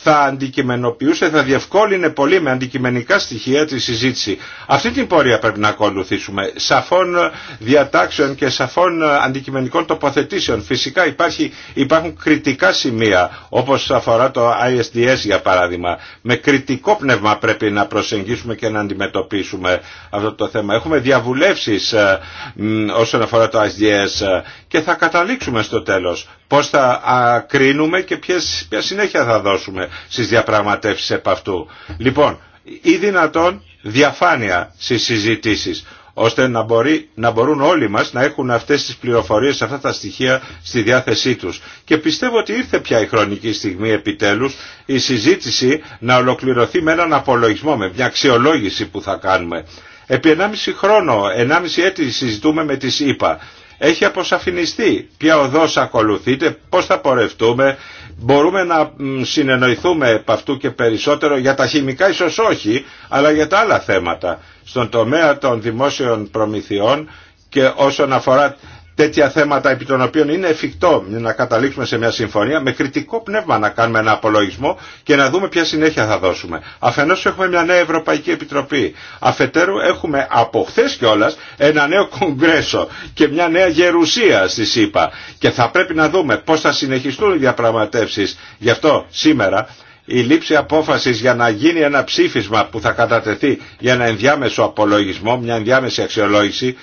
θα αντικειμενοποιούσε, θα διευκόλυνε πολύ με αντικειμενικά στοιχεία τη συζήτηση. Αυτή την πορεία πρέπει να ακολουθήσουμε. Σαφών διατάξεων και σαφών αντικειμενικών τοποθετήσεων. Φυσικά υπάρχει, υπάρχουν κριτικά σημεία, όπω αφορά το ISDS για παράδειγμα. Με κριτικό πνεύμα πρέπει να προσεγγίσουμε και να αντιμετωπίσουμε αυτό το θέμα. Έχουμε διαβουλεύσει ε, όσον αφορά το ISDS ε, και θα καταλήξουμε στο τέλο πώ θα κρίνουμε και ποια συνέχεια θα δώσουμε στις διαπραγματεύσεις επ' αυτού. Λοιπόν, ή δυνατόν διαφάνεια στις συζητήσεις ώστε να, μπορεί, να μπορούν όλοι μας να έχουν αυτές τις πληροφορίες, αυτά τα στοιχεία στη διάθεσή τους. Και πιστεύω ότι ήρθε πια η χρονική στιγμή επιτέλους η συζήτηση να ολοκληρωθεί με έναν απολογισμό, με μια αξιολόγηση που θα κάνουμε. Επί 1,5 χρόνο, 1,5 έτη συζητούμε με τις ΗΠΑ. Έχει αποσαφινιστεί ποια οδός ακολουθείται, πώς θα πορευτούμε, μπορούμε να συνεννοηθούμε επ' αυτού και περισσότερο για τα χημικά ίσως όχι, αλλά για τα άλλα θέματα. Στον τομέα των δημόσιων προμηθειών και όσον αφορά τέτοια θέματα επί των οποίων είναι εφικτό να καταλήξουμε σε μια συμφωνία με κριτικό πνεύμα να κάνουμε ένα απολογισμό και να δούμε ποια συνέχεια θα δώσουμε. Αφενός έχουμε μια νέα Ευρωπαϊκή Επιτροπή. Αφετέρου έχουμε από χθε κιόλα ένα νέο κογκρέσο και μια νέα γερουσία στη ΣΥΠΑ. Και θα πρέπει να δούμε πώς θα συνεχιστούν οι διαπραγματεύσεις. Γι' αυτό σήμερα η λήψη απόφασης για να γίνει ένα ψήφισμα που θα κατατεθεί για ένα ενδιάμεσο απολογισμό, μια ενδιάμεση αξιολόγηση,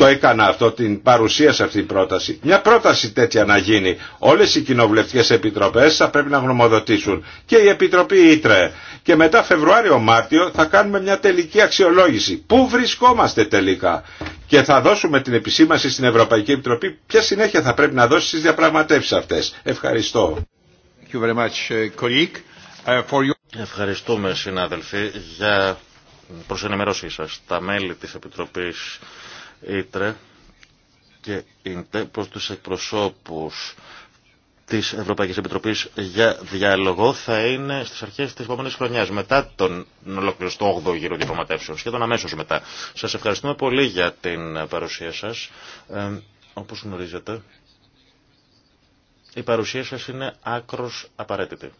το έκανα αυτό, την παρουσίασα αυτή την πρόταση. Μια πρόταση τέτοια να γίνει. Όλες οι κοινοβουλευτικές επιτροπές θα πρέπει να γνωμοδοτήσουν και η Επιτροπή Ήτρε. Και μετά Φεβρουάριο-Μάρτιο θα κάνουμε μια τελική αξιολόγηση. Πού βρισκόμαστε τελικά. Και θα δώσουμε την επισήμαση στην Ευρωπαϊκή Επιτροπή ποια συνέχεια θα πρέπει να δώσει στις διαπραγματεύσεις αυτές. Ευχαριστώ. Uh, uh, Ευχαριστούμε συνάδελφοι για προς Τα μέλη της Επιτροπής Ήτρε και Ίντε προς τους εκπροσώπους της Ευρωπαϊκής Επιτροπής για διάλογο θα είναι στις αρχές της επόμενης χρονιάς, μετά τον ολοκληρωτό 8ο γύρο διαπραγματεύσεων, σχεδόν αμέσως μετά. Σας ευχαριστούμε πολύ για την παρουσία σας. Ε, όπως γνωρίζετε, η παρουσία σας είναι άκρος απαραίτητη.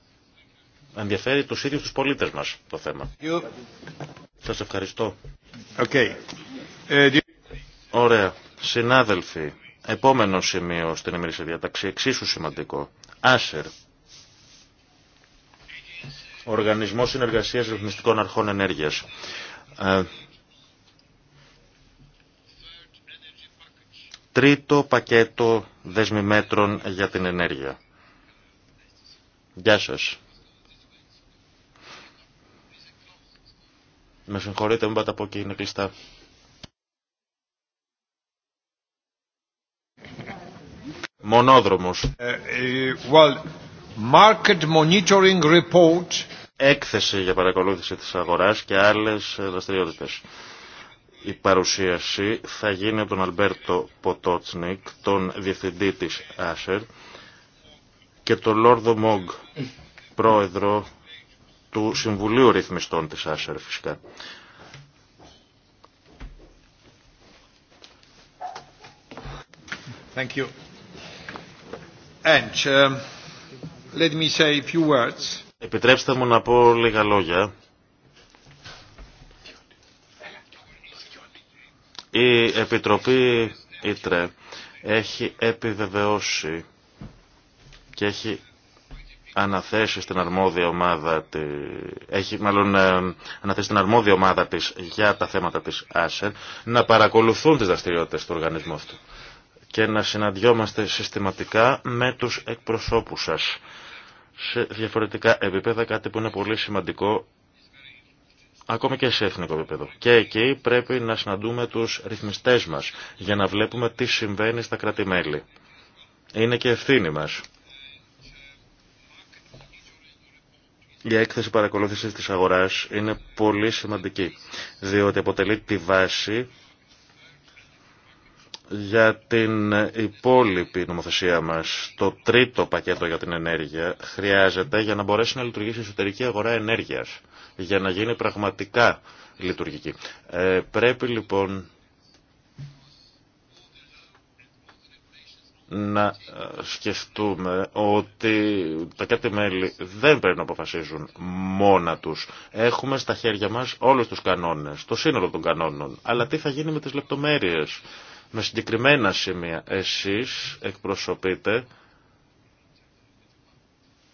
Ενδιαφέρει τους ίδιους τους πολίτες μας το θέμα. Σας ευχαριστώ. Okay. Ε, Ωραία. Συνάδελφοι, επόμενο σημείο στην ημερήσια διαταξή, εξίσου σημαντικό. Άσερ. Οργανισμό Συνεργασίας Ρυθμιστικών Αρχών Ενέργειας. Ε, τρίτο πακέτο δεσμημέτρων για την ενέργεια. Γεια σας. Με συγχωρείτε, μην πάτε από εκεί, είναι κλειστά. Μονόδρομος. Ε, ε, Έκθεση για παρακολούθηση της αγοράς και άλλες δραστηριότητες. Η παρουσίαση θα γίνει από τον Αλμπέρτο Ποτότσνικ, τον διευθυντή της Άσερ και τον Λόρδο Μόγκ, πρόεδρο του Συμβουλίου Ρυθμιστών της Άσερ φυσικά. Thank Um, Επιτρέψτε μου να πω λίγα λόγια. Η Επιτροπή Ήτρε έχει επιβεβαιώσει και έχει αναθέσει στην αρμόδια ομάδα τη, έχει μάλλον ε, αναθέσει στην αρμόδια ομάδα της για τα θέματα της ΆΣΕΡ να παρακολουθούν τις δραστηριότητες του οργανισμού αυτού και να συναντιόμαστε συστηματικά με τους εκπροσώπους σας σε διαφορετικά επίπεδα, κάτι που είναι πολύ σημαντικό ακόμη και σε εθνικό επίπεδο. Και εκεί πρέπει να συναντούμε τους ρυθμιστές μας για να βλέπουμε τι συμβαίνει στα κράτη-μέλη. Είναι και ευθύνη μας. Η έκθεση παρακολούθησης της αγοράς είναι πολύ σημαντική, διότι αποτελεί τη βάση για την υπόλοιπη νομοθεσία μας, το τρίτο πακέτο για την ενέργεια, χρειάζεται για να μπορέσει να λειτουργήσει η εσωτερική αγορά ενέργειας, για να γίνει πραγματικά λειτουργική. Ε, πρέπει λοιπόν να ε, σκεφτούμε ότι τα κάτι μέλη δεν πρέπει να αποφασίζουν μόνα τους. Έχουμε στα χέρια μας όλους τους κανόνες, το σύνολο των κανόνων. Αλλά τι θα γίνει με τις λεπτομέρειες με συγκεκριμένα σημεία. Εσείς εκπροσωπείτε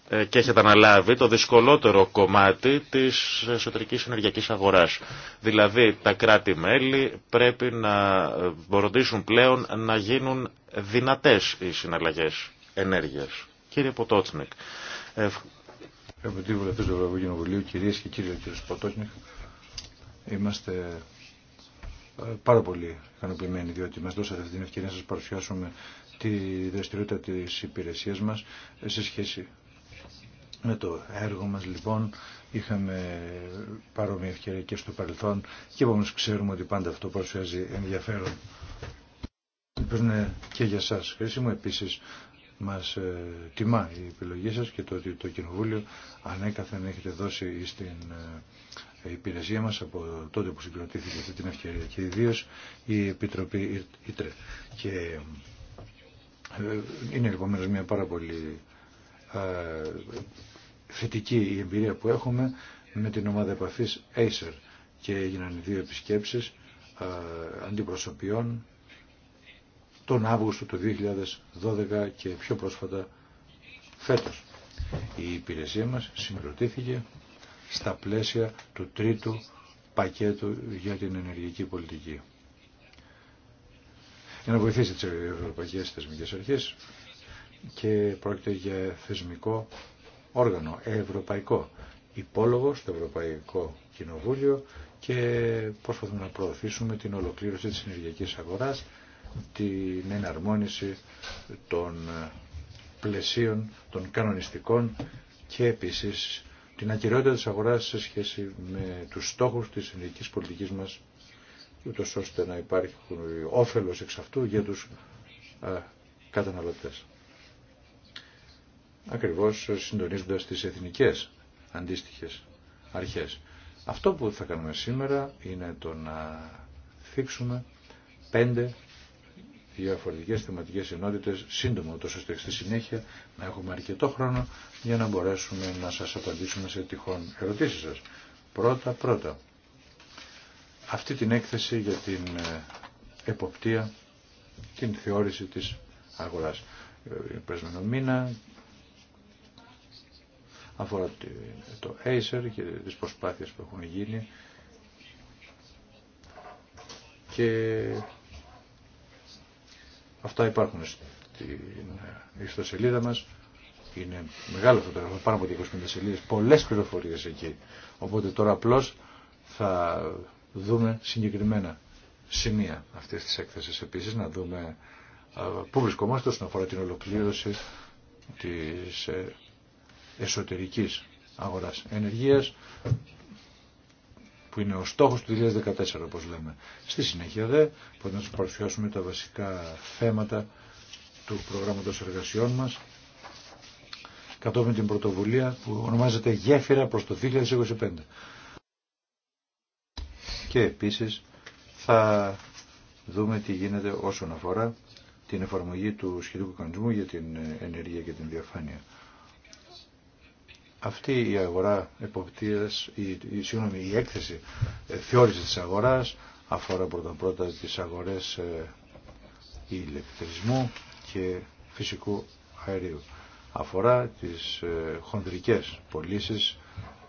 ε, και έχετε αναλάβει το δυσκολότερο κομμάτι της εσωτερικής ενεργειακής αγοράς. Δηλαδή τα κράτη-μέλη πρέπει να μποροντήσουν πλέον να γίνουν δυνατές οι συναλλαγές ενέργειας. Κύριε Ποτότσνικ. Αγαπητοί Ευχαριστώ του Ευρωπαϊκού Κοινοβουλίου, κυρίε και κύριοι, ο Ποτότσνικ, είμαστε πάρα πολύ ικανοποιημένοι διότι μας δώσατε αυτή την ευκαιρία να σας παρουσιάσουμε τη δραστηριότητα της υπηρεσίας μας σε σχέση με το έργο μας λοιπόν είχαμε παρόμοια ευκαιρία και στο παρελθόν και επομένως ξέρουμε ότι πάντα αυτό παρουσιάζει ενδιαφέρον. Πρέπει είναι και για σας χρήσιμο επίσης μας ε, τιμά η επιλογή σας και το ότι το Κοινοβούλιο ανέκαθεν έχετε δώσει στην ε, ε, η υπηρεσία μας από τότε που συγκροτήθηκε αυτή την ευκαιρία και ιδίω η Επιτροπή Ήτρε. Και ε, είναι επομένω μια πάρα πολύ ε, θετική η εμπειρία που έχουμε με την ομάδα επαφής Acer και έγιναν δύο επισκέψεις αντιπροσωπιών τον Αύγουστο του 2012 και πιο πρόσφατα φέτος. Η υπηρεσία μας συγκροτήθηκε στα πλαίσια του τρίτου πακέτου για την ενεργειακή πολιτική. Για να βοηθήσει τις ευρωπαϊκές θεσμικές αρχές και πρόκειται για θεσμικό όργανο, ευρωπαϊκό, υπόλογο στο Ευρωπαϊκό Κοινοβούλιο και προσπαθούμε να προωθήσουμε την ολοκλήρωση της ενεργειακής αγοράς, την εναρμόνιση των πλαισίων, των κανονιστικών και επίσης την ακυρότητα της αγοράς σε σχέση με τους στόχους της ελληνικής πολιτικής μας, ούτως ώστε να υπάρχει όφελος εξ αυτού για τους α, καταναλωτές. Ακριβώς συντονίζοντας τις εθνικές αντίστοιχες αρχές. Αυτό που θα κάνουμε σήμερα είναι το να θίξουμε πέντε διαφορετικές θεματικές ενότητες σύντομα, τόσο ώστε στη συνέχεια να έχουμε αρκετό χρόνο για να μπορέσουμε να σας απαντήσουμε σε τυχόν ερωτήσεις σας. Πρώτα, πρώτα, αυτή την έκθεση για την ε, εποπτεία, την θεώρηση της αγοράς. Ε, περσμένη μήνα αφορά το Acer και τις προσπάθειες που έχουν γίνει και Αυτά υπάρχουν στην ε, ιστοσελίδα μας. Είναι μεγάλο αυτό το εργαλείο, πάνω από 25 σελίδες, πολλές πληροφορίες εκεί. Οπότε τώρα απλώς θα δούμε συγκεκριμένα σημεία αυτές της έκθεσης. Επίσης να δούμε ε, πού βρισκόμαστε όσον αφορά την ολοκλήρωση της ε, εσωτερικής αγοράς ενεργείας που είναι ο στόχος του 2014 όπως λέμε. Στη συνέχεια δε μπορούμε να σας παρουσιάσουμε τα βασικά θέματα του προγράμματος εργασιών μας κατόπιν την πρωτοβουλία που ονομάζεται Γέφυρα προς το 2025. Και επίσης θα δούμε τι γίνεται όσον αφορά την εφαρμογή του σχετικού κανονισμού για την ενέργεια και την διαφάνεια αυτή η αγορά εποπτείας, η, η, η έκθεση ε, θεώρηση της αγοράς αφορά πρώτα πρώτα τις αγορές ε, ηλεκτρισμού και φυσικού αερίου. Αφορά τις ε, χονδρικές πωλήσει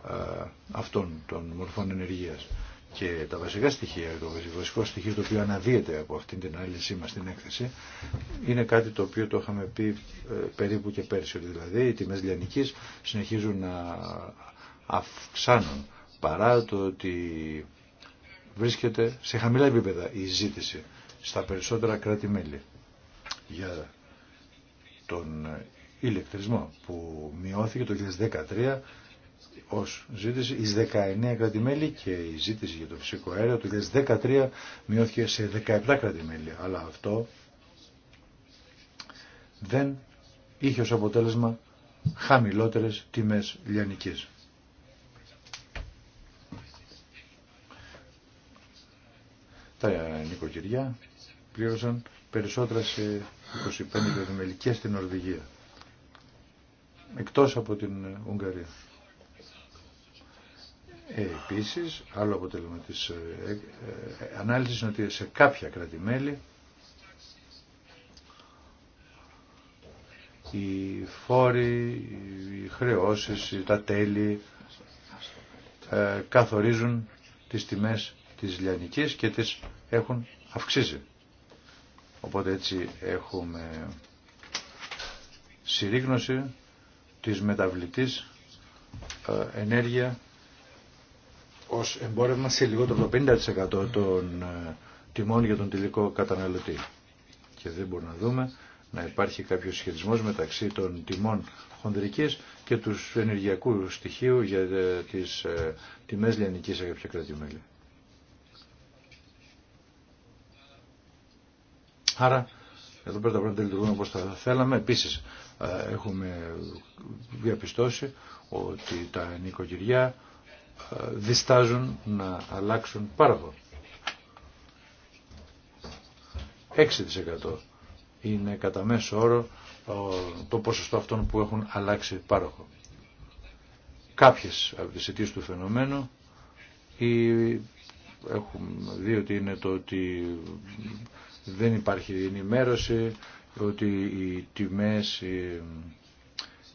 ε, αυτών των μορφών ενεργείας. Και τα βασικά στοιχεία, το βασικό στοιχείο το οποίο αναδύεται από αυτή την ανάλυση μας στην έκθεση είναι κάτι το οποίο το είχαμε πει ε, περίπου και πέρσι, ότι δηλαδή οι τιμές λιανικής συνεχίζουν να αυξάνουν παρά το ότι βρίσκεται σε χαμηλά επίπεδα η ζήτηση στα περισσότερα κράτη-μέλη για τον ηλεκτρισμό που μειώθηκε το 2013 ως ζήτηση εις 19 κρατημέλη και η ζήτηση για το φυσικό αέριο το 2013 μειώθηκε σε 17 κρατημέλη. Αλλά αυτό δεν είχε ως αποτέλεσμα χαμηλότερες τιμές λιανικής. Τα νοικοκυριά πλήρωσαν περισσότερα σε 25 κρατημέλη και στην Ορβηγία εκτός από την Ουγγαρία. Ε, επίσης, άλλο αποτέλεσμα της ε, ε, ανάλυσης είναι ότι σε κάποια κρατημέλη οι φόροι, οι χρεώσεις, τα τέλη καθορίζουν τις τιμές της λιανικής και τις έχουν αυξήσει. Οπότε έτσι έχουμε συρρήγνωση της μεταβλητής ενέργεια ως εμπόρευμα σε λιγότερο από το 50% των ε, τιμών για τον τελικό καταναλωτή. Και δεν μπορούμε να δούμε να υπάρχει κάποιο σχετισμό μεταξύ των τιμών χονδρικής και του ενεργειακού στοιχείου για ε, τις ε, τιμέ λιανικής σε κάποια κράτη-μέλη. Άρα, εδώ πέρα τα πράγματα λειτουργούν όπως θα θέλαμε. Επίσης, έχουμε διαπιστώσει ότι τα νοικοκυριά διστάζουν να αλλάξουν πάρα 6% είναι κατά μέσο όρο το ποσοστό αυτών που έχουν αλλάξει πάροχο. Κάποιες από τις αιτίες του φαινομένου ή έχουμε δει ότι είναι το ότι δεν υπάρχει ενημέρωση, ότι οι τιμές ε,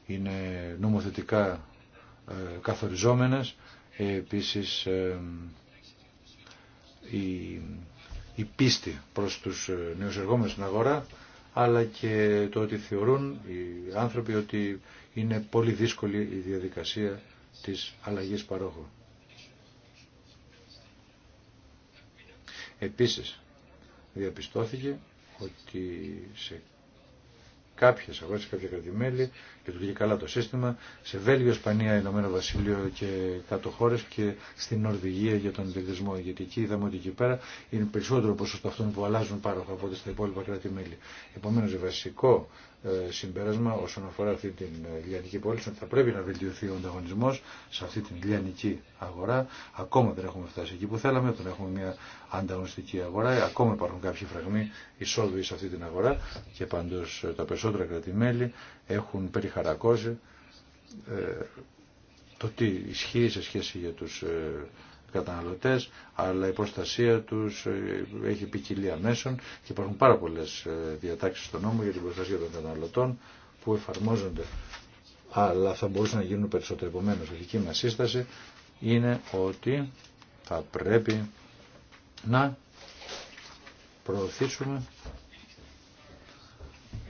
είναι νομοθετικά ε, καθοριζόμενες ε, επίσης ε, η, η πίστη προς τους ε, νέους εργόμενους στην αγορά αλλά και το ότι θεωρούν οι άνθρωποι ότι είναι πολύ δύσκολη η διαδικασία της αλλαγής παρόχου. Επίσης διαπιστώθηκε ότι σε κάποιες αγορές, κάποια κρατημέλη, και λειτουργεί καλά το σύστημα, σε Βέλγιο, Ισπανία, Ηνωμένο Βασίλειο και κάτω χώρε και στην Νορβηγία για τον πληθυσμό. Γιατί εκεί είδαμε ότι εκεί πέρα είναι περισσότερο ποσοστό αυτών που αλλάζουν πάροχα από ό,τι στα υπόλοιπα κράτη-μέλη. Επομένω, βασικό ε, συμπέρασμα όσον αφορά αυτή την ε, λιανική πόλη ότι θα πρέπει να βελτιωθεί ο ανταγωνισμό σε αυτή την λιανική αγορά. Ακόμα δεν έχουμε φτάσει εκεί που θέλαμε, δεν έχουμε μια ανταγωνιστική αγορά. Ακόμα υπάρχουν κάποιοι φραγμοί εισόδου σε αυτή την αγορά και πάντω ε, τα περισσότερα κρατημέλη έχουν περιχαρακώσει το τι ισχύει σε σχέση για τους καταναλωτές, αλλά η προστασία τους ε, έχει ποικιλία μέσων και υπάρχουν πάρα πολλές ε, διατάξεις στον νόμο για την προστασία των καταναλωτών που εφαρμόζονται. Αλλά θα μπορούσαν να γίνουν περισσότερο. Επομένως, η δική μας σύσταση είναι ότι θα πρέπει να προωθήσουμε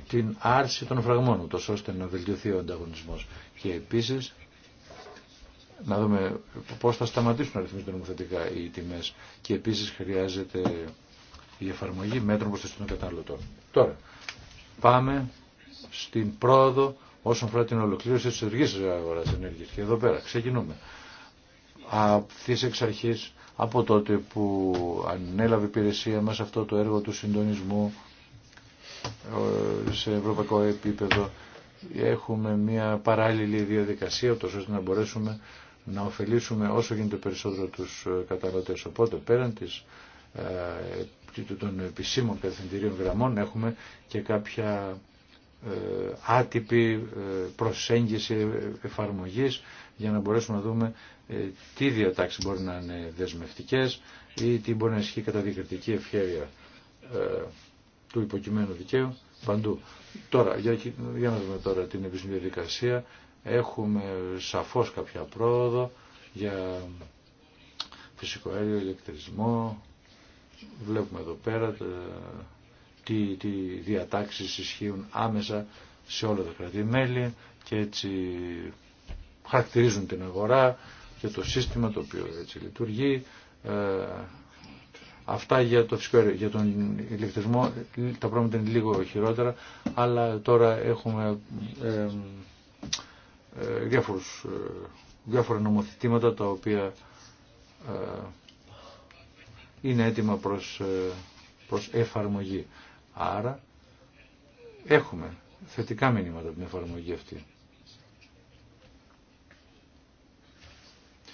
την άρση των φραγμών, ούτως ώστε να βελτιωθεί ο ανταγωνισμός. Και επίσης να δούμε πώς θα σταματήσουν να ρυθμίζονται νομοθετικά οι τιμές και επίσης χρειάζεται η εφαρμογή μέτρων των καταναλωτών. Τώρα, πάμε στην πρόοδο όσον αφορά την ολοκλήρωση της ενεργής αγορά ενέργεια. Και εδώ πέρα ξεκινούμε. Αυτής εξ αρχής, από τότε που ανέλαβε η υπηρεσία μας αυτό το έργο του συντονισμού ε, σε ευρωπαϊκό επίπεδο, έχουμε μια παράλληλη διαδικασία, ώστε να μπορέσουμε να ωφελήσουμε όσο γίνεται περισσότερο τους ε, καταναλωτές. Οπότε πέραν της, ε, των επισήμων κατευθυντηρίων γραμμών έχουμε και κάποια ε, άτυπη προσέγγιση εφαρμογής για να μπορέσουμε να δούμε τι διατάξει μπορεί να είναι δεσμευτικές ή τι μπορεί να ισχύει κατά διακριτική ευχέρεια του υποκειμένου δικαίου παντού. Τώρα, για, να δούμε τώρα την επιστημονική διαδικασία Έχουμε σαφώς κάποια πρόοδο για φυσικό αέριο, ηλεκτρισμό. Βλέπουμε εδώ πέρα ε, τι, τι διατάξεις ισχύουν άμεσα σε όλα τα κρατη και έτσι χαρακτηρίζουν την αγορά και το σύστημα το οποίο έτσι λειτουργεί. Ε, αυτά για το φυσικό Για τον ηλεκτρισμό τα πράγματα είναι λίγο χειρότερα, αλλά τώρα έχουμε ε, ε, διάφορους, ε, διάφορα νομοθετήματα τα οποία ε, είναι έτοιμα προς, προς εφαρμογή. Άρα έχουμε θετικά μηνύματα από την εφαρμογή αυτή.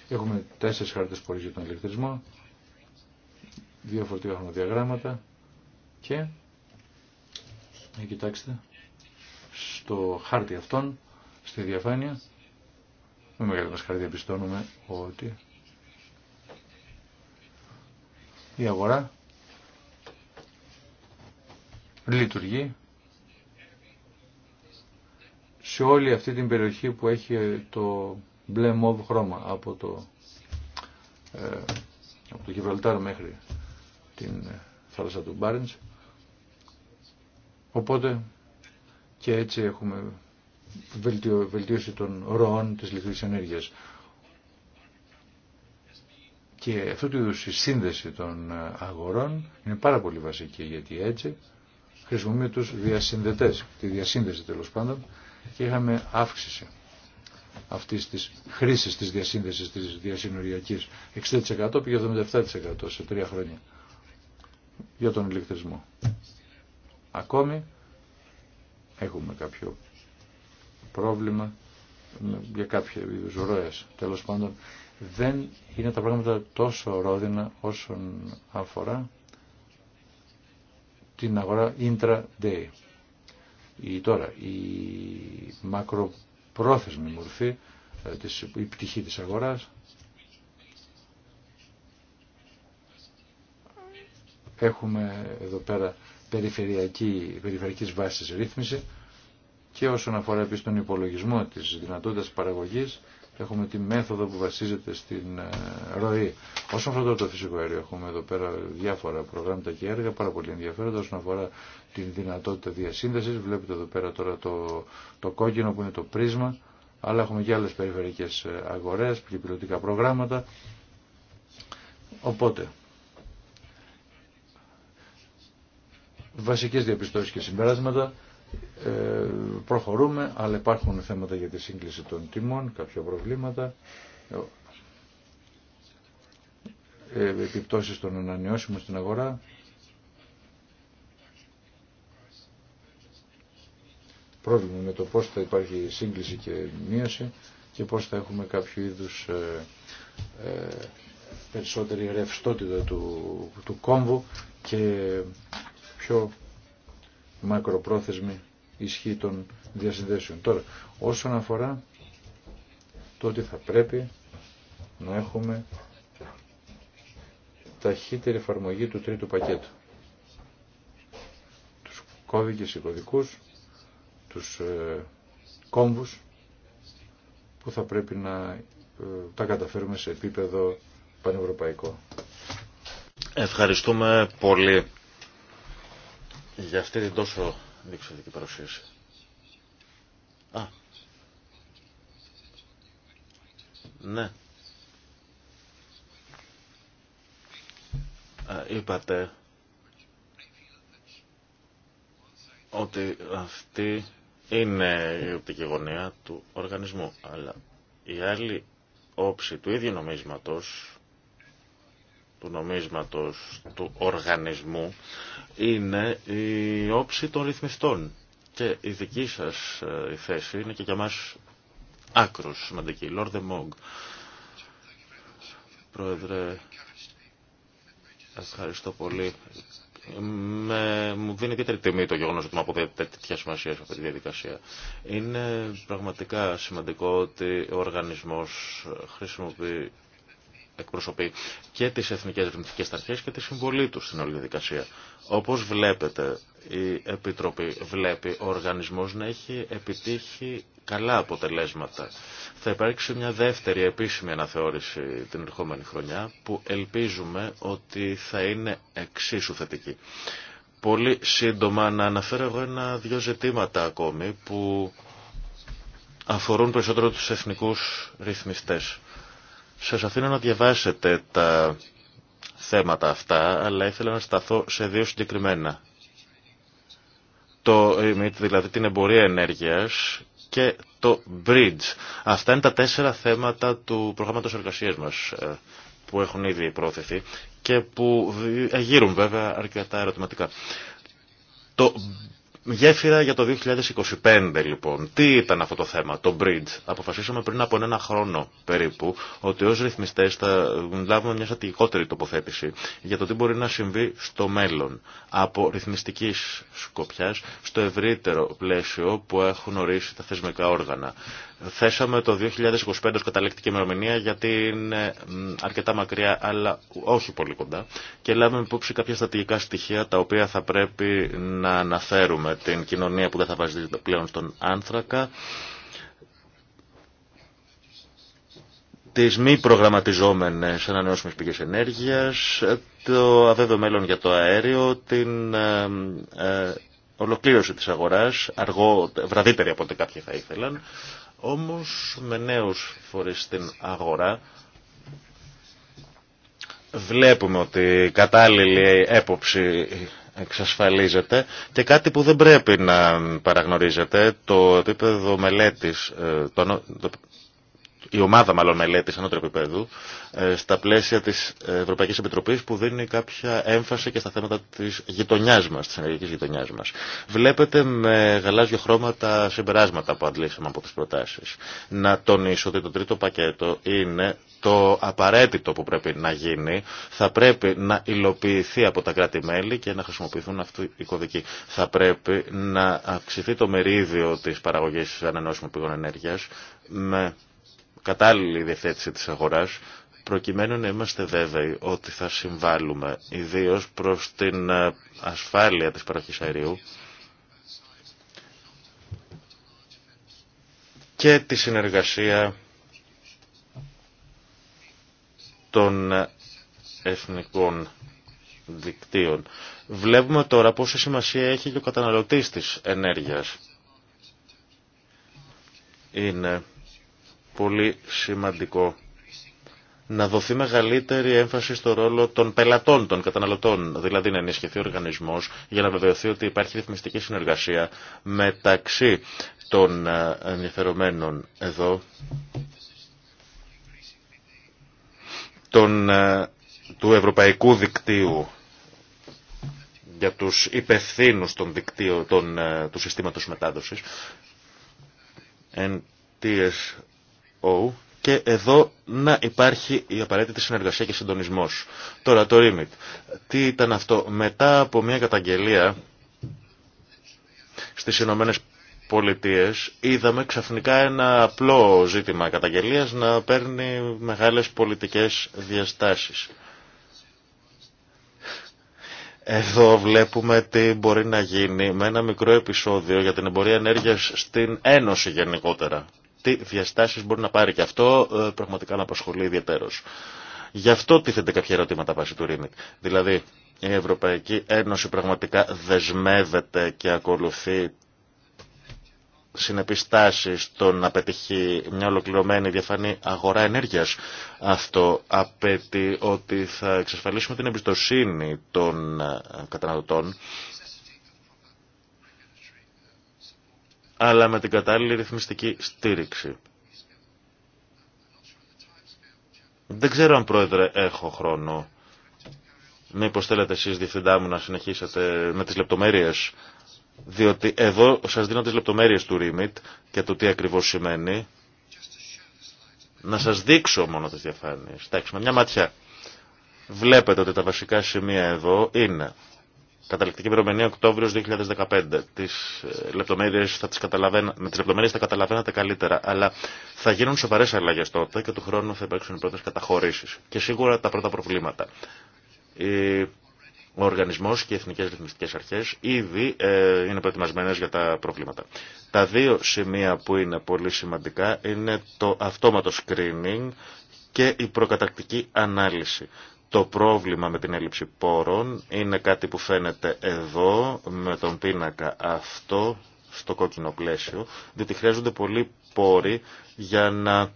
Έχουμε τέσσερις χάρτες πόλης για τον ηλεκτρισμό, δύο φορτία χρονοδιαγράμματα και, κοιτάξτε, στο χάρτη αυτόν στη διαφάνεια. Με μεγάλη μας χαρά διαπιστώνουμε ότι η αγορά λειτουργεί σε όλη αυτή την περιοχή που έχει το μπλε μοβ χρώμα από το, ε, από το μέχρι την ε, θάλασσα του Μπάρεντς. Οπότε και έτσι έχουμε βελτίωση των ροών της ηλεκτρικής ενέργειας. Και αυτό το είδους η σύνδεση των αγορών είναι πάρα πολύ βασική γιατί έτσι χρησιμοποιούμε τους διασυνδετές, τη διασύνδεση τέλος πάντων και είχαμε αύξηση αυτής της χρήσης της διασύνδεσης της διασυνοριακής 60% πήγε 77% σε τρία χρόνια για τον ηλεκτρισμό. Ακόμη έχουμε κάποιο πρόβλημα για κάποια είδους ροές. Τέλος πάντων, δεν είναι τα πράγματα τόσο ρόδινα όσον αφορά την αγορά intraday. Η, τώρα, η μακροπρόθεσμη μορφή, ε, της, η πτυχή της αγοράς, έχουμε εδώ πέρα περιφερειακή, περιφερειακής βάσης ρύθμιση, και όσον αφορά επίσης τον υπολογισμό της δυνατότητας παραγωγής έχουμε τη μέθοδο που βασίζεται στην ε, ροή. Όσον αφορά το φυσικό αέριο έχουμε εδώ πέρα διάφορα προγράμματα και έργα πάρα πολύ ενδιαφέροντα όσον αφορά τη δυνατότητα διασύνδεσης. Βλέπετε εδώ πέρα τώρα το, το κόκκινο που είναι το πρίσμα αλλά έχουμε και άλλες περιφερειακές ε, αγορές και προγράμματα. Οπότε, βασικές διαπιστώσεις και συμπεράσματα ε, προχωρούμε, αλλά υπάρχουν θέματα για τη σύγκληση των τιμών, κάποια προβλήματα, ε, επιπτώσεις των ανανεώσιμων στην αγορά. Πρόβλημα με το πώς θα υπάρχει σύγκληση και μείωση και πώς θα έχουμε κάποιο είδους ε, ε, περισσότερη ρευστότητα του, του κόμβου και πιο μακροπρόθεσμη ισχύ των διασυνδέσεων. Τώρα, όσον αφορά το ότι θα πρέπει να έχουμε ταχύτερη εφαρμογή του τρίτου πακέτου. Τους κώδικες οικοδικούς, τους ε, κόμβους που θα πρέπει να ε, τα καταφέρουμε σε επίπεδο πανευρωπαϊκό. Ευχαριστούμε πολύ για αυτή την τόσο διεξοδική παρουσίαση. Α. Ναι. Ε, είπατε ότι αυτή είναι η οπτική γωνία του οργανισμού, αλλά η άλλη όψη του ίδιου νομίσματος του νομίσματος του οργανισμού είναι η όψη των ρυθμιστών. Και η δική σας ε, η θέση είναι και για μας άκρος σημαντική. Λόρδε Μόγκ, πρόεδρε, ευχαριστώ πολύ. Με, μου δίνει ιδιαίτερη τιμή το γεγονό ότι μου αποδίδεται τέτοια σημασία σε αυτή τη διαδικασία. Είναι πραγματικά σημαντικό ότι ο οργανισμός χρησιμοποιεί εκπροσωπεί και τις εθνικές ρυθμιστικές αρχές και τη συμβολή του στην όλη διαδικασία. Όπως βλέπετε, η Επιτροπή βλέπει ο οργανισμός να έχει επιτύχει καλά αποτελέσματα. Θα υπάρξει μια δεύτερη επίσημη αναθεώρηση την ερχόμενη χρονιά που ελπίζουμε ότι θα είναι εξίσου θετική. Πολύ σύντομα να αναφέρω εγώ ένα-δυο ζητήματα ακόμη που αφορούν περισσότερο τους εθνικούς ρυθμιστές. Σας αφήνω να διαβάσετε τα θέματα αυτά, αλλά ήθελα να σταθώ σε δύο συγκεκριμένα. Το δηλαδή την εμπορία ενέργειας και το bridge. Αυτά είναι τα τέσσερα θέματα του προγράμματος εργασίας μας ε, που έχουν ήδη προωθηθεί και που γύρουν βέβαια αρκετά ερωτηματικά. Το Γέφυρα για το 2025 λοιπόν. Τι ήταν αυτό το θέμα, το bridge. Αποφασίσαμε πριν από ένα χρόνο περίπου ότι ως ρυθμιστές θα λάβουμε μια στατικότερη τοποθέτηση για το τι μπορεί να συμβεί στο μέλλον από ρυθμιστικής σκοπιάς στο ευρύτερο πλαίσιο που έχουν ορίσει τα θεσμικά όργανα. Θέσαμε το 2025 ως καταληκτική ημερομηνία γιατί είναι αρκετά μακριά αλλά όχι πολύ κοντά και λάβουμε υπόψη κάποια στατηγικά στοιχεία τα οποία θα πρέπει να αναφέρουμε την κοινωνία που δεν θα βασίζεται πλέον στον άνθρακα, τις μη προγραμματιζόμενες ανανεώσιμες πηγές ενέργειας, το αβέβαιο μέλλον για το αέριο, την ε, ε, ολοκλήρωση της αγοράς, αργό, βραδύτερη από ό,τι κάποιοι θα ήθελαν, όμως με νέους φορείς στην αγορά βλέπουμε ότι κατάλληλη έποψη εξασφαλίζεται και κάτι που δεν πρέπει να παραγνωρίζεται, το επίπεδο μελέτης, ε, το, η ομάδα μάλλον μελέτης ανώτερου επίπεδου ε, στα πλαίσια της Ευρωπαϊκής Επιτροπής που δίνει κάποια έμφαση και στα θέματα της γειτονιάς μας, της ενεργικής γειτονιάς μας. Βλέπετε με γαλάζιο χρώμα τα συμπεράσματα που αντλήσαμε από τις προτάσεις. Να τονίσω ότι το τρίτο πακέτο είναι το απαραίτητο που πρέπει να γίνει. Θα πρέπει να υλοποιηθεί από τα κράτη-μέλη και να χρησιμοποιηθούν αυτοί οι κωδικοί. Θα πρέπει να αυξηθεί το μερίδιο της παραγωγής ανανεώσιμων πηγών ενέργειας με κατάλληλη διευθέτηση της αγοράς προκειμένου να είμαστε βέβαιοι ότι θα συμβάλλουμε ιδίως προς την ε, ασφάλεια της παροχής αερίου και τη συνεργασία των εθνικών δικτύων. Βλέπουμε τώρα πόση σημασία έχει και ο καταναλωτής της ενέργειας. Είναι πολύ σημαντικό να δοθεί μεγαλύτερη έμφαση στο ρόλο των πελατών, των καταναλωτών, δηλαδή να ενισχυθεί ο οργανισμός για να βεβαιωθεί ότι υπάρχει ρυθμιστική συνεργασία μεταξύ των ε, ενδιαφερομένων εδώ, ε, του Ευρωπαϊκού Δικτύου για τους υπευθύνους των δικτύων, ε, του συστήματος μετάδοσης, NTS και εδώ να υπάρχει η απαραίτητη συνεργασία και συντονισμός. Τώρα το REMIT. Τι ήταν αυτό. Μετά από μια καταγγελία στις Ηνωμένε Πολιτείες είδαμε ξαφνικά ένα απλό ζήτημα καταγγελίας να παίρνει μεγάλες πολιτικές διαστάσεις. Εδώ βλέπουμε τι μπορεί να γίνει με ένα μικρό επεισόδιο για την εμπορία ενέργειας στην Ένωση γενικότερα τι διαστάσεις μπορεί να πάρει και αυτό ε, πραγματικά να απασχολεί ιδιαίτερος. Γι' αυτό τίθενται κάποια ερωτήματα βάσει του Ρήμικ. Δηλαδή, η Ευρωπαϊκή Ένωση πραγματικά δεσμεύεται και ακολουθεί συνεπιστάσεις στο να πετυχεί μια ολοκληρωμένη διαφανή αγορά ενέργειας. Αυτό απαιτεί ότι θα εξασφαλίσουμε την εμπιστοσύνη των ε, καταναλωτών αλλά με την κατάλληλη ρυθμιστική στήριξη. Δεν ξέρω αν, Πρόεδρε, έχω χρόνο. Μήπως θέλετε εσείς, Διευθυντά μου, να συνεχίσετε με τις λεπτομέρειες. Διότι εδώ σας δίνω τις λεπτομέρειες του REMIT και το τι ακριβώς σημαίνει. Να σας δείξω μόνο τις διαφάνειες. Εντάξει, με μια ματιά. Βλέπετε ότι τα βασικά σημεία εδώ είναι Καταληκτική ημερομηνία Οκτώβριο 2015. Ε, λεπτομέρειες θα τις Με τις λεπτομέρειες θα καταλαβαίνατε καλύτερα, αλλά θα γίνουν σοβαρές αλλαγές τότε και του χρόνου θα υπάρξουν οι πρώτε καταχωρήσει. και σίγουρα τα πρώτα προβλήματα. Ο οργανισμό και οι εθνικέ ρυθμιστικέ αρχέ ήδη ε, είναι προετοιμασμένε για τα προβλήματα. Τα δύο σημεία που είναι πολύ σημαντικά είναι το αυτόματο screening και η προκατακτική ανάλυση. Το πρόβλημα με την έλλειψη πόρων είναι κάτι που φαίνεται εδώ με τον πίνακα αυτό στο κόκκινο πλαίσιο, διότι χρειάζονται πολλοί πόροι για να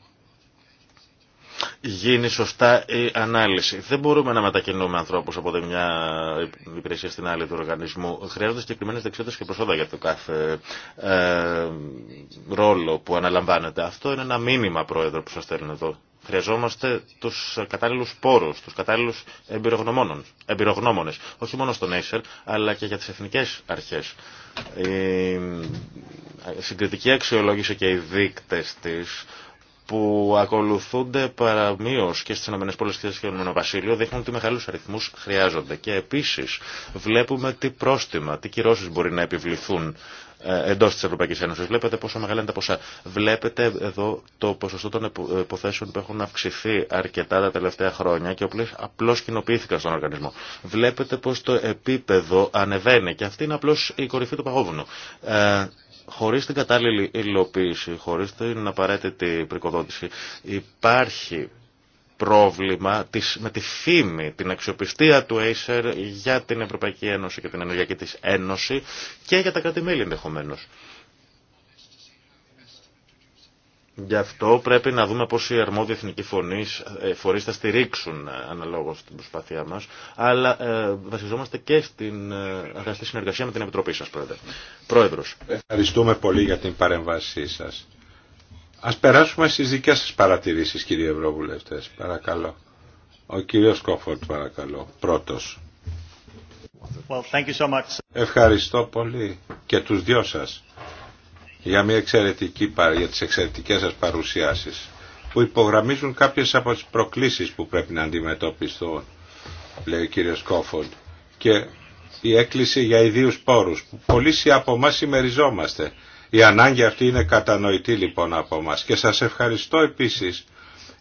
γίνει σωστά η ανάλυση. Δεν μπορούμε να μετακινούμε ανθρώπους από τη μια υπηρεσία στην άλλη του οργανισμού. Χρειάζονται συγκεκριμένε δεξιότητες και προσόδα για το κάθε ε, ρόλο που αναλαμβάνεται. Αυτό είναι ένα μήνυμα, Πρόεδρο, που σας στέλνω εδώ Χρειαζόμαστε τους κατάλληλους πόρους, τους κατάλληλους εμπειρογνώμονες, όχι μόνο στον Acer, αλλά και για τις εθνικές αρχές. Η συγκριτική αξιολόγηση και οι δείκτες της που ακολουθούνται παραμείως και στις ΗΠΑ και στο Βασίλειο δείχνουν ότι μεγάλους αριθμούς χρειάζονται. Και επίσης βλέπουμε τι πρόστιμα, τι κυρώσεις μπορεί να επιβληθούν ε, εντό τη Ευρωπαϊκή Ένωση. Βλέπετε πόσο μεγάλα ποσά. Βλέπετε εδώ το ποσοστό των ε, υποθέσεων που έχουν αυξηθεί αρκετά τα τελευταία χρόνια και όπλες απλώ κοινοποιήθηκαν στον οργανισμό. Βλέπετε πω το επίπεδο ανεβαίνει και αυτή είναι απλώ η κορυφή του παγόβουνου. Ε, χωρί την κατάλληλη υλοποίηση, χωρί την απαραίτητη πρικοδότηση, υπάρχει πρόβλημα της, με τη φήμη, την αξιοπιστία του Acer για την Ευρωπαϊκή Ένωση και την Ενεργειακή της Ένωση και για τα κρατη ενδεχομένω. Γι' αυτό πρέπει να δούμε πώς οι αρμόδιοι εθνικοί φωνείς, ε, φορείς θα στηρίξουν ε, αναλόγως την προσπάθειά μας, αλλά ε, βασιζόμαστε και στην αγαστή συνεργασία με την Επιτροπή σας, Πρόεδρε. Πρόεδρος. Ευχαριστούμε πολύ για την παρέμβασή σας. Ας περάσουμε στις δικές σας παρατηρήσεις κύριε Ευρωβουλευτές. Παρακαλώ. Ο κύριος Κόφορτ παρακαλώ. Πρώτος. Ευχαριστώ πολύ και τους δυο σας για, μια εξαιρετική, για τις εξαιρετικές σας παρουσιάσεις που υπογραμμίζουν κάποιες από τις προκλήσεις που πρέπει να αντιμετωπιστούν λέει ο κύριος Κόφορντ και η έκκληση για ιδίους πόρους που πολλοί από εμά η ανάγκη αυτή είναι κατανοητή λοιπόν από μας και σας ευχαριστώ επίσης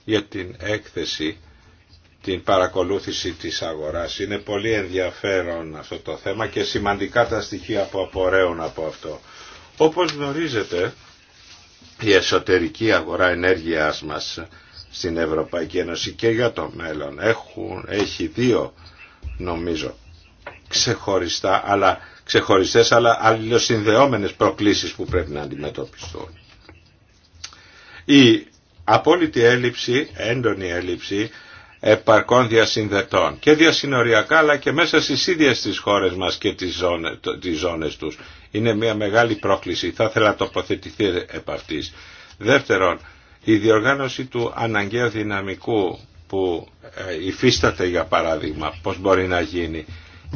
για την έκθεση την παρακολούθηση της αγοράς. Είναι πολύ ενδιαφέρον αυτό το θέμα και σημαντικά τα στοιχεία που απορρέουν από αυτό. Όπως γνωρίζετε, η εσωτερική αγορά ενέργειάς μας στην Ευρωπαϊκή Ένωση και για το μέλλον έχουν, έχει δύο νομίζω ξεχωριστά αλλά ξεχωριστές αλλά αλληλοσυνδεόμενες προκλήσεις που πρέπει να αντιμετωπιστούν. Η απόλυτη έλλειψη, έντονη έλλειψη επαρκών διασυνδετών και διασυνοριακά αλλά και μέσα στις ίδιες τις χώρες μας και τις ζώνες, τις ζώνες τους. Είναι μια μεγάλη πρόκληση. Θα ήθελα να τοποθετηθεί επ' αυτής. Δεύτερον, η διοργάνωση του αναγκαίου δυναμικού που ε, υφίσταται για παράδειγμα, πώς μπορεί να γίνει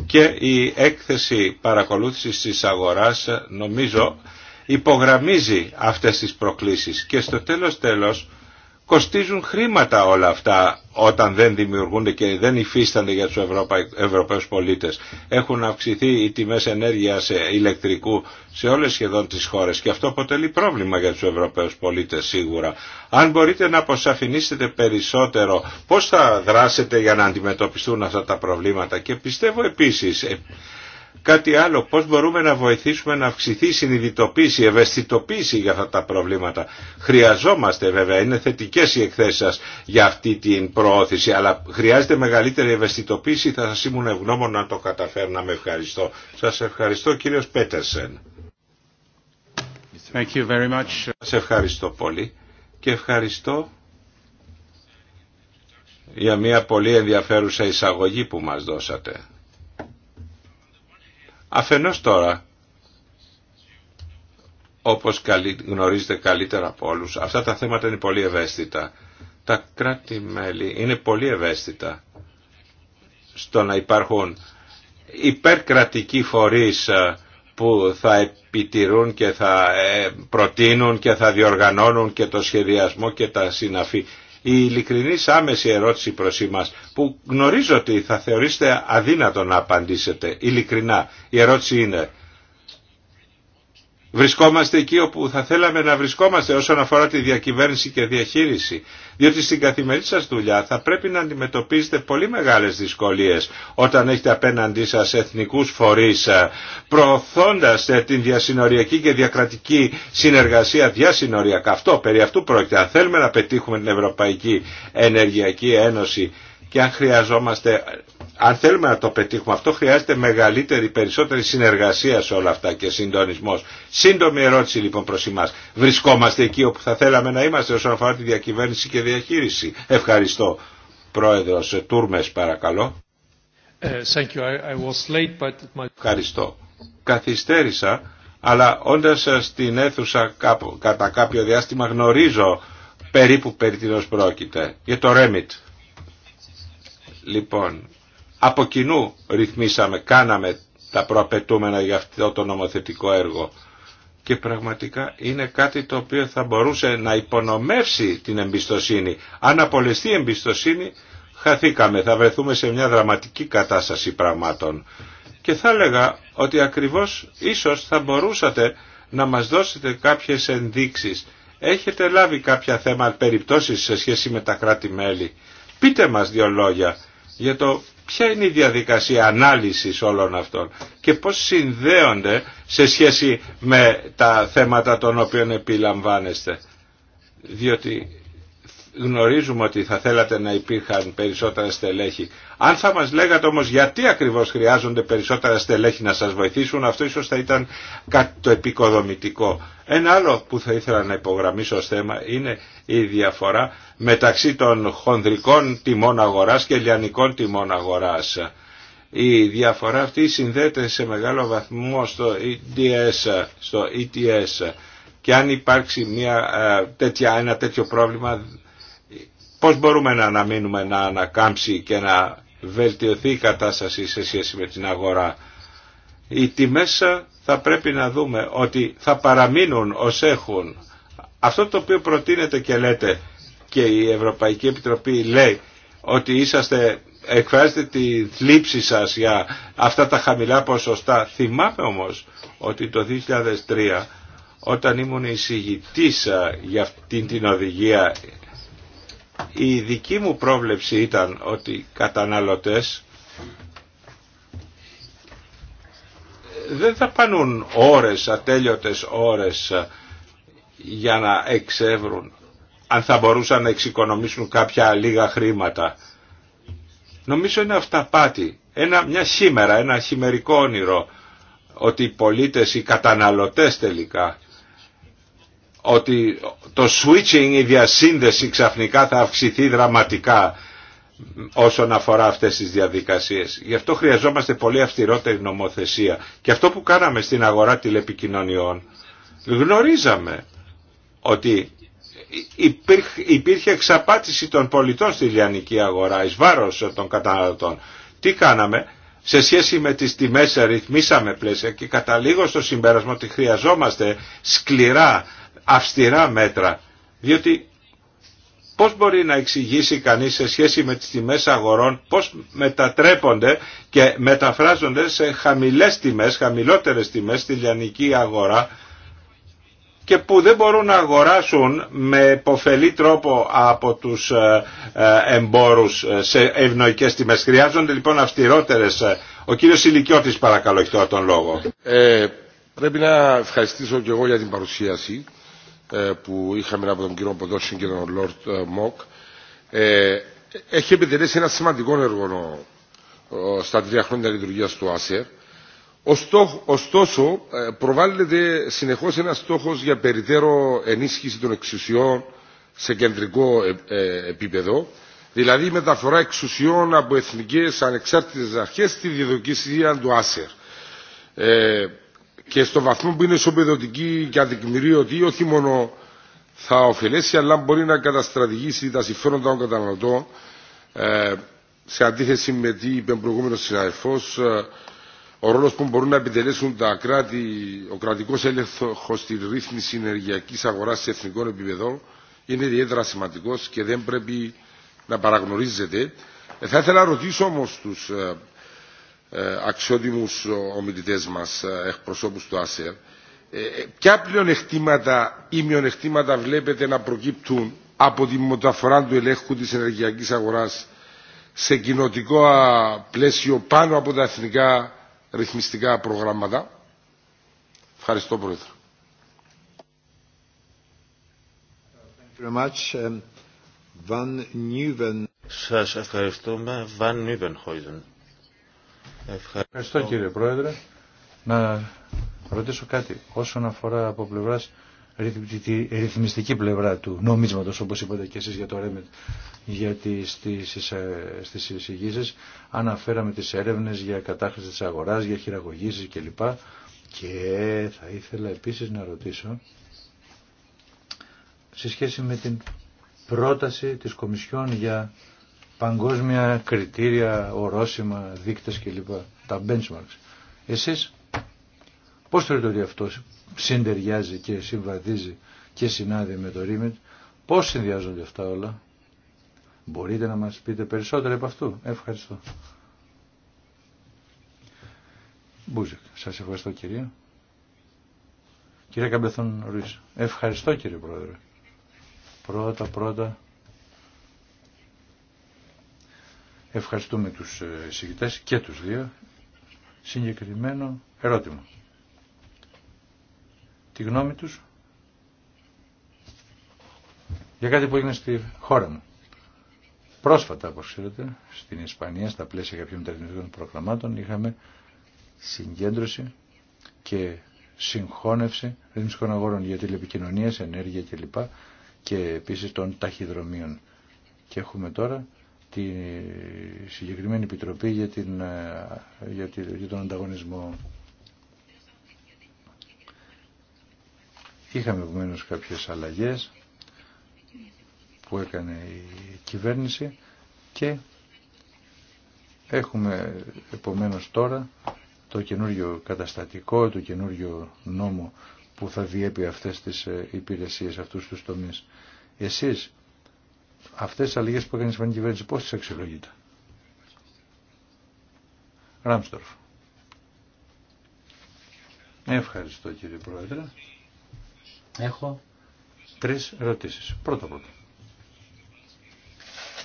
και η έκθεση παρακολούθησης της αγοράς νομίζω υπογραμμίζει αυτές τις προκλήσεις και στο τέλος τέλος κοστίζουν χρήματα όλα αυτά όταν δεν δημιουργούνται και δεν υφίστανται για τους Ευρωπαίους πολίτες. Έχουν αυξηθεί οι τιμές ενέργειας ε, ηλεκτρικού σε όλες σχεδόν τις χώρες και αυτό αποτελεί πρόβλημα για τους Ευρωπαίους πολίτες σίγουρα. Αν μπορείτε να αποσαφηνίσετε περισσότερο πώς θα δράσετε για να αντιμετωπιστούν αυτά τα προβλήματα και πιστεύω επίσης ε, Κάτι άλλο, πώς μπορούμε να βοηθήσουμε να αυξηθεί η συνειδητοποίηση, η ευαισθητοποίηση για αυτά τα προβλήματα. Χρειαζόμαστε βέβαια, είναι θετικές οι εκθέσεις σας για αυτή την προώθηση, αλλά χρειάζεται μεγαλύτερη ευαισθητοποίηση, θα σας ήμουν ευγνώμων να το καταφέρναμε. Ευχαριστώ. Σας ευχαριστώ κύριος Πέτερσεν. Thank Σας ευχαριστώ πολύ και ευχαριστώ για μια πολύ ενδιαφέρουσα εισαγωγή που μας δώσατε. Αφενός τώρα, όπως γνωρίζετε καλύτερα από όλους, αυτά τα θέματα είναι πολύ ευαίσθητα. Τα κράτη-μέλη είναι πολύ ευαίσθητα στο να υπάρχουν υπερκρατικοί φορείς ε, που θα επιτηρούν και θα ε, προτείνουν και θα διοργανώνουν και το σχεδιασμό και τα συναφή η ειλικρινή άμεση ερώτηση προς εμάς που γνωρίζω ότι θα θεωρήσετε αδύνατο να απαντήσετε ειλικρινά. Η ερώτηση είναι βρισκόμαστε εκεί όπου θα θέλαμε να βρισκόμαστε όσον αφορά τη διακυβέρνηση και διαχείριση. Διότι στην καθημερινή σας δουλειά θα πρέπει να αντιμετωπίζετε πολύ μεγάλες δυσκολίες όταν έχετε απέναντί σας εθνικούς φορείς ε, προωθώντας ε, την διασυνοριακή και διακρατική συνεργασία διασυνοριακά. Αυτό, περί αυτού πρόκειται. Αν θέλουμε να πετύχουμε την Ευρωπαϊκή Ενεργειακή Ένωση και αν χρειαζόμαστε, αν θέλουμε να το πετύχουμε αυτό, χρειάζεται μεγαλύτερη, περισσότερη συνεργασία σε όλα αυτά και συντονισμό. Σύντομη ερώτηση λοιπόν προ εμά. Βρισκόμαστε εκεί όπου θα θέλαμε να είμαστε όσον αφορά τη διακυβέρνηση και διαχείριση. Ευχαριστώ. Πρόεδρο Τούρμε, παρακαλώ. Ε, Ευχαριστώ. Καθυστέρησα, αλλά όντα στην αίθουσα κάπου, κατά κάποιο διάστημα γνωρίζω περίπου περί τίνο πρόκειται. Για το Remit Λοιπόν, από κοινού ρυθμίσαμε, κάναμε τα προαπαιτούμενα για αυτό το νομοθετικό έργο και πραγματικά είναι κάτι το οποίο θα μπορούσε να υπονομεύσει την εμπιστοσύνη. Αν απολεστεί η εμπιστοσύνη χαθήκαμε, θα βρεθούμε σε μια δραματική κατάσταση πραγμάτων. Και θα έλεγα ότι ακριβώς ίσως θα μπορούσατε να μας δώσετε κάποιες ενδείξεις. Έχετε λάβει κάποια θέμα περιπτώσεις σε σχέση με τα κράτη-μέλη. Πείτε μας δύο λόγια για το ποια είναι η διαδικασία ανάλυσης όλων αυτών και πώς συνδέονται σε σχέση με τα θέματα των οποίων επιλαμβάνεστε. Διότι γνωρίζουμε ότι θα θέλατε να υπήρχαν περισσότερα στελέχη. Αν θα μας λέγατε όμως γιατί ακριβώς χρειάζονται περισσότερα στελέχη να σας βοηθήσουν, αυτό ίσως θα ήταν κάτι το επικοδομητικό. Ένα άλλο που θα ήθελα να υπογραμμίσω ως θέμα είναι η διαφορά μεταξύ των χονδρικών τιμών αγοράς και λιανικών τιμών αγοράς. Η διαφορά αυτή συνδέεται σε μεγάλο βαθμό στο ETS, στο ETS. και αν υπάρξει μια, ε, τέτοια, ένα τέτοιο πρόβλημα πώς μπορούμε να αναμείνουμε να ανακάμψει και να βελτιωθεί η κατάσταση σε σχέση με την αγορά. Οι τιμές ε, θα πρέπει να δούμε ότι θα παραμείνουν ως έχουν. Αυτό το οποίο προτείνεται και λέτε και η Ευρωπαϊκή Επιτροπή λέει ότι είσαστε εκφράζετε τη θλίψη σας για αυτά τα χαμηλά ποσοστά. Θυμάμαι όμως ότι το 2003 όταν ήμουν εισηγητής για αυτήν την οδηγία η δική μου πρόβλεψη ήταν ότι οι καταναλωτές δεν θα πάνουν ώρες, ατέλειωτες ώρες για να εξεύρουν αν θα μπορούσαν να εξοικονομήσουν κάποια λίγα χρήματα. Νομίζω είναι αυταπάτη. Ένα, μια σήμερα, ένα χειμερικό όνειρο ότι οι πολίτες, οι καταναλωτές τελικά ότι το switching, η διασύνδεση ξαφνικά θα αυξηθεί δραματικά όσον αφορά αυτές τις διαδικασίες. Γι' αυτό χρειαζόμαστε πολύ αυστηρότερη νομοθεσία. Και αυτό που κάναμε στην αγορά τηλεπικοινωνιών, γνωρίζαμε ότι υπήρχε εξαπάτηση των πολιτών στη λιανική αγορά εις βάρος των καταναλωτών. Τι κάναμε σε σχέση με τις τιμές ρυθμίσαμε πλαίσια και καταλήγω στο συμπέρασμα ότι χρειαζόμαστε σκληρά, αυστηρά μέτρα διότι πώς μπορεί να εξηγήσει κανείς σε σχέση με τις τιμές αγορών πώς μετατρέπονται και μεταφράζονται σε χαμηλές τιμές, χαμηλότερες τιμές στη λιανική αγορά και που δεν μπορούν να αγοράσουν με υποφελή τρόπο από τους ε, ε, εμπόρους ε, σε ευνοϊκές τιμές. Χρειάζονται λοιπόν αυστηρότερες. Ο κύριος Ηλικιώτης παρακαλώ έχει τον λόγο. πρέπει να ευχαριστήσω και εγώ για την παρουσίαση που είχαμε από τον κύριο Ποδόσιν και τον Λόρτ Μοκ. έχει επιτελέσει ένα σημαντικό έργο στα τρία χρόνια λειτουργία του ΑΣΕΡ Ωστόσο, ε, προβάλλεται συνεχώς ένα στόχος για περιττέρω ενίσχυση των εξουσιών σε κεντρικό ε, ε, επίπεδο, δηλαδή μεταφορά εξουσιών από εθνικές ανεξάρτητες αρχές στη διεδοκισία του Άσερ. Και στο βαθμό που είναι ισοπεδωτική και αδεικμηρεί ότι όχι μόνο θα ωφελέσει αλλά μπορεί να καταστρατηγήσει τα συμφέροντα των καταναλωτών σε αντίθεση με τι είπε ο προηγούμενος ο ρόλο που μπορούν να επιτελέσουν τα κράτη, ο κρατικό έλεγχο στη ρύθμιση ενεργειακή αγορά σε εθνικό επίπεδο είναι ιδιαίτερα σημαντικό και δεν πρέπει να παραγνωρίζεται. Ε, θα ήθελα να ρωτήσω όμω του ε, ε, αξιότιμου ομιλητέ μα, εκπροσώπου του ΑΣΕΡ, ποια πλειονεκτήματα ή μειονεκτήματα βλέπετε να προκύπτουν από τη μεταφορά του ελέγχου της ενεργειακής αγοράς σε κοινοτικό πλαίσιο πάνω από τα εθνικά ρυθμιστικά προγράμματα. Ευχαριστώ, Πρόεδρε. Um, Σας ευχαριστούμε, Βαν Νιβενχόιζεν. Ευχαριστώ. Ευχαριστώ κύριε Πρόεδρε. Να ρωτήσω κάτι όσον αφορά από πλευράς τη ρυθμιστική πλευρά του νομίσματος όπως είπατε και εσείς για το Ρέμετ γιατί στις, ε, στις αναφέραμε τις έρευνες για κατάχρηση της αγοράς, για χειραγωγήσεις κλπ. Και θα ήθελα επίσης να ρωτήσω σε σχέση με την πρόταση της Κομισιόν για παγκόσμια κριτήρια, ορόσημα, δείκτες κλπ. Τα benchmarks. Εσείς πώς θεωρείτε ότι αυτός συντεριάζει και συμβαδίζει και συνάδει με το Ρίμιτ. Πώς συνδυάζονται αυτά όλα. Μπορείτε να μας πείτε περισσότερα από αυτού. Ευχαριστώ. Μπούζεκ, σας ευχαριστώ κυρία. Κυρία Καμπεθόν Ρουίς, ευχαριστώ κύριε Πρόεδρε. Πρώτα πρώτα ευχαριστούμε τους ε, συγκητές και τους δύο. Συγκεκριμένο ερώτημα τη γνώμη τους για κάτι που έγινε στη χώρα μου. Πρόσφατα, όπως ξέρετε, στην Ισπανία, στα πλαίσια κάποιων μεταρρυθμιστικών προγραμμάτων, είχαμε συγκέντρωση και συγχώνευση ρυθμιστικών αγορών για τηλεπικοινωνία, ενέργεια κλπ. και επίσης των ταχυδρομείων. Και έχουμε τώρα τη συγκεκριμένη επιτροπή για, την, ε, για, για τον ανταγωνισμό. Είχαμε επομένως κάποιες αλλαγές που έκανε η κυβέρνηση και έχουμε επομένως τώρα το καινούριο καταστατικό, το καινούριο νόμο που θα διέπει αυτές τις ε, υπηρεσίες, αυτούς τους τομείς. Εσείς αυτές τις αλλαγές που έκανε η κυβέρνηση πώς τις αξιολογείτε. Ράμστορφ. Ευχαριστώ κύριε Πρόεδρε. Έχω τρεις ερωτήσεις. πρώτο πρώτο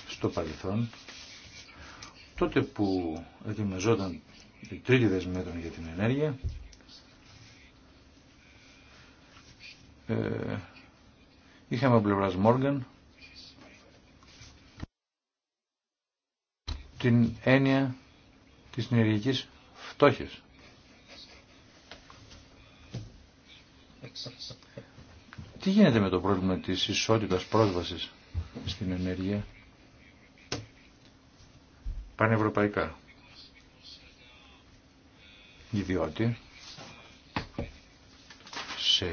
Στο παρελθόν, τότε που ετοιμαζόταν η τρίτη δεσμέτρων για την ενέργεια, ε, είχαμε ο πλευράς Μόργαν την έννοια της ενεργειακής φτώχειας. Τι γίνεται με το πρόβλημα της ισότητας πρόσβασης στην ενέργεια πανευρωπαϊκά. Διότι σε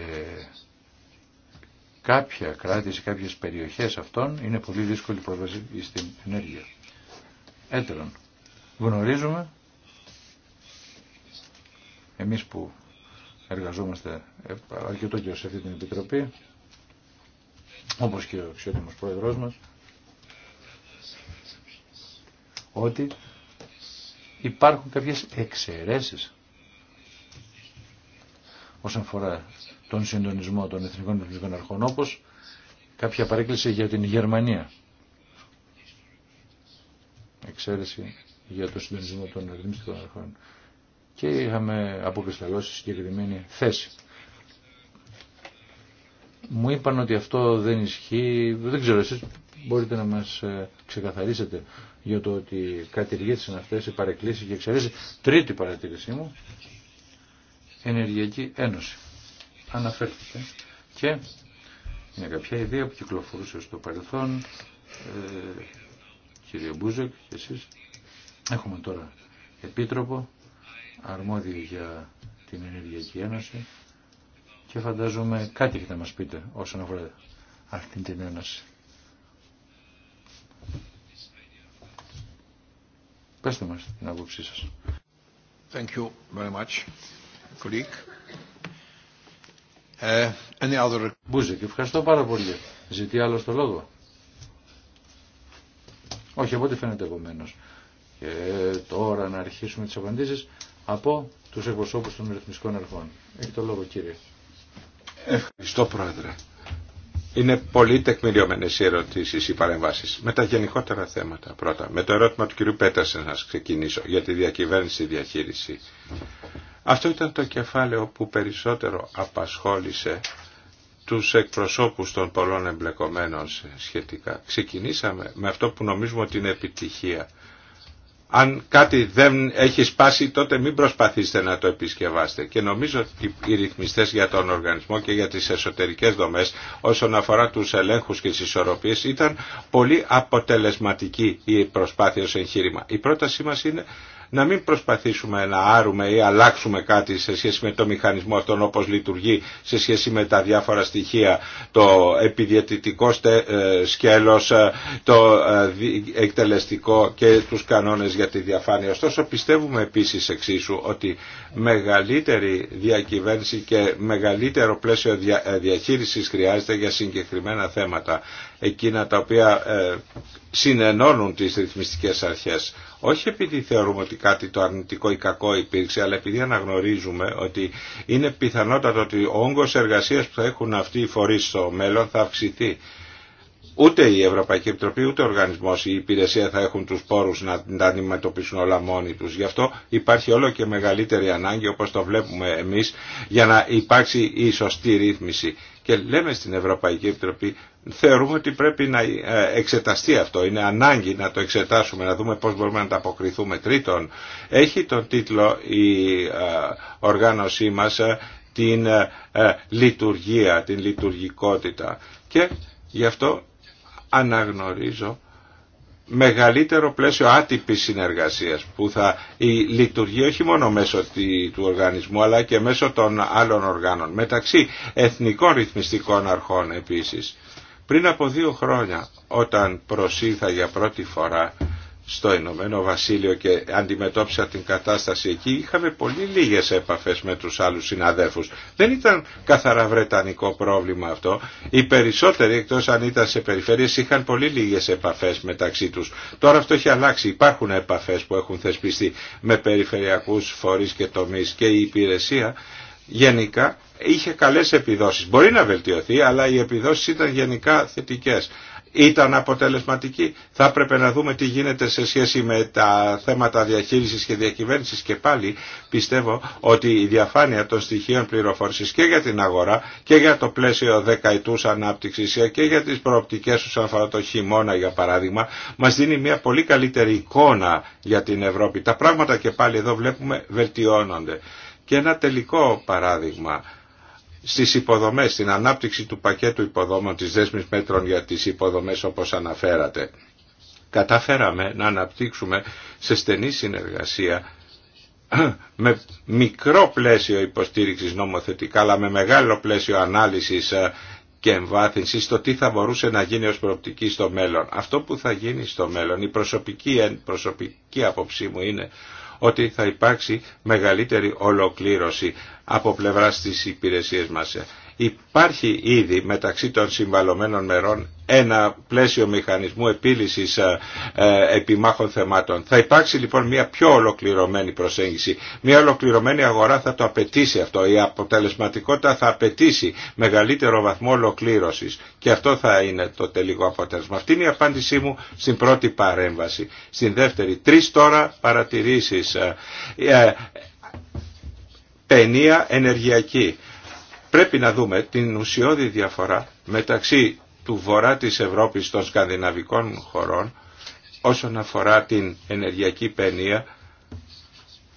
κάποια κράτη, σε κάποιες περιοχές αυτών είναι πολύ δύσκολη πρόσβαση στην ενέργεια. Έτερον, γνωρίζουμε εμείς που εργαζόμαστε ε, αρκετό και σε αυτή την Επιτροπή, όπως και ο αξιότιμος πρόεδρός μας, ότι υπάρχουν κάποιες εξαιρέσεις όσον αφορά τον συντονισμό των εθνικών Εθνικών αρχών, όπως κάποια παρέκκληση για την Γερμανία. Εξαίρεση για τον συντονισμό των εθνικών αρχών και είχαμε αποκρισταλώσει συγκεκριμένη θέση. Μου είπαν ότι αυτό δεν ισχύει, δεν ξέρω εσείς μπορείτε να μας ε, ξεκαθαρίσετε για το ότι κατηργήθησαν αυτές οι παρεκκλήσεις και εξαιρέσεις. Τρίτη παρατήρησή μου, Ενεργειακή Ένωση. Αναφέρθηκε και είναι κάποια ιδέα που κυκλοφορούσε στο παρελθόν, ε, κύριε Μπούζεκ εσείς. Έχουμε τώρα επίτροπο αρμόδιοι για την Ενεργειακή Ένωση και φαντάζομαι κάτι έχετε να μας πείτε όσον αφορά αυτήν την ένωση. πέστε μας την άποψή σας. Uh, Μπούζεκ, ευχαριστώ πάρα πολύ. Ζητεί άλλο το λόγο. Όχι, από ό,τι φαίνεται επομένω. Και τώρα να αρχίσουμε τις απαντήσεις από τους εκπροσώπους των ρυθμιστικών αρχών. Έχει το λόγο κύριε. Ευχαριστώ πρόεδρε. Είναι πολύ τεκμηριωμένες οι ερωτήσεις, οι παρεμβάσεις. Με τα γενικότερα θέματα πρώτα. Με το ερώτημα του κυρίου Πέτασε να ξεκινήσω για τη διακυβέρνηση διαχείριση. Αυτό ήταν το κεφάλαιο που περισσότερο απασχόλησε τους εκπροσώπους των πολλών εμπλεκομένων σχετικά. Ξεκινήσαμε με αυτό που νομίζουμε ότι είναι επιτυχία αν κάτι δεν έχει σπάσει τότε μην προσπαθήσετε να το επισκευάστε. Και νομίζω ότι οι ρυθμιστές για τον οργανισμό και για τις εσωτερικές δομές όσον αφορά τους ελέγχους και τις ισορροπίες ήταν πολύ αποτελεσματική η προσπάθεια ως εγχείρημα. Η πρότασή μας είναι να μην προσπαθήσουμε να άρουμε ή αλλάξουμε κάτι σε σχέση με το μηχανισμό αυτόν όπως λειτουργεί σε σχέση με τα διάφορα στοιχεία, το επιδιαιτητικό ε, σκέλος, ε, το ε, εκτελεστικό και τους κανόνες για τη διαφάνεια. Ωστόσο πιστεύουμε επίσης εξίσου ότι μεγαλύτερη διακυβέρνηση και μεγαλύτερο πλαίσιο διαχείρισης χρειάζεται για συγκεκριμένα θέματα. Εκείνα τα οποία συνενώνουν τις ρυθμιστικές αρχές. Όχι επειδή θεωρούμε ότι κάτι το αρνητικό ή κακό υπήρξε, αλλά επειδή αναγνωρίζουμε ότι είναι πιθανότατο ότι ο όγκος εργασίας που θα έχουν αυτοί οι φορείς στο μέλλον θα αυξηθεί. Ούτε η Ευρωπαϊκή Επιτροπή, ούτε ο οργανισμός, η υπηρεσία θα έχουν τους πόρους να τα αντιμετωπίσουν όλα μόνοι τους. Γι' αυτό υπάρχει όλο και μεγαλύτερη ανάγκη, όπως το βλέπουμε εμείς, για να υπάρξει η σωστή ρύθμιση και λέμε στην Ευρωπαϊκή Επιτροπή, θεωρούμε ότι πρέπει να ε, εξεταστεί αυτό. Είναι ανάγκη να το εξετάσουμε, να δούμε πώς μπορούμε να τα αποκριθούμε. Τρίτον, έχει τον τίτλο η ε, οργάνωσή μας ε, την λειτουργία, την λειτουργικότητα. Και γι' αυτό αναγνωρίζω μεγαλύτερο πλαίσιο άτυπης συνεργασίας που θα λειτουργεί όχι μόνο μέσω του οργανισμού αλλά και μέσω των άλλων οργάνων μεταξύ εθνικών ρυθμιστικών αρχών επίσης. Πριν από δύο χρόνια όταν προσήλθα για πρώτη φορά στο Ηνωμένο Βασίλειο και αντιμετώπισα την κατάσταση εκεί, είχαμε πολύ λίγες επαφές με τους άλλους συναδέλφους. Δεν ήταν καθαρά βρετανικό πρόβλημα αυτό. Οι περισσότεροι, εκτός αν ήταν σε περιφέρειες, είχαν πολύ λίγες επαφές μεταξύ τους. Τώρα αυτό έχει αλλάξει. Υπάρχουν επαφές που έχουν θεσπιστεί με περιφερειακούς φορείς και τομείς και η υπηρεσία γενικά είχε καλές επιδόσεις. Μπορεί να βελτιωθεί, αλλά οι επιδόσεις ήταν γενικά θετικές ήταν αποτελεσματική. Θα έπρεπε να δούμε τι γίνεται σε σχέση με τα θέματα διαχείρισης και διακυβέρνησης και πάλι πιστεύω ότι η διαφάνεια των στοιχείων πληροφόρησης και για την αγορά και για το πλαίσιο δεκαετούς ανάπτυξης και για τις προοπτικές του αφορά το χειμώνα για παράδειγμα μας δίνει μια πολύ καλύτερη εικόνα για την Ευρώπη. Τα πράγματα και πάλι εδώ βλέπουμε βελτιώνονται. Και ένα τελικό παράδειγμα στις υποδομές, στην ανάπτυξη του πακέτου υποδόμων της δέσμης μέτρων για τις υποδομές όπως αναφέρατε. Καταφέραμε να αναπτύξουμε σε στενή συνεργασία [clears throat] με μικρό πλαίσιο υποστήριξης νομοθετικά αλλά με μεγάλο πλαίσιο ανάλυσης ε, και εμβάθυνση στο τι θα μπορούσε να γίνει ως προοπτική στο μέλλον. Αυτό που θα γίνει στο μέλλον, η προσωπική, προσωπική άποψή μου είναι ότι θα υπάρξει μεγαλύτερη ολοκλήρωση από πλευράς της υπηρεσίας μας. Υπάρχει ήδη μεταξύ των συμβαλωμένων μερών ένα πλαίσιο μηχανισμού επίλυσης ε, ε, επιμάχων θεμάτων. Θα υπάρξει λοιπόν μια πιο ολοκληρωμένη προσέγγιση. Μια ολοκληρωμένη αγορά θα το απαιτήσει αυτό. Η αποτελεσματικότητα θα απαιτήσει μεγαλύτερο βαθμό ολοκλήρωσης. Και αυτό θα είναι το τελικό αποτέλεσμα. Αυτή είναι η απάντησή μου στην πρώτη παρέμβαση. Στην δεύτερη, τρεις τώρα παρατηρήσεις. Ε, παινία ενεργειακή. Πρέπει να δούμε την ουσιώδη διαφορά μεταξύ του βορρά της Ευρώπης των σκανδιναβικών χωρών όσον αφορά την ενεργειακή παινία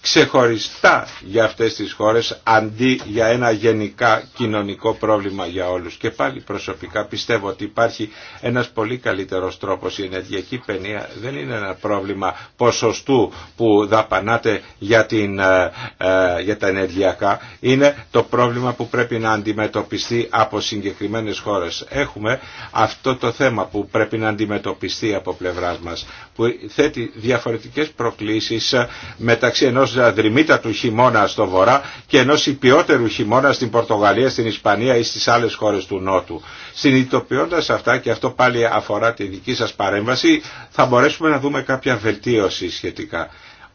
ξεχωριστά για αυτές τις χώρες αντί για ένα γενικά κοινωνικό πρόβλημα για όλους. Και πάλι προσωπικά πιστεύω ότι υπάρχει ένας πολύ καλύτερος τρόπος. Η ενεργειακή παινία δεν είναι ένα πρόβλημα ποσοστού που δαπανάτε για, την, ε, ε, για τα ενεργειακά. Είναι το πρόβλημα που πρέπει να αντιμετωπιστεί από συγκεκριμένες χώρες. Έχουμε αυτό το θέμα που πρέπει να αντιμετωπιστεί από πλευρά μας που θέτει διαφορετικές προκλήσεις μεταξύ ενός ενός ε, του χειμώνα στο βορρά και ενός υπιότερου χειμώνα στην Πορτογαλία, στην Ισπανία ή στις άλλες χώρες του Νότου. Συνειδητοποιώντας αυτά και αυτό πάλι αφορά τη δική σας παρέμβαση θα μπορέσουμε να δούμε κάποια βελτίωση σχετικά.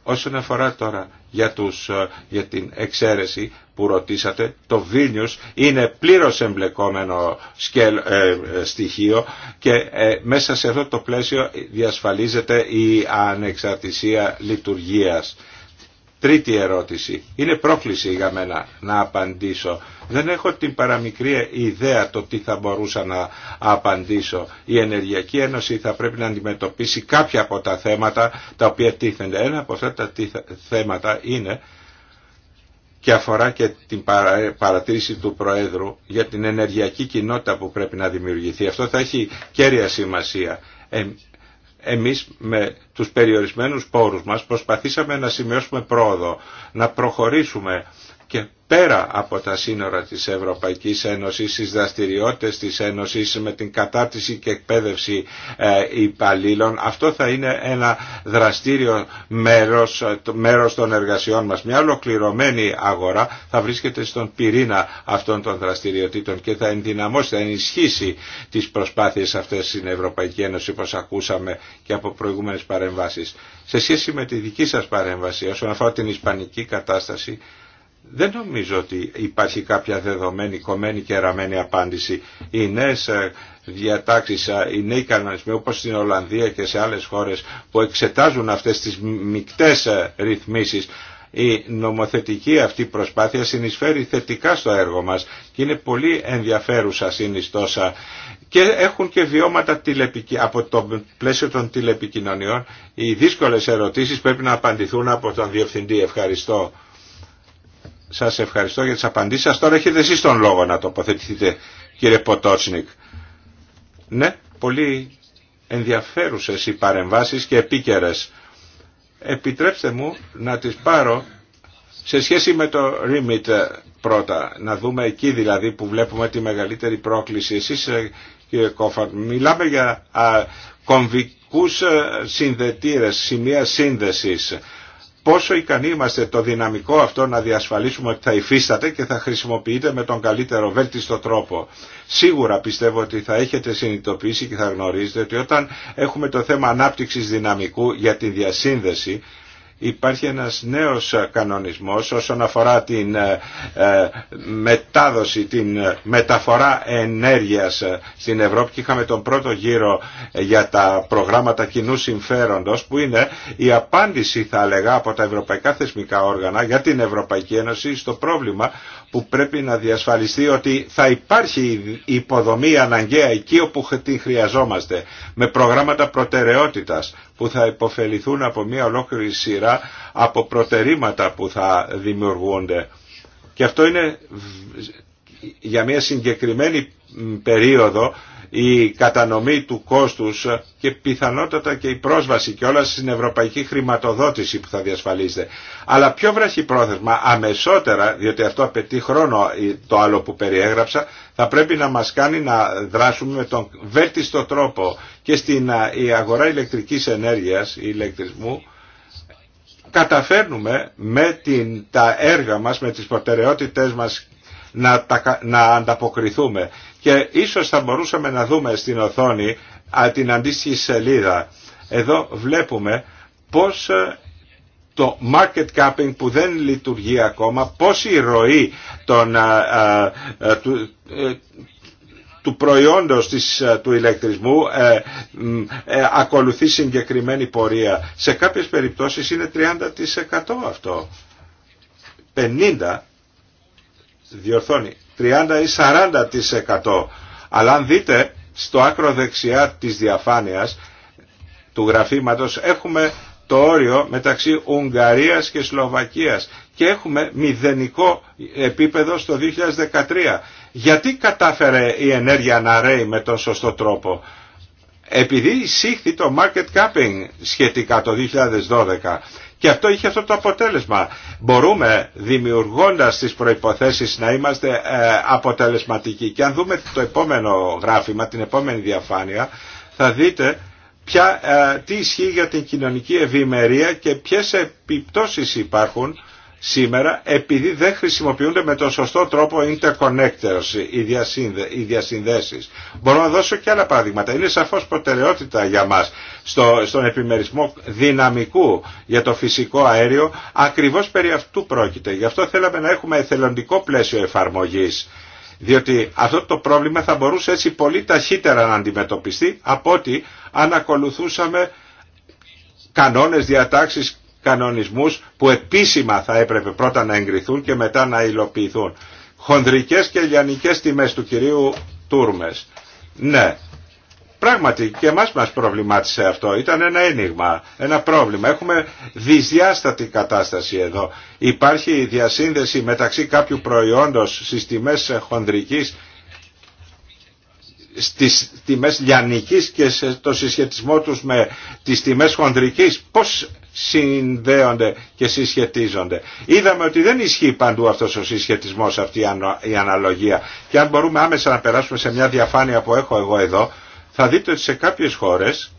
Όσον αφορά τώρα για, τους, ε, για την εξαίρεση που ρωτήσατε, το Βίλνιους είναι πλήρως εμπλεκόμενο ε, στοιχείο και μέσα σε αυτό το πλαίσιο διασφαλίζεται η ανεξαρτησία λειτουργίας. Τρίτη ερώτηση. Είναι πρόκληση για μένα να απαντήσω. Δεν έχω την παραμικρή ιδέα το τι θα μπορούσα να απαντήσω. Η Ενεργειακή Ένωση θα πρέπει να αντιμετωπίσει κάποια από τα θέματα τα οποία τίθενται. Ένα από αυτά τα θέματα είναι και αφορά και την παρατήρηση του Προέδρου για την ενεργειακή κοινότητα που πρέπει να δημιουργηθεί. Αυτό θα έχει κέρια σημασία εμείς με τους περιορισμένους πόρους μας προσπαθήσαμε να σημειώσουμε πρόοδο, να προχωρήσουμε και πέρα από τα σύνορα της Ευρωπαϊκής Ένωσης, στις δραστηριότητες της Ένωσης με την κατάρτιση και εκπαίδευση ε, υπαλλήλων. Αυτό θα είναι ένα δραστήριο μέρος, μέρος των εργασιών μας. Μια ολοκληρωμένη αγορά θα βρίσκεται στον πυρήνα αυτών των δραστηριοτήτων και θα ενδυναμώσει, θα ενισχύσει τις προσπάθειες αυτές στην Ευρωπαϊκή Ένωση όπως ακούσαμε και από προηγούμενες παρεμβάσεις. Σε σχέση με τη δική σας παρέμβαση όσον αφορά την ισπανική κατάσταση, δεν νομίζω ότι υπάρχει κάποια δεδομένη, κομμένη και ραμμένη απάντηση. Οι νέες ε, διατάξεις, ε, οι νέοι κανονισμοί όπως στην Ολλανδία και σε άλλες χώρες που εξετάζουν αυτές τις μικτές ε, ρυθμίσεις η νομοθετική αυτή προσπάθεια συνεισφέρει θετικά στο έργο μας και είναι πολύ ενδιαφέρουσα συνιστόσα και έχουν και βιώματα από το πλαίσιο των τηλεπικοινωνιών. Οι δύσκολες ερωτήσεις πρέπει να απαντηθούν από τον Διευθυντή. Ευχαριστώ. Σας ευχαριστώ για τις απαντήσεις σας. Τώρα έχετε εσείς τον λόγο να τοποθετηθείτε, κύριε Ποτότσνικ. Ναι, πολύ ενδιαφέρουσες οι παρεμβάσεις και επίκαιρες. Επιτρέψτε μου να τις πάρω σε σχέση με το REMIT πρώτα, να δούμε εκεί δηλαδή που βλέπουμε τη μεγαλύτερη πρόκληση. Εσείς ε, κύριε Κόφαρ, μιλάμε για α, κομβικούς ε, συνδετήρες, σημεία σύνδεσης πόσο ικανοί είμαστε το δυναμικό αυτό να διασφαλίσουμε ότι θα υφίσταται και θα χρησιμοποιείται με τον καλύτερο βέλτιστο τρόπο. Σίγουρα πιστεύω ότι θα έχετε συνειδητοποιήσει και θα γνωρίζετε ότι όταν έχουμε το θέμα ανάπτυξης δυναμικού για τη διασύνδεση υπάρχει ένας νέος κανονισμός όσον αφορά την ε, ε, μετάδοση, την μεταφορά ενέργειας στην Ευρώπη και είχαμε τον πρώτο γύρο για τα προγράμματα κοινού συμφέροντος που είναι η απάντηση θα λέγα από τα ευρωπαϊκά θεσμικά όργανα για την Ευρωπαϊκή Ένωση στο πρόβλημα που πρέπει να διασφαλιστεί ότι θα υπάρχει υποδομή αναγκαία εκεί όπου χρειαζόμαστε με προγράμματα προτεραιότητας που θα υποφεληθούν από μια ολόκληρη σειρά από προτερήματα που θα δημιουργούνται. Και αυτό είναι για μια συγκεκριμένη περίοδο η κατανομή του κόστους και πιθανότατα και η πρόσβαση και όλα στην ευρωπαϊκή χρηματοδότηση που θα διασφαλίζεται. Αλλά πιο βραχυπρόθεσμα, αμεσότερα, διότι αυτό απαιτεί χρόνο το άλλο που περιέγραψα, θα πρέπει να μας κάνει να δράσουμε με τον βέλτιστο τρόπο και στην η αγορά ηλεκτρικής ενέργειας, ηλεκτρισμού, καταφέρνουμε με την, τα έργα μας, με τις προτεραιότητές μας να, να ανταποκριθούμε και ίσως θα μπορούσαμε να δούμε στην οθόνη την αντίστοιχη σελίδα. Εδώ βλέπουμε πώς ε, το market capping που δεν λειτουργεί ακόμα, πώς η ροή του, ε, του προϊόντος της, ε, του ηλεκτρισμού ακολουθεί συγκεκριμένη πορεία. Σε κάποιες περιπτώσεις είναι 30% αυτό. 50% διορθώνει 30 ή 40%. Αλλά αν δείτε στο άκρο δεξιά της διαφάνειας του γραφήματος έχουμε το όριο μεταξύ Ουγγαρίας και Σλοβακίας και έχουμε μηδενικό επίπεδο στο 2013. Γιατί κατάφερε η ενέργεια να ρέει με τον σωστό τρόπο. Επειδή εισήχθη το market capping σχετικά το 2012 και αυτό είχε αυτό το αποτέλεσμα. Μπορούμε δημιουργώντας τις προϋποθέσεις να είμαστε ε, αποτελεσματικοί. Και αν δούμε το επόμενο γράφημα, την επόμενη διαφάνεια, θα δείτε ποια, ε, τι ισχύει για την κοινωνική ευημερία και ποιες επιπτώσεις υπάρχουν σήμερα επειδή δεν χρησιμοποιούνται με τον σωστό τρόπο interconnectors, οι, διασύνδε, οι διασυνδέσεις. Μπορώ να δώσω και άλλα παραδείγματα. Είναι σαφώς προτεραιότητα για μας στο, στον επιμερισμό δυναμικού για το φυσικό αέριο. Ακριβώς περί αυτού πρόκειται. Γι' αυτό θέλαμε να έχουμε εθελοντικό πλαίσιο εφαρμογής. Διότι αυτό το πρόβλημα θα μπορούσε έτσι πολύ ταχύτερα να αντιμετωπιστεί από ότι αν ακολουθούσαμε κανόνες, διατάξεις κανονισμούς που επίσημα θα έπρεπε πρώτα να εγκριθούν και μετά να υλοποιηθούν. Χονδρικές και λιανικές τιμές του κυρίου Τούρμες. Ναι, πράγματι και εμάς μας προβλημάτισε αυτό. Ήταν ένα ένιγμα, ένα πρόβλημα. Έχουμε δυσδιάστατη κατάσταση εδώ. Υπάρχει διασύνδεση μεταξύ κάποιου προϊόντος στις τιμές χονδρικής στις τιμές λιανικής και στο συσχετισμό τους με τις τιμές χονδρικής πώς συνδέονται και συσχετίζονται. Είδαμε ότι δεν ισχύει παντού αυτός ο συσχετισμός, αυτή η αναλογία. Και αν μπορούμε άμεσα να περάσουμε σε μια διαφάνεια που έχω εγώ εδώ, θα δείτε ότι σε κάποιες χώρες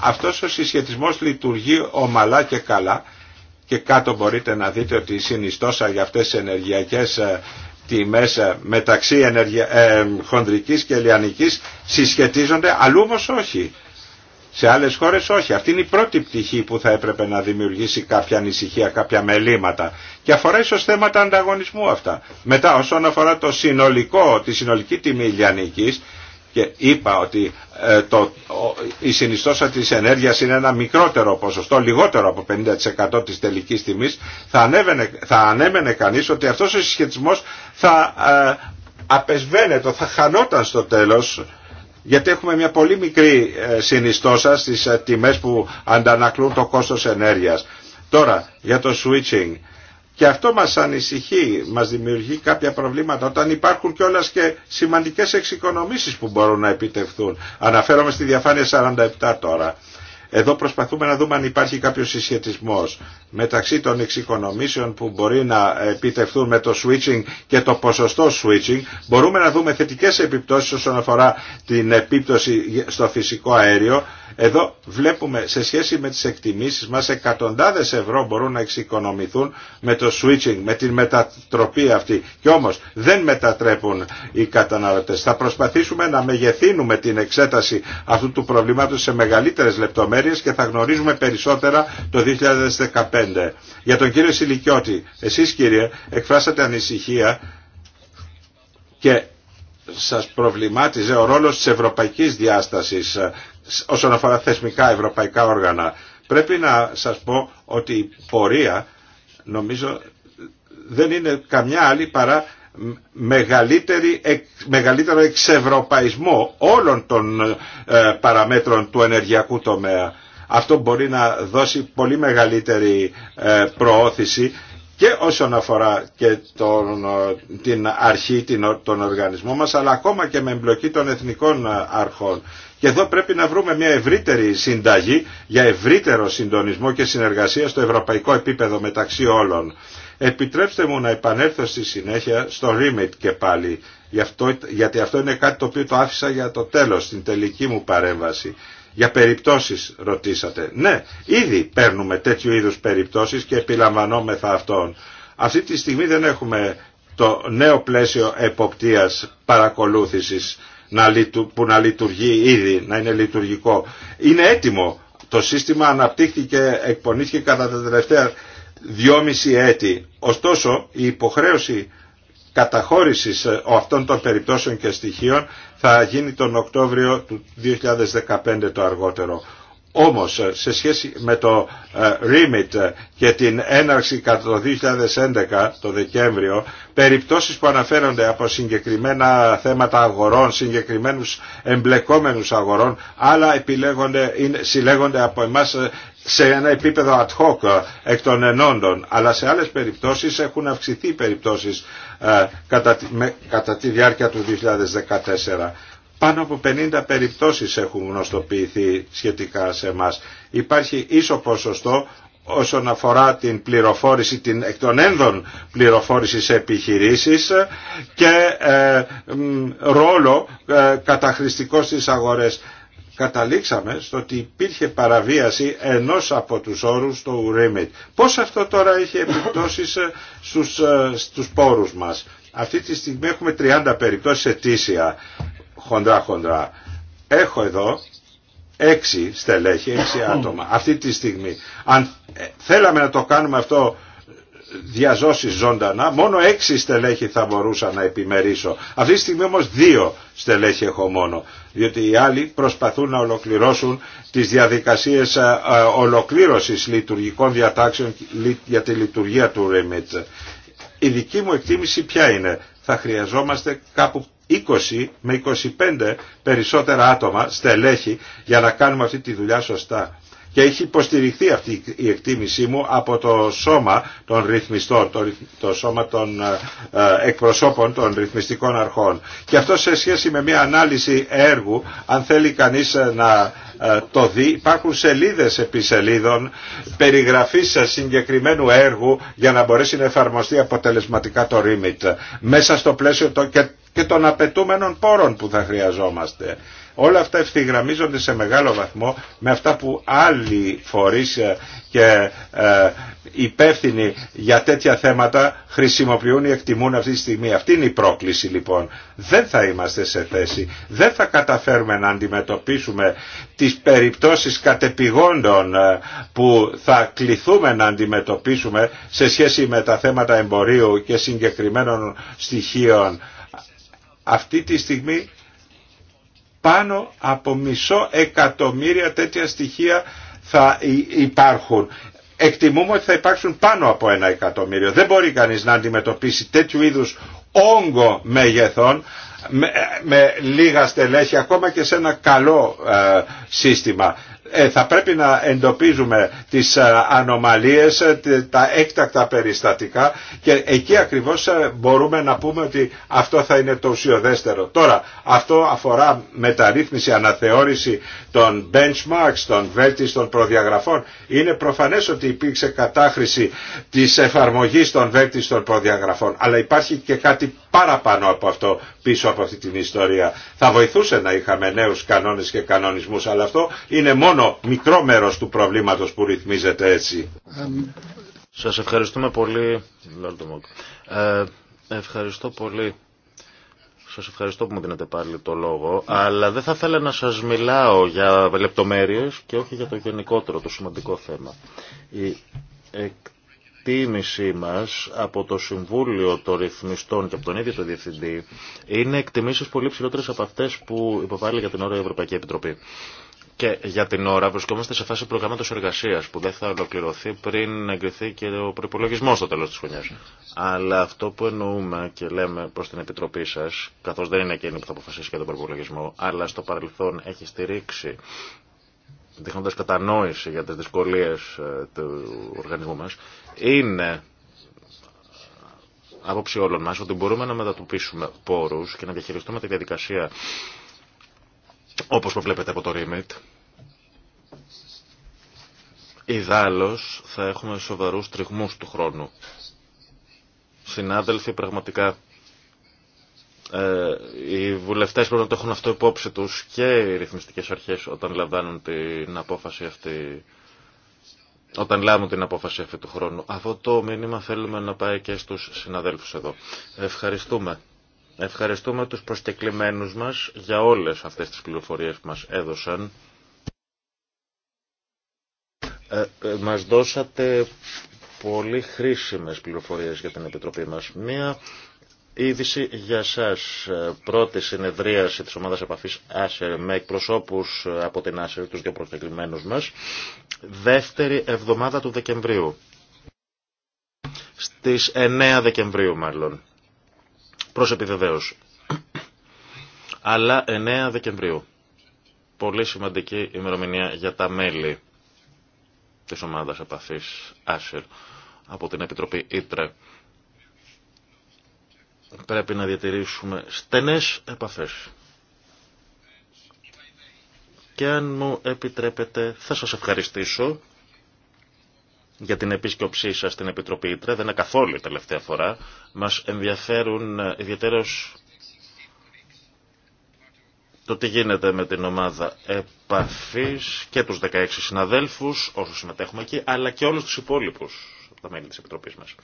αυτός ο συσχετισμός λειτουργεί ομαλά και καλά και κάτω μπορείτε να δείτε ότι η συνιστόσα για αυτές τις ενεργειακές ε, τιμές ε, μεταξύ ε, χονδρικής και λιανικής συσχετίζονται, αλλού όμως όχι. Σε άλλες χώρες όχι. Αυτή είναι η πρώτη πτυχή που θα έπρεπε να δημιουργήσει κάποια ανησυχία, κάποια μελήματα. Και αφορά ίσως θέματα ανταγωνισμού αυτά. Μετά όσον αφορά το συνολικό, τη συνολική τιμή ηλιανικής, και είπα ότι ε, το, η συνιστόσα της ενέργειας είναι ένα μικρότερο ποσοστό, λιγότερο από 50% της τελικής τιμής, θα, ανέβαινε, θα ανέμενε κανείς ότι αυτός ο συσχετισμός θα ε, απεσβαίνεται, θα χανόταν στο τέλος γιατί έχουμε μια πολύ μικρή ε, συνιστόσα στις ε, τιμές που αντανακλούν το κόστος ενέργειας. Τώρα, για το switching. Και αυτό μας ανησυχεί, μας δημιουργεί κάποια προβλήματα όταν υπάρχουν κιόλας και σημαντικές εξοικονομήσεις που μπορούν να επιτευχθούν. Αναφέρομαι στη διαφάνεια 47 τώρα. Εδώ προσπαθούμε να δούμε αν υπάρχει κάποιος συσχετισμός μεταξύ των εξοικονομήσεων που μπορεί να επιτευχθούν με το switching και το ποσοστό switching μπορούμε να δούμε θετικές επιπτώσεις όσον αφορά την επίπτωση στο φυσικό αέριο. Εδώ βλέπουμε σε σχέση με τις εκτιμήσεις μας εκατοντάδες ευρώ μπορούν να εξοικονομηθούν με το switching, με την μετατροπή αυτή. Και όμως δεν μετατρέπουν οι καταναλωτές. Θα προσπαθήσουμε να μεγεθύνουμε την εξέταση αυτού του προβλήματος σε μεγαλύτερες λεπτομέρειες και θα γνωρίζουμε περισσότερα το 2015. Για τον κύριο Σιλικιώτη, εσείς κύριε εκφράσατε ανησυχία και σας προβλημάτιζε ο ρόλος της ευρωπαϊκής διάστασης ε, όσον αφορά θεσμικά ευρωπαϊκά όργανα. Πρέπει να σας πω ότι η πορεία νομίζω δεν είναι καμιά άλλη παρά μεγαλύτερη, μεγαλύτερο εξευρωπαϊσμό όλων των ε, παραμέτρων του ενεργειακού τομέα. Αυτό μπορεί να δώσει πολύ μεγαλύτερη ε, προώθηση και όσον αφορά και τον, ε, την αρχή, την, τον οργανισμό μας, αλλά ακόμα και με εμπλοκή των εθνικών ε, αρχών. Και εδώ πρέπει να βρούμε μια ευρύτερη συνταγή για ευρύτερο συντονισμό και συνεργασία στο ευρωπαϊκό επίπεδο μεταξύ όλων. Επιτρέψτε μου να επανέλθω στη συνέχεια στο remit και πάλι, γιατί αυτό είναι κάτι το οποίο το άφησα για το τέλος, στην τελική μου παρέμβαση. Για περιπτώσεις ρωτήσατε. Ναι, ήδη παίρνουμε τέτοιου είδους περιπτώσεις και επιλαμβανόμεθα αυτών. Αυτή τη στιγμή δεν έχουμε το νέο πλαίσιο εποπτείας παρακολούθησης που να λειτουργεί ήδη, να είναι λειτουργικό. Είναι έτοιμο. Το σύστημα αναπτύχθηκε, εκπονήθηκε κατά τα τελευταία δυόμιση έτη. Ωστόσο, η υποχρέωση καταχώρησης ε, αυτών των περιπτώσεων και στοιχείων θα γίνει τον Οκτώβριο του 2015 το αργότερο. Όμως ε, σε σχέση με το ε, REMIT και την έναρξη κατά το 2011 το Δεκέμβριο περιπτώσεις που αναφέρονται από συγκεκριμένα θέματα αγορών, συγκεκριμένους εμπλεκόμενους αγορών αλλά επιλέγονται, συλλέγονται από εμάς σε ένα επίπεδο ad hoc ε, εκ των ενόντων, αλλά σε άλλες περιπτώσεις έχουν αυξηθεί περιπτώσεις ε, κατά, κατά τη διάρκεια του 2014. Πάνω από 50 περιπτώσεις έχουν γνωστοποιηθεί σχετικά σε εμά. Υπάρχει ίσο ποσοστό όσον αφορά την πληροφόρηση, την εκ των ένδων πληροφόρηση σε επιχειρήσεις και ε, ρόλο ε, καταχρηστικό στις αγορές καταλήξαμε στο ότι υπήρχε παραβίαση ενός από τους όρους του Ουρίμιτ. Πώς αυτό τώρα έχει επιπτώσεις ε, στους, ε, στους πόρους μας. Αυτή τη στιγμή έχουμε 30 περιπτώσεις ετήσια χοντρά χοντρά. Έχω εδώ 6 στελέχη, 6 άτομα αυτή τη στιγμή. Αν ε, θέλαμε να το κάνουμε αυτό διαζώσει ζωντανά, μόνο έξι στελέχη θα μπορούσα να επιμερίσω. Αυτή τη στιγμή όμως 2 στελέχη έχω μόνο διότι οι άλλοι προσπαθούν να ολοκληρώσουν τις διαδικασίες ε, ε, ολοκλήρωσης λειτουργικών διατάξεων για τη λειτουργία του REMIT. Η δική μου εκτίμηση ποια είναι. Θα χρειαζόμαστε κάπου 20 με 25 περισσότερα άτομα στελέχη για να κάνουμε αυτή τη δουλειά σωστά και έχει υποστηριχθεί αυτή η εκτίμησή μου από το σώμα των ρυθμιστών, το, σώμα των ε, ε, εκπροσώπων των ρυθμιστικών αρχών. Και αυτό σε σχέση με μια ανάλυση έργου, αν θέλει κανείς ε, να το δει, υπάρχουν σελίδες επί σελίδων περιγραφής συγκεκριμένου έργου για να μπορέσει να εφαρμοστεί αποτελεσματικά το REMIT μέσα στο πλαίσιο και των απαιτούμενων πόρων που θα χρειαζόμαστε. Όλα αυτά ευθυγραμμίζονται σε μεγάλο βαθμό με αυτά που άλλοι φορείς ε, και ε, υπεύθυνοι για τέτοια θέματα χρησιμοποιούν ή εκτιμούν αυτή τη στιγμή. Αυτή είναι η πρόκληση λοιπόν. Δεν θα είμαστε σε θέση, δεν θα καταφέρουμε να αντιμετωπίσουμε τις περιπτώσεις κατεπηγόντων ε, που θα κληθούμε να αντιμετωπίσουμε σε σχέση με τα θέματα εμπορίου και συγκεκριμένων στοιχείων. Αυτή τη στιγμή πάνω από μισό εκατομμύρια τέτοια στοιχεία θα υπάρχουν. Εκτιμούμε ότι θα υπάρξουν πάνω από ένα εκατομμύριο. Δεν μπορεί κανείς να αντιμετωπίσει τέτοιου είδους όγκο μεγεθών με, με λίγα στελέχη ακόμα και σε ένα καλό ε, σύστημα. Ε, θα πρέπει να εντοπίζουμε τις ε, ανομαλίες, ε, τα έκτακτα περιστατικά και εκεί ακριβώς μπορούμε να πούμε ότι αυτό θα είναι το ουσιοδέστερο. Τώρα, αυτό αφορά μεταρρύθμιση, αναθεώρηση των benchmarks, των βέλτιστων προδιαγραφών. Είναι προφανές ότι υπήρξε κατάχρηση της εφαρμογής των βέλτιστων προδιαγραφών, αλλά υπάρχει και κάτι παραπάνω από αυτό πίσω από αυτή την ιστορία. Θα βοηθούσε να είχαμε νέους κανόνες και κανονισμούς, αλλά αυτό είναι μόνο μικρό μέρος του προβλήματος που ρυθμίζεται έτσι. Σας ευχαριστούμε πολύ, ε, Ευχαριστώ πολύ. Σας ευχαριστώ που μου δίνετε πάλι το λόγο, αλλά δεν θα ήθελα να σας μιλάω για λεπτομέρειες και όχι για το γενικότερο, το σημαντικό θέμα. Η εκτίμησή μας από το Συμβούλιο των Ρυθμιστών και από τον ίδιο το Διευθυντή είναι εκτιμήσεις πολύ ψηλότερε από αυτές που υποβάλλει για την ώρα η Ευρωπαϊκή Επιτροπή. Και για την ώρα βρισκόμαστε σε φάση προγράμματο εργασία που δεν θα ολοκληρωθεί πριν εγκριθεί και ο προπολογισμό στο τέλο τη χρονιά. Αλλά αυτό που εννοούμε και λέμε προ την Επιτροπή σα, καθώ δεν είναι εκείνη που θα αποφασίσει για τον προπολογισμό, αλλά στο παρελθόν έχει στηρίξει, δείχνοντα κατανόηση για τι δυσκολίε ε, του οργανισμού μα, είναι άποψη όλων μας ότι μπορούμε να μετατοπίσουμε πόρους και να διαχειριστούμε τη διαδικασία όπως προβλέπετε από το REMIT. Ιδάλλως θα έχουμε σοβαρούς τριγμούς του χρόνου. Συνάδελφοι, πραγματικά ε, οι βουλευτές πρέπει να το έχουν αυτό υπόψη τους και οι ρυθμιστικές αρχές όταν λαμβάνουν την απόφαση αυτή όταν λάβουν την απόφαση αυτή του χρόνου. Αυτό το μήνυμα θέλουμε να πάει και στους συναδέλφους εδώ. Ευχαριστούμε. Ευχαριστούμε τους προσκεκλημένους μας για όλες αυτές τις πληροφορίες που μας έδωσαν. Ε, ε μας δώσατε πολύ χρήσιμες πληροφορίες για την Επιτροπή μας. Μία είδηση για σας. Πρώτη συνεδρίαση της ομάδας επαφής Άσερ με εκπροσώπους από την Άσερ, τους δύο προσκεκλημένους μας δεύτερη εβδομάδα του Δεκεμβρίου. Στις 9 Δεκεμβρίου μάλλον. Προς επιβεβαίωση. Αλλά 9 Δεκεμβρίου. Πολύ σημαντική ημερομηνία για τα μέλη της ομάδας επαφής Άσερ από την Επιτροπή Ήτρε. Πρέπει να διατηρήσουμε στενές επαφές και αν μου επιτρέπετε θα σας ευχαριστήσω για την επίσκεψή σας στην Επιτροπή Ήτρα. Δεν είναι καθόλου η τελευταία φορά. Μας ενδιαφέρουν ιδιαίτερως το τι γίνεται με την ομάδα επαφής και τους 16 συναδέλφους, όσους συμμετέχουμε εκεί, αλλά και όλους τους υπόλοιπους, τα μέλη της Επιτροπής μας.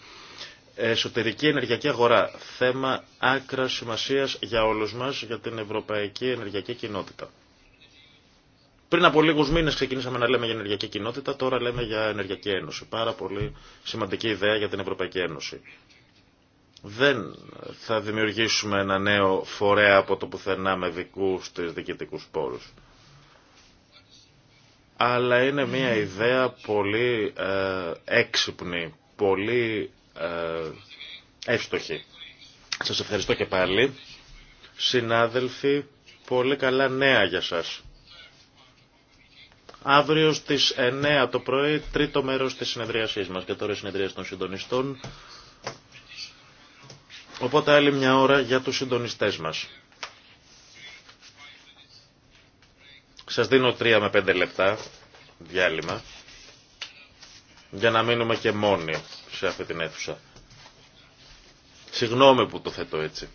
Εσωτερική ενεργειακή αγορά, θέμα άκρα σημασίας για όλους μας, για την ευρωπαϊκή ενεργειακή κοινότητα. Πριν από λίγου μήνες ξεκινήσαμε να λέμε για ενεργειακή κοινότητα, τώρα λέμε για ενεργειακή ένωση. Πάρα πολύ σημαντική ιδέα για την Ευρωπαϊκή Ένωση. Δεν θα δημιουργήσουμε ένα νέο φορέα από το πουθενά με δικού της διοικητικού πόρου. Αλλά είναι μια ιδέα πολύ ε, έξυπνη, πολύ ε, εύστοχη. Σας ευχαριστώ και πάλι. Συνάδελφοι, πολύ καλά νέα για σας. Αύριο στις 9 το πρωί, τρίτο μέρος της συνεδρίασής μας και τώρα η συνεδρία των συντονιστών. Οπότε άλλη μια ώρα για τους συντονιστές μας. Σας δίνω τρία με πέντε λεπτά διάλειμμα για να μείνουμε και μόνοι σε αυτή την αίθουσα. Συγγνώμη που το θέτω έτσι.